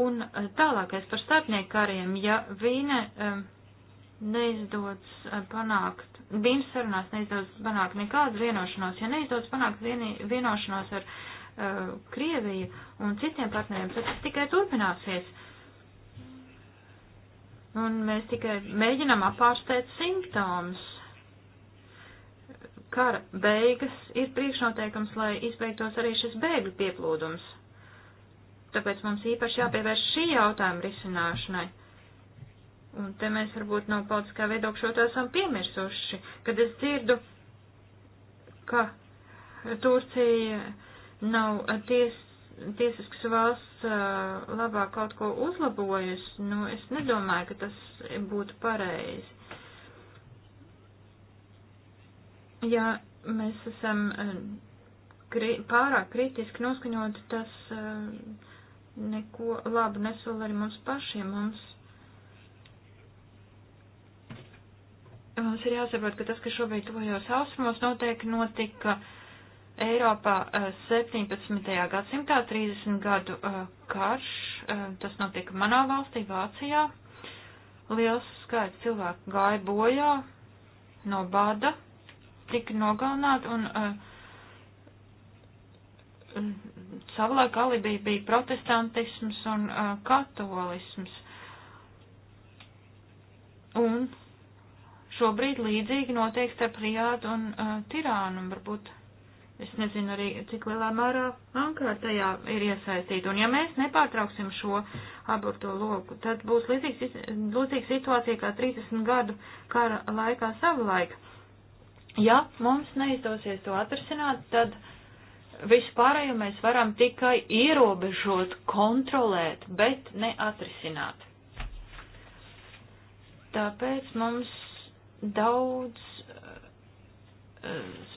[SPEAKER 2] Un eh, tālākais par starpnieku kariem, ja vīne eh, neizdodas panākt, vīnas sarunās neizdodas panākt nekādu vienošanos, ja neizdodas panākt vieni, vienošanos ar uh, Krieviju un citiem partneriem, tad tas tikai turpināsies. Un mēs tikai mēģinām apārstēt simptomus kara beigas ir priekšnoteikums, lai izbeigtos arī šis bēgļu pieplūdums. Tāpēc mums īpaši jāpievērš šī jautājuma risināšanai. Un te mēs varbūt no politiskā viedokļa šo esam piemirsuši, kad es dzirdu, ka Turcija nav ties, tiesisks valsts labāk kaut ko uzlabojusi. Nu, es nedomāju, ka tas būtu pareizi. ja mēs esam eh, kri pārāk kritiski noskaņoti, tas eh, neko labu nesol arī mums pašiem. Mums, mums ir jāsaprot, ka tas, kas šobrīd tuvajos austrumos noteikti notika Eiropā 17. Eh, gadsimtā, 30 gadu karš, tas notika manā valstī, Vācijā. Liels skaits cilvēku gāja bojā no bada, tika nogalināti un uh, savulaik Ali bija, bija protestantisms un uh, katolisms. Un šobrīd līdzīgi notiek starp Rijādu un uh, Tirānu, un varbūt es nezinu arī, cik lielā mērā Ankara tajā ir iesaistīta. Un ja mēs nepārtrauksim šo aborto loku, tad būs līdzīga situācija kā 30 gadu kara laikā savulaik. laika Ja mums neizdosies to atrisināt, tad vispārējo mēs varam tikai ierobežot, kontrolēt, bet ne atrisināt. Tāpēc mums daudz eh,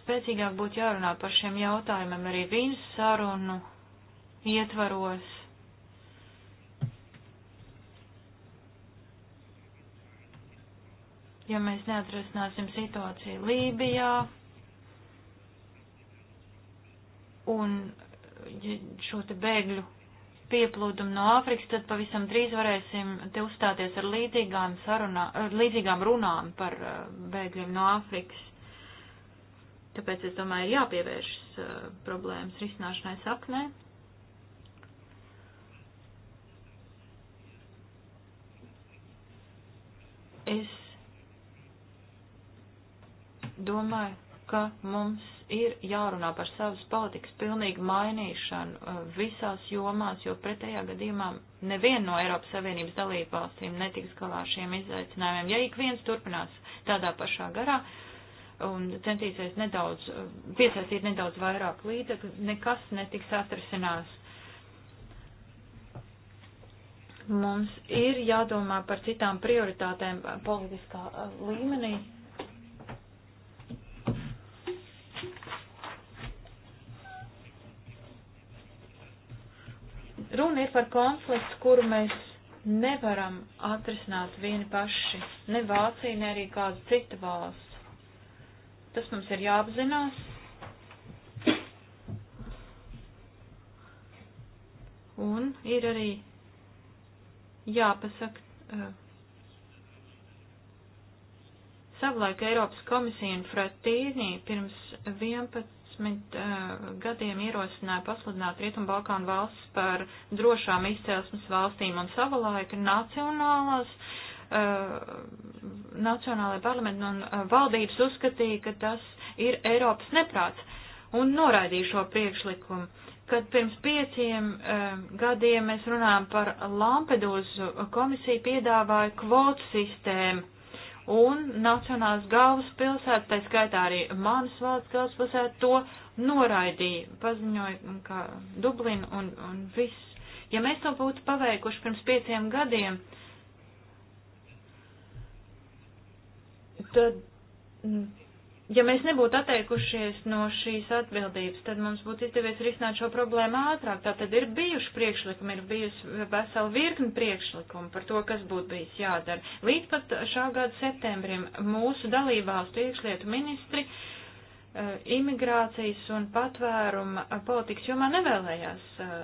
[SPEAKER 2] spēcīgāk būtu jārunā par šiem jautājumiem arī vīnas sarunu ietvaros. ja mēs neatrasināsim situāciju Lībijā un šo te bēgļu pieplūdumu no Āfrikas, tad pavisam drīz varēsim te uzstāties ar līdzīgām, sarunā, ar līdzīgām runām par uh, bēgļiem no Āfrikas. Tāpēc es domāju, ir jāpievēršas uh, problēmas risināšanai saknē. Es domāju, ka mums ir jārunā par savas politikas pilnīgu mainīšanu uh, visās jomās, jo pretējā gadījumā neviena no Eiropas Savienības dalībvalstīm netiks galā šiem izaicinājumiem. Ja ik viens turpinās tādā pašā garā un centīsies nedaudz, uh, piesaistīt nedaudz vairāk līdzekļu, nekas netiks atrasinās. Mums ir jādomā par citām prioritātēm politiskā uh, līmenī, Runa ir par konfliktu, kuru mēs nevaram atrisināt vieni paši, ne Vācija, ne arī kāda cita valsts. Tas mums ir jāapzinās. Un ir arī jāpasaka, uh, savulaik Eiropas komisija un Fratīnī pirms 11 15 uh, eh, gadiem ierosināja pasludināt Rietumbalkānu valsts par drošām izcelsmes valstīm un savulaik nacionālās, uh, eh, nacionālajā parlamentā un uh, valdības uzskatīja, ka tas ir Eiropas neprāts un noraidīja šo priekšlikumu. Kad pirms pieciem uh, gadiem mēs runājām par Lampedūzu, komisija piedāvāja kvotu sistēmu un Nacionālās galvaspilsēta, tā skaitā arī manas valsts galvaspilsēta, to noraidīja, paziņoja, ka Dublina un, un viss. Ja mēs to būtu paveikuši pirms pieciem gadiem, tad ja mēs nebūtu atteikušies no šīs atbildības, tad mums būtu izdevies risināt šo problēmu ātrāk. Tā tad ir bijuši priekšlikumi, ir bijusi vesela virkni priekšlikumu par to, kas būtu bijis jādara. Līdz pat šā gada septembrim mūsu dalībvalstu iekšlietu ministri eh, imigrācijas un patvēruma politikas jomā nevēlējās eh,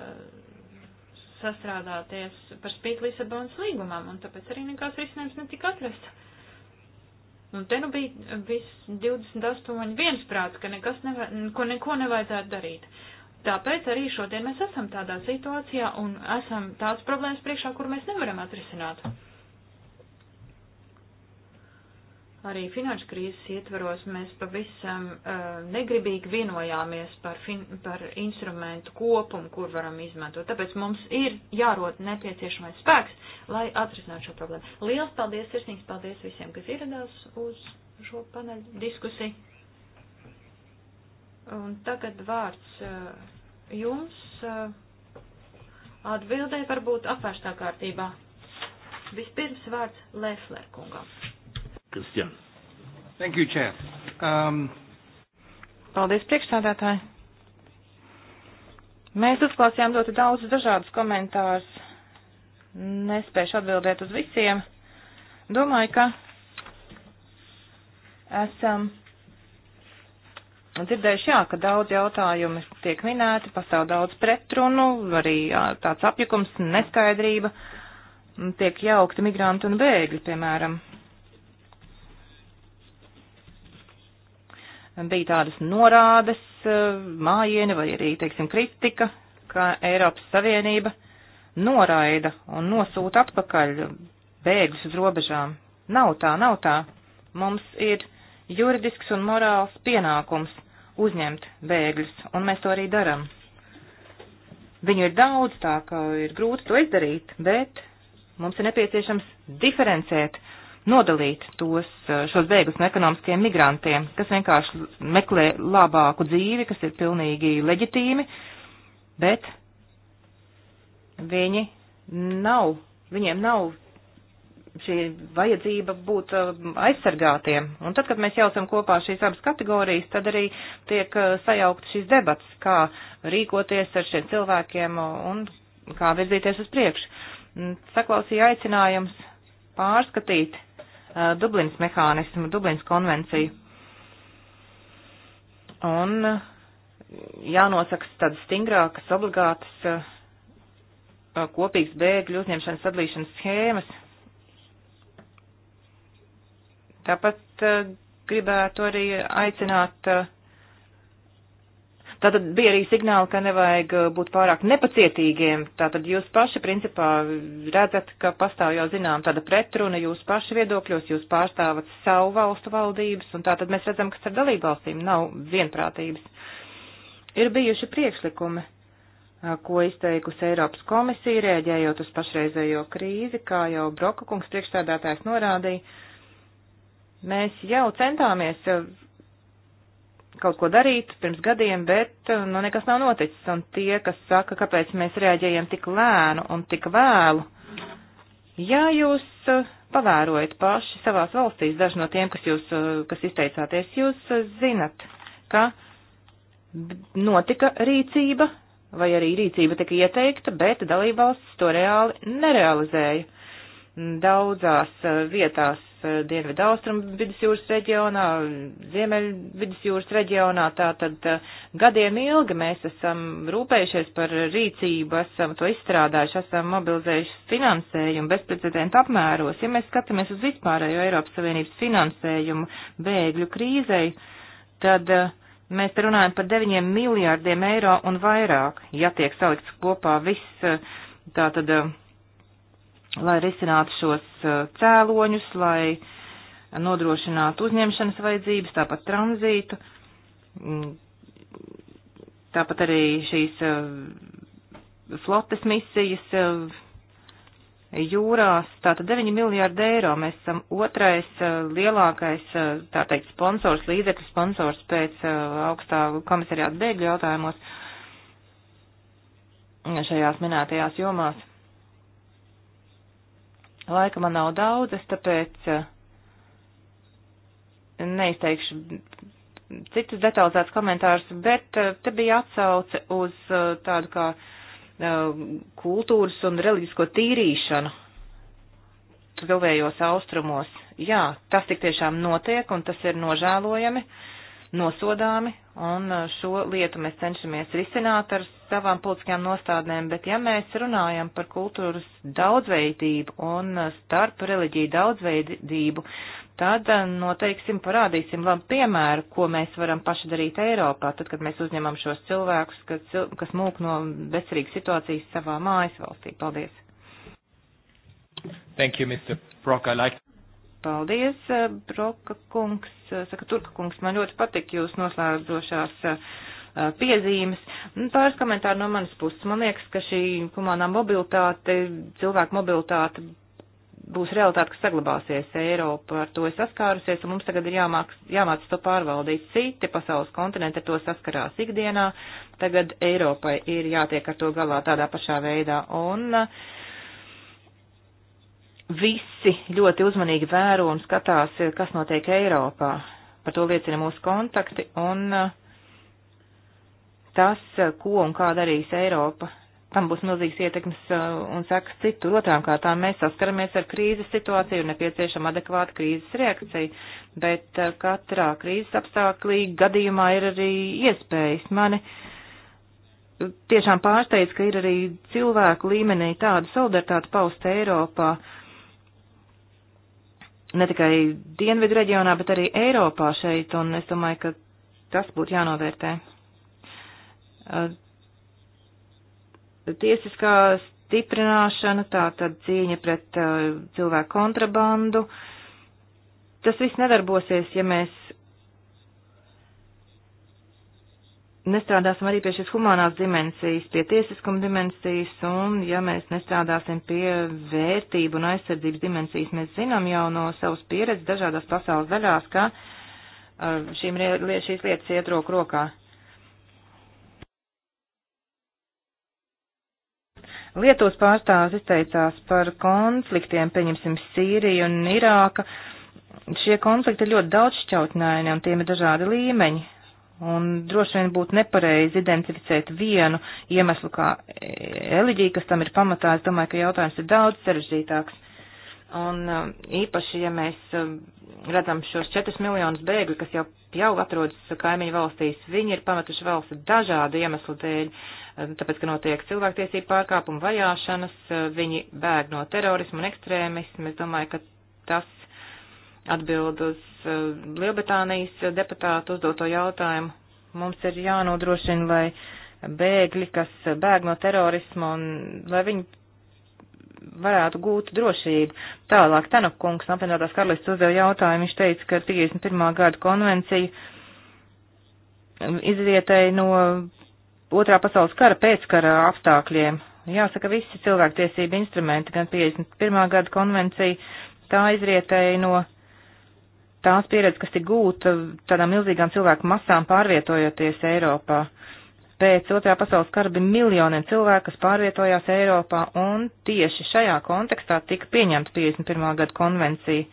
[SPEAKER 2] sastrādāties par spīti Lisabonas līgumam, un tāpēc arī nekāds risinājums netika atrasts. Un nu, te nu bija viss 28 viensprāts, ka nekas neva, ko neko nevajadzētu darīt. Tāpēc arī šodien mēs esam tādā situācijā un esam tāds problēmas priekšā, kur mēs nevaram atrisināt. Arī finanšu krīzes ietvaros mēs pavisam uh, negribīgi vienojāmies par, fin, par instrumentu kopumu, kur varam izmantot. Tāpēc mums ir jārod nepieciešamais spēks, lai atrisinātu šo problēmu. Lielas paldies, sirsnīgs paldies visiem, kas ieradās uz šo paneļu diskusiju. Un tagad vārds uh, jums uh, atbildē varbūt apvērstā kārtībā. Vispirms vārds Lēfler
[SPEAKER 1] kungam.
[SPEAKER 3] Kristian. Thank you, Chair. Um... Paldies, priekšstādātāji. Mēs uzklausījām ļoti daudz dažādus komentārus. Nespējuši atbildēt uz visiem. Domāju, ka esam dzirdējuši, jā, ka daudz jautājumi tiek minēti, pastāv daudz pretrunu, arī jā, tāds apjukums, neskaidrība, tiek jaukti migranti un bēgļi, piemēram. bija tādas norādes, eh, mājieni vai arī, teiksim, kritika, ka Eiropas Savienība noraida un nosūta atpakaļ bēgļus uz robežām. Nav tā, nav tā. Mums ir juridisks un morāls pienākums uzņemt bēgļus, un mēs to arī daram. Viņu ir daudz, tā ka ir grūti to izdarīt, bet mums ir nepieciešams diferencēt uh, nodalīt tos, eh, šos bēgus no ekonomiskiem migrantiem, kas vienkārši meklē labāku dzīvi, kas ir pilnīgi leģitīmi, bet viņi nav, viņiem nav šī vajadzība būt eh, aizsargātiem. Un tad, kad mēs jaucam kopā šīs abas kategorijas, tad arī tiek eh, sajaukt šīs debats, kā rīkoties ar šiem cilvēkiem un kā virzīties uz priekšu. Mm, saklausīja aicinājums pārskatīt Eh, Dublins mehānismu, Dublins konvenciju. Un eh, jānosaka tādas stingrākas, obligātas eh, kopīgas bēgļu uzņemšanas sadalīšanas schēmas. Tāpat gribētu arī aicināt uh, Tātad bija arī signāli, ka nevajag uh, būt pārāk nepacietīgiem. Tātad jūs paši principā redzat, ka pastāv jau zinām tāda pretruna jūs paši viedokļos, jūs pārstāvat savu valstu valdības, un tātad mēs redzam, ka starp dalībvalstīm nav vienprātības. Ir bijuši priekšlikumi, uh, ko izteikusi Eiropas komisija, rēģējot uz pašreizējo krīzi, kā jau Broka kungs priekšstādātājs norādīja. Mēs jau centāmies uh, kaut ko darīt pirms gadiem, bet uh, nu, nekas nav noticis. Un tie, kas saka, kāpēc mēs reaģējam tik lēnu un tik vēlu, ja jūs uh, pavērojat paši savās valstīs, daži no tiem, kas, jūs, uh, kas izteicāties, jūs zinat, ka notika rīcība, vai arī rīcība tika ieteikta, bet dalībvalsts to reāli nerealizēja. Daudzās vietās Eh, Dienvidu austrumu vidusjūras reģionā, Ziemeļu vidusjūras reģionā, tātad eh, gadiem ilgi mēs esam rūpējušies par rīcību, esam to izstrādājuši, esam mobilizējuši finansējumu bezprecedenta apmēros. Ja mēs skatāmies uz vispārējo Eiropas Savienības finansējumu bēgļu krīzei, tad eh, mēs te runājam par 9 miljārdiem eiro un vairāk, ja tiek salikts kopā viss tātad lai risinātu šos uh, cēloņus, lai nodrošinātu uzņemšanas vajadzības, tāpat tranzītu, mm. tāpat arī šīs uh, flotes misijas uh, jūrās. Tātad 9 miljārdi eiro mēs esam otrais lielākais, tā teikt, sponsors, līdzekļu sponsors pēc augstā komisariāta bēgļu jautājumos šajās minētajās jomās. Laika man nav daudz, es tāpēc eh, neizteikšu citus detalizētus komentārus, bet eh, te bija atsauce uz eh, tādu kā kultūras un reliģisko tīrīšanu tuvējos austrumos. Jā, tas tik tiešām notiek un tas ir nožēlojami, nosodāmi, un šo lietu mēs cenšamies risināt ar savām politiskajām nostādnēm, bet ja mēs runājam par kultūras daudzveidību un starp reliģiju daudzveidību, tad eh, noteiksim parādīsim labu piemēru, ko mēs varam paši darīt Eiropā, tad, kad mēs uzņemam šos cilvēkus, kas, kas mūk no bezcerīgas situācijas savā mājas valstī. Paldies!
[SPEAKER 1] Thank you, Mr. Brock. I like
[SPEAKER 3] Paldies, eh, Broka kungs, eh, saka Turka kungs, man ļoti patika jūs noslēdzošās uh, Uh, piezīmes. Nu, pāris komentāri no manas puses. Man liekas, ka šī humanā mobilitāte, cilvēku mobilitāte būs realitāte, kas saglabāsies Eiropa. Ar to ir saskārusies, un mums tagad ir jāmācās to pārvaldīt. Citi pasaules kontinenti ar to saskarās ikdienā. Tagad Eiropai ir jātiek ar to galā tādā pašā veidā. Un, uh, visi ļoti uzmanīgi vēro un skatās, kas notiek Eiropā. Par to liecina mūsu kontakti, un uh, tas, eh, ko un kā darīs Eiropa. Tam būs milzīgs ietekmes eh, un sekas citur. Otrām kārtām mēs saskaramies ar krīzes situāciju un nepieciešama adekvāta krīzes reakcija, bet eh, katrā krīzes apstāklī gadījumā ir arī iespējas. Mani tiešām pārsteidz, ka ir arī cilvēku līmenī tāda solidaritāte pausta Eiropā ne tikai Dienvidu reģionā, bet arī Eiropā šeit, un es domāju, ka tas būtu jānovērtē. Uh, tiesiskā stiprināšana, tā tad cīņa pret uh, cilvēku kontrabandu. Tas viss nedarbosies, ja mēs nestrādāsim arī pie šīs humanās dimensijas, pie tiesiskuma dimensijas, un ja mēs nestrādāsim pie vērtību un aizsardzības dimensijas, mēs zinām jau no savas pieredzes dažādās pasaules daļās, ka uh, šīm, šīs lietas iet roku rokā. Lietuvas pārstāvis izteicās par konfliktiem, pieņemsim, Sīriju un Irāka. Šie konflikti ir ļoti daudz šķautnēni un tiem ir dažādi līmeņi. Un droši vien būtu nepareizi identificēt vienu iemeslu kā eliģiju, kas tam ir pamatā. Es domāju, ka jautājums ir daudz sarežģītāks. Un um, īpaši, ja mēs um, redzam šos 4 miljonus bēgļu, kas jau, jau atrodas kaimiņu valstīs, viņi ir pametuši valsts dažādu iemeslu dēļ. Uh, tāpēc, ka notiek cilvēktiesību pārkāpumi, vajāšanas, viņi bēg no terorismu un ekstrēmismu. Es domāju, ka tas atbild uz Lielbritānijas deputātu uzdoto jautājumu. Mums ir jānodrošina, lai bēgļi, kas bēg no terorismu, un lai viņi varētu gūt drošību. Tālāk Tanakungs no apvienotās karalists uzdeva jautājumu, viņš teica, ka 51. gada konvencija izrietēja no otrā pasaules kara pēckara apstākļiem. Jāsaka, visi cilvēktiesība instrumenti, gan 51. gada konvencija, tā izrietēja no tās pieredzes, kas tika gūta tādām milzīgām cilvēku masām pārvietojoties Eiropā. Pēc otrā pasaules kara bija miljoniem cilvēku, kas pārvietojās Eiropā, un tieši šajā kontekstā tika pieņemta 51. gada konvencija.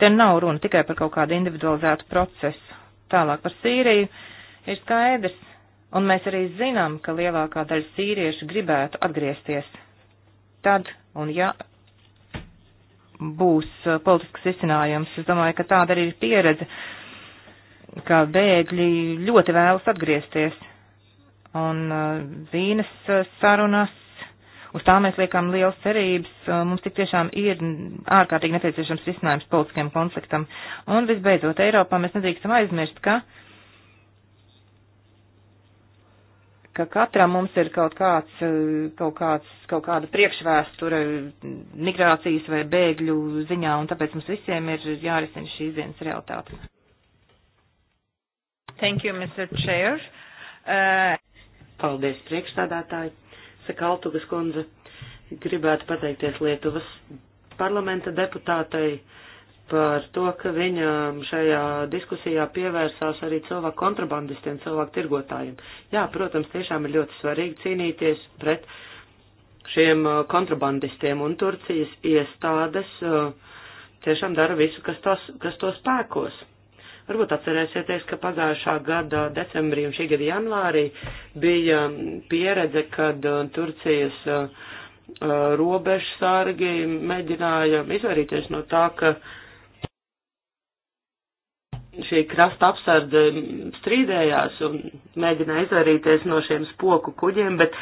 [SPEAKER 3] Te nav runa tikai par kaut kādu individualizētu procesu. Tālāk par Sīriju ir skaidrs, Un mēs arī zinām, ka lielākā daļa sīriešu gribētu atgriezties. Tad, un ja būs uh, politisks izcinājums, es domāju, ka tāda arī ir pieredze, ka bēgļi ļoti vēlas atgriezties. Un uh, vīnas uh, sarunas, uz tā mēs liekam liels cerības, mums tik tiešām ir ārkārtīgi nepieciešams risinājums politiskiem konfliktam. Un visbeidzot, Eiropā mēs nedrīkstam aizmirst, ka ka katram mums ir kaut kāds, eh, kaut kāds, kaut kāda priekšvēsture migrācijas vai bēgļu ziņā, un tāpēc mums visiem ir jārisina šīs dienas realitāte. Thank you, Mr.
[SPEAKER 4] Chair. Uh... Paldies, priekšstādātāji. Saka Altugas kundze, gribētu pateikties Lietuvas parlamenta deputātai par to, ka viņa šajā diskusijā pievērsās arī cilvēku kontrabandistiem, cilvēku tirgotājiem. Jā, protams, tiešām ir ļoti svarīgi cīnīties pret šiem uh, kontrabandistiem, un Turcijas iestādes uh, tiešām dara visu, kas, tos, kas to spēkos. Varbūt atcerēsieties, ka pagājušā gada decembrī un šī gada janvārī bija um, pieredze, kad uh, Turcijas robežsārgi mēģināja izvairīties no tā, ka uh, šī krasta apsarde strīdējās un mēģināja izvairīties no šiem spoku kuģiem, bet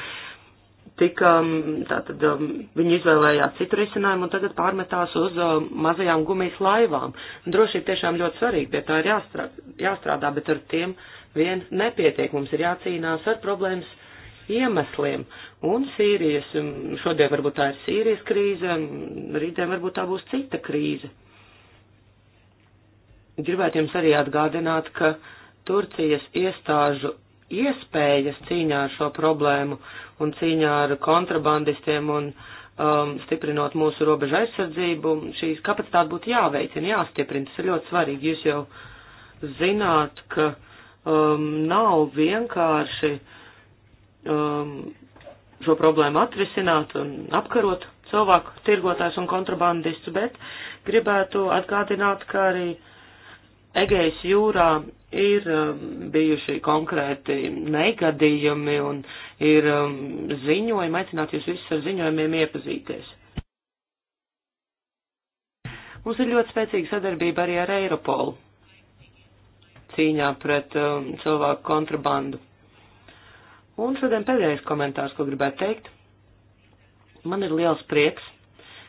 [SPEAKER 4] tika, um, tātad um, viņi izvēlējās citu risinājumu un tagad pārmetās uz um, mazajām gumijas laivām. Drošība tiešām ļoti svarīga, pie tā ir jāstrādā, jāstrādā, bet ar tiem vien nepietiek. Mums ir jācīnās ar problēmas iemesliem. Un Sīrijas, šodien varbūt tā ir Sīrijas krīze, rītdien varbūt tā būs cita krīze gribētu jums arī atgādināt, ka Turcijas iestāžu iespējas cīņā ar šo problēmu un cīņā ar kontrabandistiem un um, stiprinot mūsu robežu aizsardzību, šīs kapacitātes būtu jāveicina, jāstiprina. Tas ir ļoti svarīgi. Jūs jau zināt, ka um, nav vienkārši um, šo problēmu atrisināt un apkarot cilvēku tirgotājs un kontrabandistus, bet gribētu atgādināt, ka arī Egejas jūrā ir um, bijuši konkrēti negadījumi un ir um, ziņojumi, aicinātu jūs visus ar ziņojumiem iepazīties. Mums ir ļoti spēcīga sadarbība arī ar Eiropolu cīņā pret um, cilvēku kontrabandu. Un šodien pēdējais komentārs, ko gribētu teikt. Man ir liels prieks,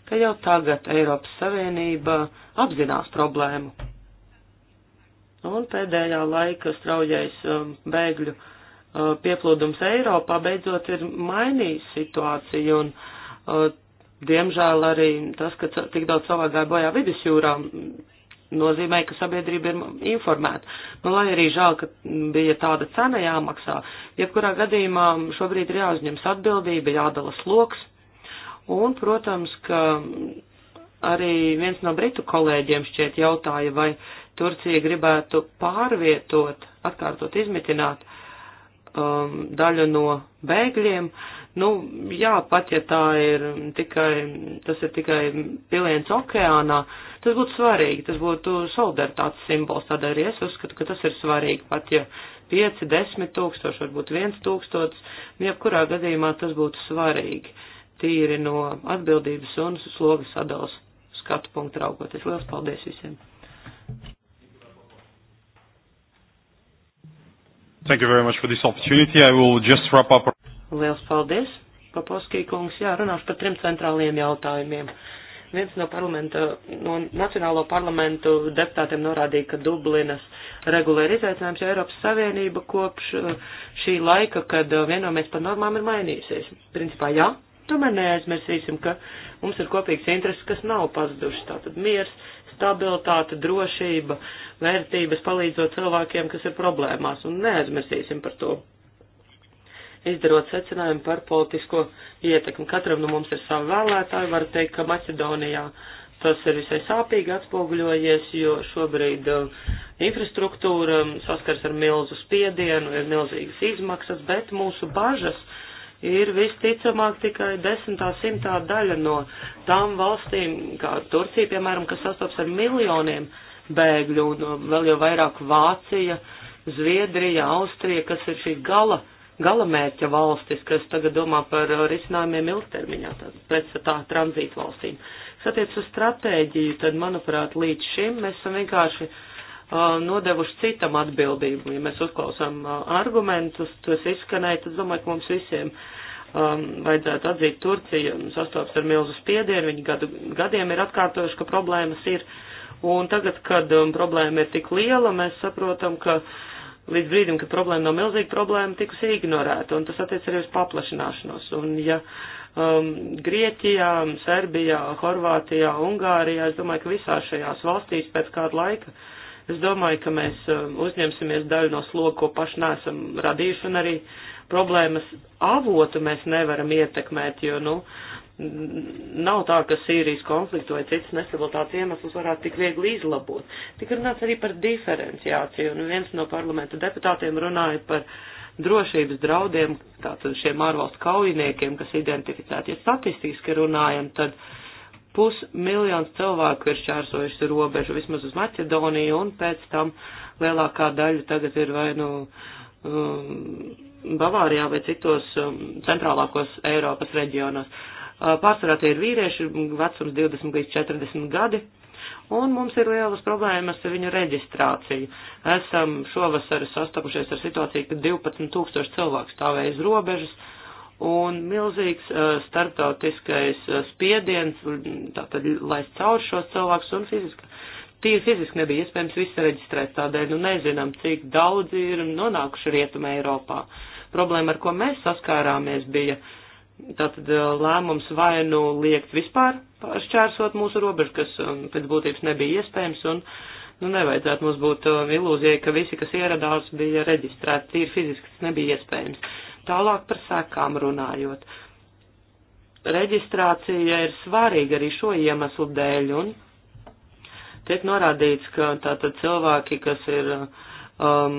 [SPEAKER 4] ka jau tagad Eiropas Savienība apzinās problēmu Un pēdējā laika straujais um, bēgļu uh, pieplūdums Eiropā beidzot ir mainījis situāciju un, uh, diemžēl, arī tas, ka tik daudz cilvēku gāja bojā vidusjūrā, nozīmē, ka sabiedrība ir informēta. Nu, lai arī žēl, ka bija tāda cena jāmaksā, jebkurā gadījumā šobrīd ir jāuzņems atbildība, jādala sloks. Un, protams, ka arī viens no britu kolēģiem šķiet jautāja, vai Turcija gribētu pārvietot, atkārtot izmitināt um, daļu no bēgļiem. Nu, jā, pat ja tā ir tikai, tas ir tikai piliens okeānā, tas būtu svarīgi, tas būtu solidaritātes simbols, tādēļ arī es uzskatu, ka tas ir svarīgi, pat ja 5, 10 tūkstoši, varbūt 1 tūkstots, nu, jebkurā gadījumā tas būtu svarīgi, tīri no atbildības un slogas sadalas skatu punktu raugoties. Lielas paldies visiem!
[SPEAKER 1] Thank you very much for this opportunity. I will just wrap up.
[SPEAKER 4] Liels paldies. Paposkī kungs, jā, runāšu par trim centrāliem jautājumiem. Viens no parlamenta, no Nacionālo parlamentu deputātiem norādīja, ka Dublinas regulē ir izaicinājums Eiropas Savienība kopš uh, šī laika, kad uh, vienojamies par normām ir mainījusies. Principā jā, tomēr neaizmirsīsim, ka mums ir kopīgs intereses, kas nav pazudušas. Tātad miers, stabilitāte, drošība, vērtības palīdzot cilvēkiem, kas ir problēmās, un neaizmirsīsim par to. Izdarot secinājumu par politisko ietekmi. Katram no mums ir savi vēlētāji, var teikt, ka Maķedonijā tas ir visai sāpīgi atspoguļojies, jo šobrīd eh, infrastruktūra mm, saskars ar milzu spiedienu, ir milzīgas izmaksas, bet mūsu bažas ir visticamāk tikai desmitā simtā daļa no tām valstīm, kā Turcija, piemēram, kas sastopas ar miljoniem bēgļu, un uh, vēl jau vairāk Vācija, Zviedrija, Austrija, kas ir šī gala, gala mērķa valstis, kas tagad domā par uh, risinājumiem ilgtermiņā, tad pēc tā tranzītu valstīm. Satiec uz stratēģiju, tad, manuprāt, līdz šim mēs esam vienkārši Uh, nodevuši citam atbildību. Ja mēs uzklausām uh, argumentus, tas izskanēja, tad domāju, ka mums visiem um, vajadzētu atzīt Turciju, sastopas ar milzu spiedienu, viņi gadu, gadiem ir atkārtojuši, ka problēmas ir, un tagad, kad um, problēma ir tik liela, mēs saprotam, ka līdz brīdim, kad problēma nav milzīga, problēma tikusi ignorēta, un tas attiec arī uz paplašināšanos. Un, ja, um, Grieķijā, Serbijā, Horvātijā, Ungārijā, es domāju, ka visās šajās valstīs pēc kāda laika Es domāju, ka mēs um, uzņemsimies daļu no sloga, ko paši nesam radījuši, un arī problēmas avotu mēs nevaram ietekmēt, jo, nu, nav tā, ka Sīrijas konfliktu vai citas nestabilitātes iemeslus varētu tik viegli izlabot. Tik runāts arī par diferenciāciju, un viens no parlamenta deputātiem runāja par drošības draudiem, tātad šiem ārvalstu kaujiniekiem, kas identificēti. Ja statistiski runājam, tad uh, pusmiljons cilvēku ir šķērsojuši robežu, vismaz uz Maķedoniju, un pēc tam lielākā daļa tagad ir vai nu um, Bavārijā vai citos um, centrālākos Eiropas reģionos. Uh, pārsvarā tie ir vīrieši, vecums 20 līdz 40 gadi, un mums ir lielas problēmas ar viņu reģistrāciju. Esam šovasar sastapušies ar situāciju, ka 12 tūkstoši cilvēku stāvēja uz robežas, uh, un milzīgs uh, starptautiskais uh, spiediens, tātad laist cauri šos cilvēkus un fiziski. Tīri fiziski nebija iespējams visu reģistrēt, tādēļ nu nezinām, cik daudz ir nonākuši rietumē Eiropā. Problēma, ar ko mēs saskārāmies, bija tātad uh, lēmums vai nu liekt vispār šķērsot mūsu robežu, kas um, pēc būtības nebija iespējams, un nu nevajadzētu mums būt uh, ilūzijai, ka visi, kas ieradās, bija reģistrēti, tīri fiziski tas nebija iespējams. Uh, Tālāk par sekām runājot. Reģistrācija ir svarīga arī šo iemeslu dēļ, un tiek norādīts, ka tātad cilvēki, kas ir, um,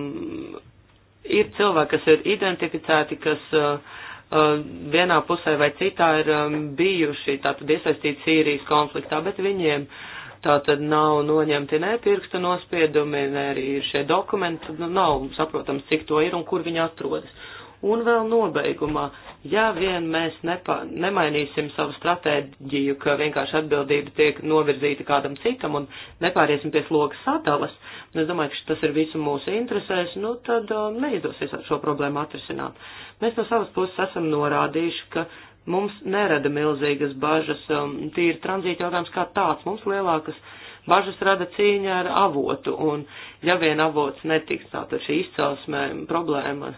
[SPEAKER 4] ir cilvēki, kas ir identificēti, kas uh, uh, vienā pusē vai citā ir um, bijuši tātad iesaistīti Sīrijas konfliktā, bet viņiem uh, tā tad nav noņemti ne pirksta nospiedumi, ne arī šie dokumenti, nu, nav saprotams, cik to ir un kur viņi atrodas. Un vēl nobeigumā, ja vien mēs nepa, nemainīsim savu stratēģiju, ka vienkārši atbildība tiek novirzīta kādam citam un nepāriesim pie slogas sadalas, un es domāju, ka tas ir visu mūsu interesēs, nu tad um, neizdosies šo problēmu atrisināt. Mēs no savas puses esam norādījuši, ka mums nerada milzīgas bažas, um, tīri tranzīta jautājums kā tāds, mums lielākas bažas rada cīņa ar avotu, un ja vien avots netiks, tā tad šī izcelsme problēma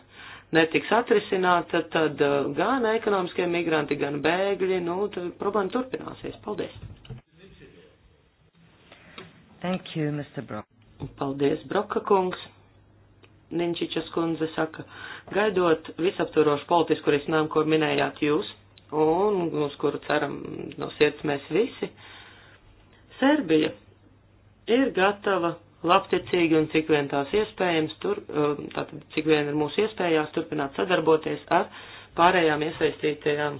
[SPEAKER 4] netiks atrisināta, tad eh, gan ekonomiskie migranti, gan bēgļi, nu, problēma turpināsies. Paldies! Thank you, Mr. Brock. Paldies, Broka kungs. Ninčičas kundze saka, gaidot visaptvarošu politisku risinājumu, ko minējāt jūs, un uz kuru ceram no sirds mēs visi, Serbija ir gatava labticīgi un cik vien tās iespējams, tur, um, tātad, cik vien ir mūsu iespējās turpināt sadarboties ar pārējām iesaistītajām,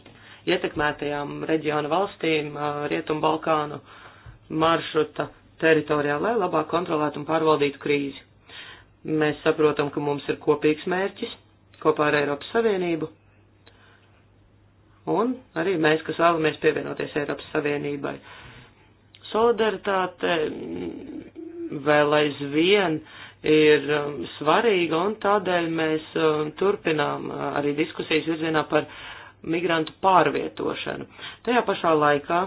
[SPEAKER 4] ietekmētajām reģiona valstīm, uh, Rietumu Balkānu maršruta teritorijā, lai labāk kontrolētu un pārvaldītu krīzi. Mēs saprotam, ka mums ir kopīgs mērķis kopā ar Eiropas Savienību, un arī mēs, kas vēlamies pievienoties Eiropas Savienībai. Solidaritāte vēl aizvien ir um, svarīga, un tādēļ mēs um, turpinām uh, arī diskusijas virzienā par migrantu pārvietošanu. Tajā pašā laikā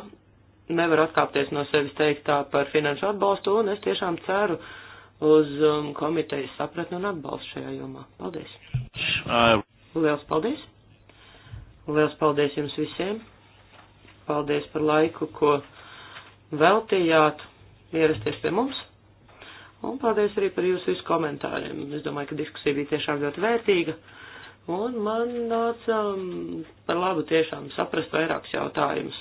[SPEAKER 4] nevar atkāpties no sevis teiktā par finanšu atbalstu, un es tiešām ceru uz um, komitejas sapratni un atbalstu šajā jomā. Paldies! Uh, Liels paldies! Liels paldies jums visiem! Paldies par laiku, ko veltījāt ierasties pie mums! Un paldies arī par jūsu visu komentāriem. Es domāju, ka diskusija bija tiešām ļoti vērtīga. Un man nāca um, par labu tiešām saprast vairākus jautājumus.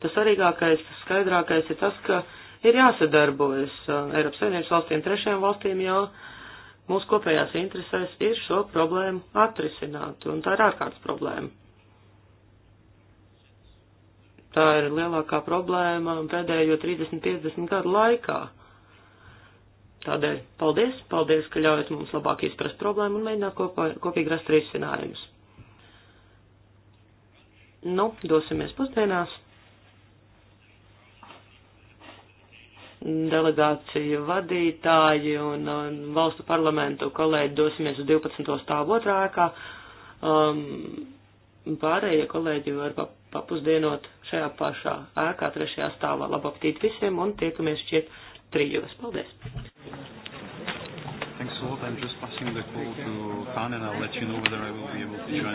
[SPEAKER 4] Tas svarīgākais, tas skaidrākais ir tas, ka ir jāsadarbojas um, Eiropas Savienības valstīm, trešajām valstīm, jo mūsu kopējās interesēs ir šo problēmu atrisināt, un tā ir ārkārtas problēma. Tā ir lielākā problēma pēdējo 30-50 gadu laikā. Tādēļ paldies, paldies, ka ļaujat mums labāk izprast problēmu un mēģināt kopā, kopīgi rast risinājumus. Nu, dosimies pusdienās. Delegāciju vadītāji un, un valstu parlamentu kolēģi dosimies uz 12. stāvu otrā ēkā. Um, pārējie kolēģi var pap papusdienot šajā pašā ēkā, trešajā stāvā. Labu aptīt visiem un tiekamies šķiet trijos. Paldies! passing the call to Khan, and I'll let you know whether I will be able to join.